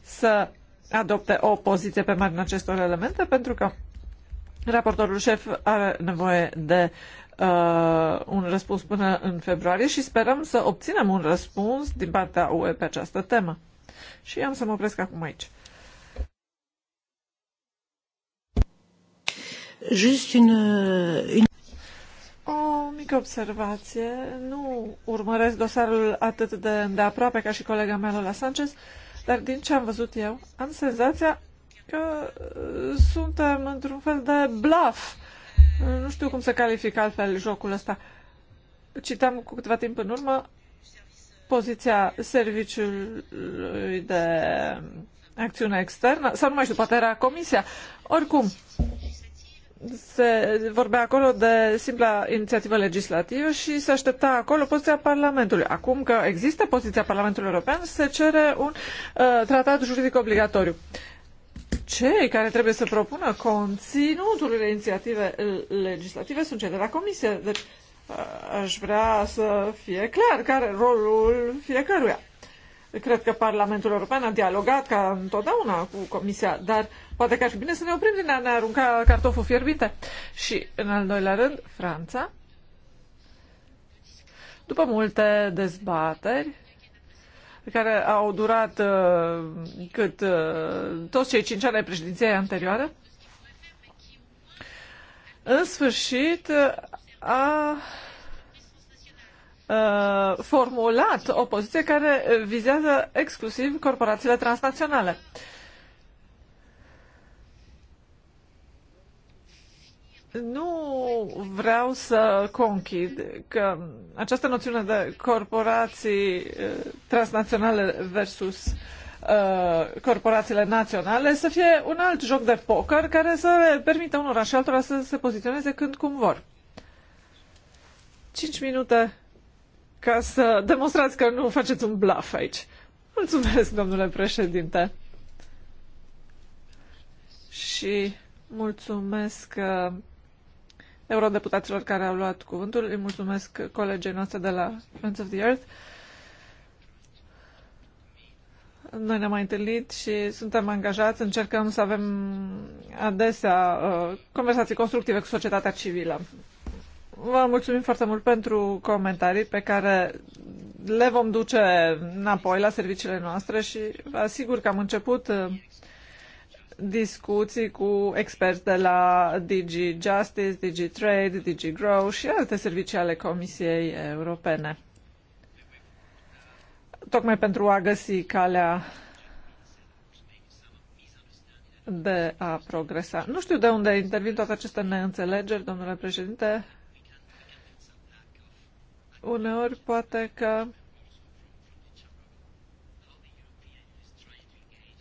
să adopte o poziție pe marginea acestor elemente, pentru că raportorul șef are nevoie de uh, un răspuns până în februarie și sperăm să obținem un răspuns din partea UE pe această temă. Și am să mă opresc acum aici. Just une, une... O mică observație. Nu urmăresc dosarul atât de îndeaproape ca și colega mea, Lola Sanchez, dar din ce am văzut eu, am senzația că uh, suntem într-un fel de bluff. Nu știu cum să calific altfel jocul ăsta. Citam cu câteva timp în urmă poziția serviciului de acțiune externă, sau nu mai știu, poate era comisia. Oricum, se vorbea acolo de simpla inițiativă legislativă și se aștepta acolo poziția Parlamentului. Acum că există poziția Parlamentului European, se cere un uh, tratat juridic obligatoriu. Cei care trebuie să propună conținutul inițiative uh, legislative sunt cei de la Comisie. Deci uh, aș vrea să fie clar care rolul fiecăruia. Cred că Parlamentul European a dialogat ca întotdeauna cu Comisia, dar uh, Poate că ar fi bine să ne oprim din a ne arunca cartoful fierbinte. Și, în al doilea rând, Franța. După multe dezbateri, care au durat uh, cât uh, toți cei cinci ani ai președinției anterioare, în sfârșit uh, a uh, formulat o poziție care vizează exclusiv corporațiile transnaționale. Uh, Nu vreau să conchid că această noțiune de corporații eh, transnaționale versus eh, corporațiile naționale să fie un alt joc de poker care să permită unora și altora să se poziționeze când cum vor. 5 minute ca să demonstrați că nu faceți un bluff aici. Mulțumesc, domnule președinte. Și mulțumesc eh, eurodeputaților care au luat cuvântul. Îi mulțumesc colegii noastre de la Friends of the Earth. Noi ne-am mai întâlnit și suntem angajați, încercăm să avem adesea uh, conversații constructive cu societatea civilă. Vă mulțumim foarte mult pentru comentarii pe care le vom duce înapoi la serviciile noastre și vă asigur că am început uh, discuții cu experți de la Digi Justice, Digi Trade, Digi Grow și alte servicii ale Comisiei Europene. Tocmai pentru a găsi calea de a progresa. Nu știu de unde intervin toate aceste neînțelegeri, domnule președinte. Uneori poate că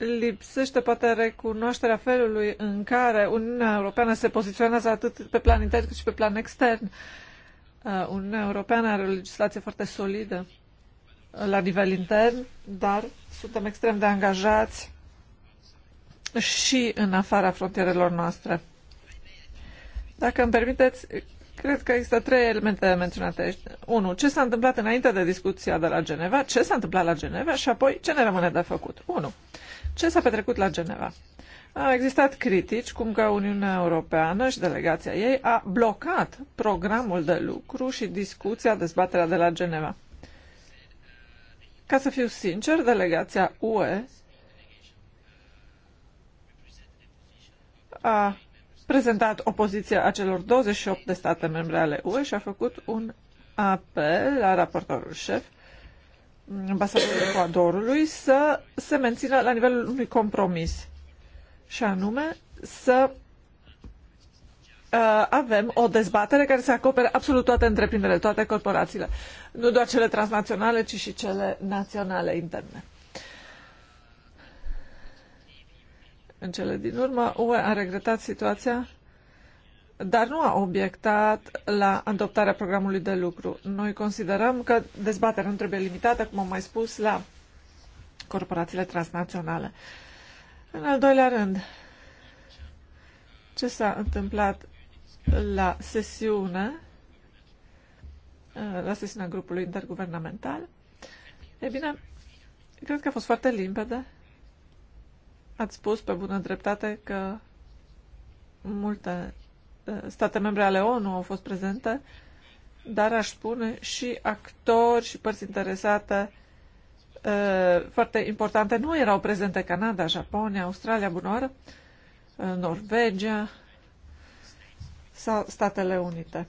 lipsește poate recunoașterea felului în care Uniunea Europeană se poziționează atât pe plan intern cât și pe plan extern. Uh, Uniunea Europeană are o legislație foarte solidă la nivel intern, dar suntem extrem de angajați și în afara frontierelor noastre. Dacă îmi permiteți, cred că există trei elemente menționate aici. Unu, ce s-a întâmplat înainte de discuția de la Geneva, ce s-a întâmplat la Geneva și apoi ce ne rămâne de făcut. Unu, ce s-a petrecut la Geneva? Au existat critici cum că Uniunea Europeană și delegația ei a blocat programul de lucru și discuția, dezbaterea de la Geneva. Ca să fiu sincer, delegația UE a prezentat opoziția acelor 28 de state membre ale UE și a făcut un apel la raportorul șef ambasadorul Ecuadorului să se mențină la nivelul unui compromis și anume să uh, avem o dezbatere care să acopere absolut toate întreprinderile, toate corporațiile, nu doar cele transnaționale, ci și cele naționale interne. În cele din urmă, UE a regretat situația dar nu a obiectat la adoptarea programului de lucru. Noi considerăm că dezbaterea nu trebuie limitată, cum am mai spus, la corporațiile transnaționale. În al doilea rând, ce s-a întâmplat la sesiune, la sesiunea grupului interguvernamental? E bine, cred că a fost foarte limpede. Ați spus pe bună dreptate că multe state membre ale ONU au fost prezente, dar aș spune și actori și părți interesate foarte importante nu erau prezente Canada, Japonia, Australia, bunoară, Norvegia sau Statele Unite.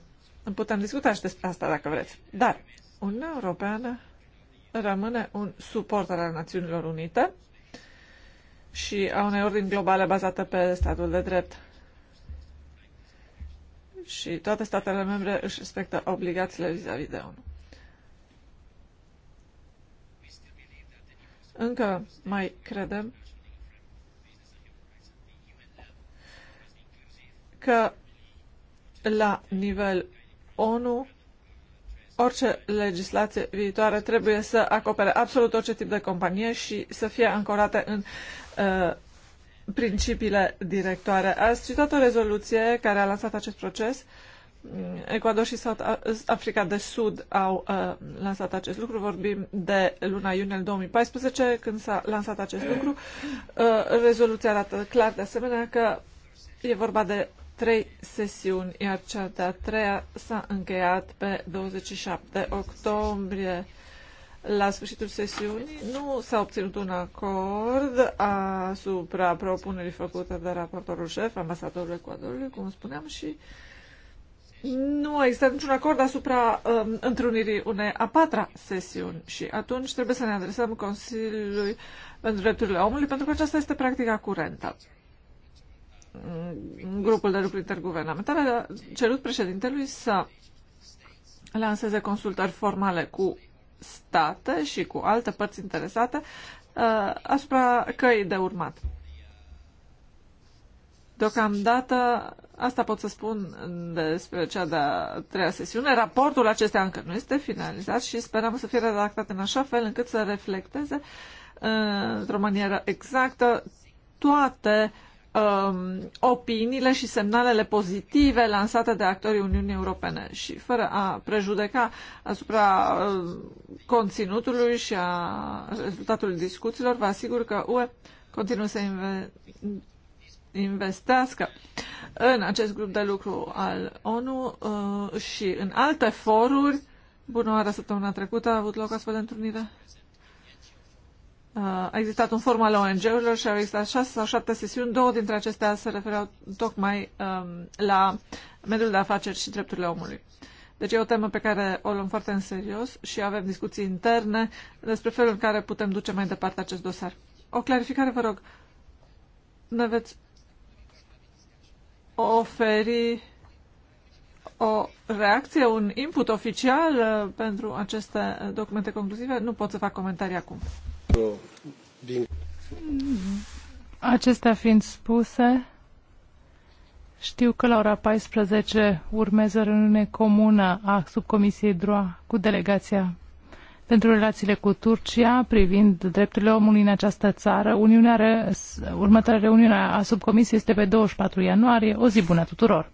Putem discuta și despre asta dacă vreți. Dar Uniunea Europeană rămâne un suport al Națiunilor Unite și a unei ordini globale bazate pe statul de drept și toate statele membre își respectă obligațiile vis-a-vis de ONU. Încă mai credem că la nivel ONU orice legislație viitoare trebuie să acopere absolut orice tip de companie și să fie ancorate în uh, principiile directoare. Ați citat o rezoluție care a lansat acest proces. Mm, Ecuador și South Africa de Sud au uh, lansat acest lucru. Vorbim de luna iunie 2014 când s-a lansat acest lucru. Uh, rezoluția arată clar de asemenea că e vorba de trei sesiuni, iar cea de-a treia s-a încheiat pe 27 octombrie la sfârșitul sesiunii nu s-a obținut un acord asupra propunerii făcute de raportorul șef, ambasadorul Ecuadorului, cum spuneam, și nu a existat niciun acord asupra um, întrunirii unei a patra sesiuni și atunci trebuie să ne adresăm Consiliului pentru drepturile omului, pentru că aceasta este practica curentă. Mm, grupul de lucru interguvernamental a cerut președintelui să lanseze consultări formale cu stată și cu alte părți interesate uh, asupra căii de urmat. Deocamdată, asta pot să spun despre cea de-a treia sesiune. Raportul acesta încă nu este finalizat și sperăm să fie redactat în așa fel încât să reflecteze uh, într-o manieră exactă toate Um, opiniile și semnalele pozitive lansate de actorii Uniunii Europene și fără a prejudeca asupra um, conținutului și a rezultatului discuțiilor, vă asigur că UE continuă să inve- investească în acest grup de lucru al ONU uh, și în alte foruri. Bună oară, săptămâna trecută a avut loc astfel de întâlnire Uh, a existat un forum al ONG-urilor și au existat șase sau șapte sesiuni. Două dintre acestea se refereau tocmai um, la mediul de afaceri și drepturile omului. Deci e o temă pe care o luăm foarte în serios și avem discuții interne despre felul în care putem duce mai departe acest dosar. O clarificare, vă rog. Ne veți oferi o reacție, un input oficial uh, pentru aceste uh, documente concluzive? Nu pot să fac comentarii acum din... Acestea fiind spuse, știu că la ora 14 urmează reuniune comună a subcomisiei DROA cu delegația pentru relațiile cu Turcia privind drepturile omului în această țară. Uniunea, următoarea reuniune a subcomisiei este pe 24 ianuarie. O zi bună tuturor!